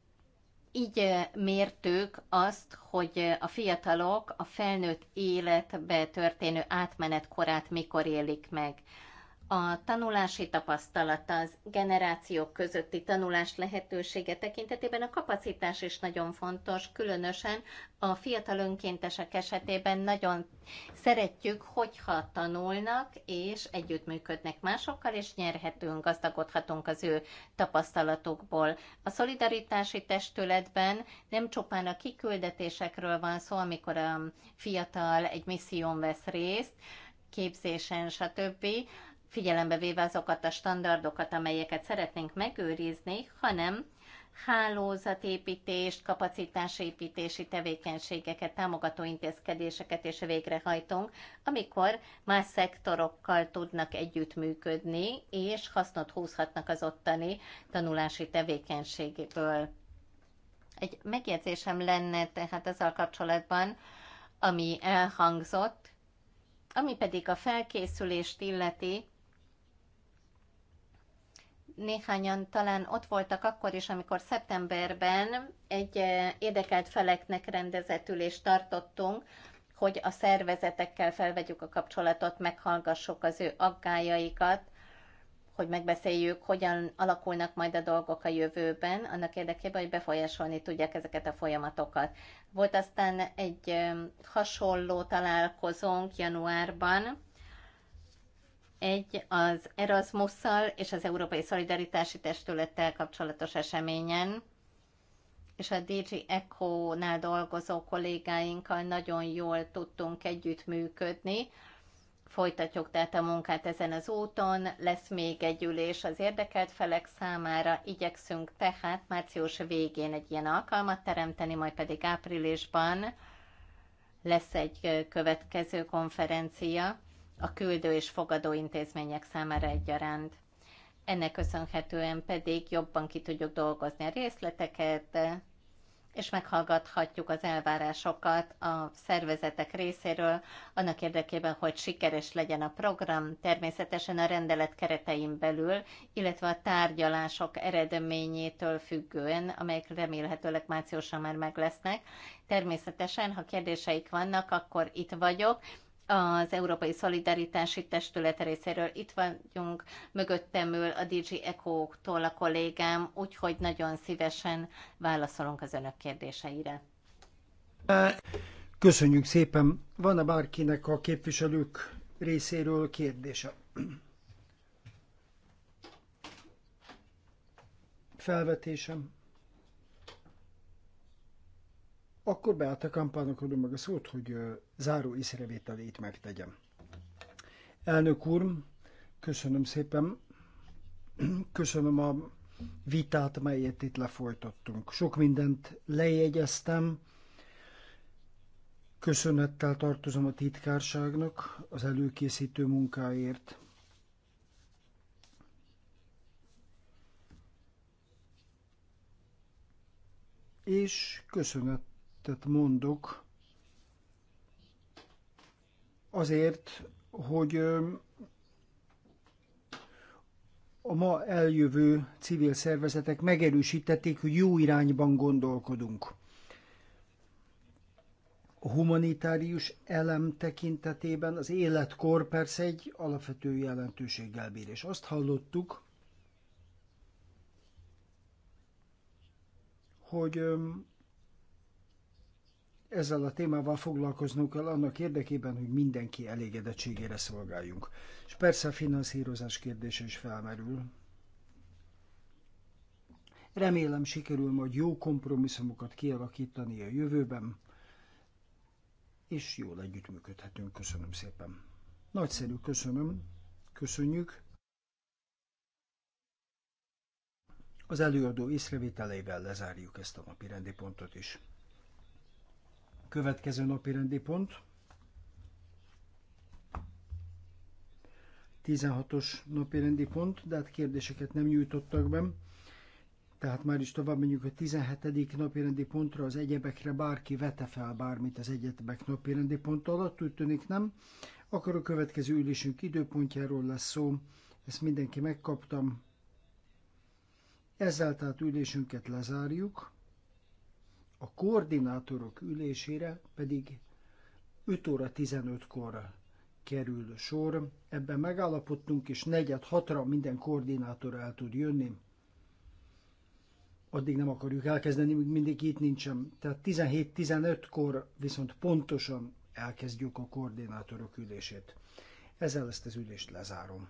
így mértük azt, hogy a fiatalok a felnőtt életbe történő átmenet korát mikor élik meg a tanulási tapasztalata, az generációk közötti tanulás lehetősége tekintetében a kapacitás is nagyon fontos, különösen a fiatal önkéntesek esetében nagyon szeretjük, hogyha tanulnak és együttműködnek másokkal, és nyerhetünk, gazdagodhatunk az ő tapasztalatokból. A szolidaritási testületben nem csupán a kiküldetésekről van szó, amikor a fiatal egy misszión vesz részt, képzésen, stb., figyelembe véve azokat a standardokat, amelyeket szeretnénk megőrizni, hanem hálózatépítést, kapacitásépítési tevékenységeket, támogató intézkedéseket is végrehajtunk, amikor más szektorokkal tudnak együttműködni, és hasznot húzhatnak az ottani tanulási tevékenységből. Egy megjegyzésem lenne tehát ezzel kapcsolatban, ami elhangzott, ami pedig a felkészülést illeti, néhányan talán ott voltak akkor is, amikor szeptemberben egy eh, érdekelt feleknek rendezett ülést tartottunk, hogy a szervezetekkel felvegyük a kapcsolatot, meghallgassuk az ő aggájaikat, hogy megbeszéljük, hogyan alakulnak majd a dolgok a jövőben, annak érdekében, hogy befolyásolni tudják ezeket a folyamatokat. Volt aztán egy eh, hasonló találkozónk januárban, egy az Erasmusszal és az Európai Szolidaritási Testülettel kapcsolatos eseményen, és a DG Echo-nál dolgozó kollégáinkkal nagyon jól tudtunk együttműködni. Folytatjuk tehát a munkát ezen az úton, lesz még egy ülés az érdekelt felek számára, igyekszünk tehát március végén egy ilyen alkalmat teremteni, majd pedig áprilisban lesz egy következő konferencia a küldő és fogadó intézmények számára egyaránt. Ennek köszönhetően pedig jobban ki tudjuk dolgozni a részleteket, és meghallgathatjuk az elvárásokat a szervezetek részéről, annak érdekében, hogy sikeres legyen a program, természetesen a rendelet keretein belül, illetve a tárgyalások eredményétől függően, amelyek remélhetőleg márciusra már meg lesznek. Természetesen, ha kérdéseik vannak, akkor itt vagyok, az Európai Szolidaritási Testület részéről. Itt vagyunk ül a DG echo tól a kollégám, úgyhogy nagyon szívesen válaszolunk az önök kérdéseire. Köszönjük szépen. Van-e bárkinek a képviselők részéről kérdése? Felvetésem. Akkor Beáta Kampának adom meg a szót, hogy záró észrevételét megtegyem. Elnök úr, köszönöm szépen. Köszönöm a vitát, melyet itt lefolytattunk. Sok mindent lejegyeztem. Köszönettel tartozom a titkárságnak az előkészítő munkáért. És köszönet tehát mondok, azért, hogy a ma eljövő civil szervezetek megerősítették, hogy jó irányban gondolkodunk. A humanitárius elem tekintetében az életkor persze egy alapvető jelentőséggel bír, és azt hallottuk, hogy ezzel a témával foglalkoznunk kell annak érdekében, hogy mindenki elégedettségére szolgáljunk. És persze a finanszírozás kérdése is felmerül. Remélem sikerül majd jó kompromisszumokat kialakítani a jövőben, és jól együttműködhetünk. Köszönöm szépen. Nagyszerű, köszönöm. Köszönjük. Az előadó észrevételeivel lezárjuk ezt a napi rendi pontot is. Következő napi rendi pont. 16-os napi rendi pont, de hát kérdéseket nem nyújtottak be. Tehát már is tovább menjünk a 17. napi rendi pontra, az egyebekre bárki vete fel bármit az egyetemek napi rendi pont alatt, úgy tűnik nem. Akkor a következő ülésünk időpontjáról lesz szó, ezt mindenki megkaptam. Ezzel tehát ülésünket lezárjuk a koordinátorok ülésére pedig 5 óra 15-kor kerül sor. Ebben megállapodtunk, és negyed hatra minden koordinátor el tud jönni. Addig nem akarjuk elkezdeni, még mindig itt nincsen. Tehát 17-15-kor viszont pontosan elkezdjük a koordinátorok ülését. Ezzel ezt az ülést lezárom.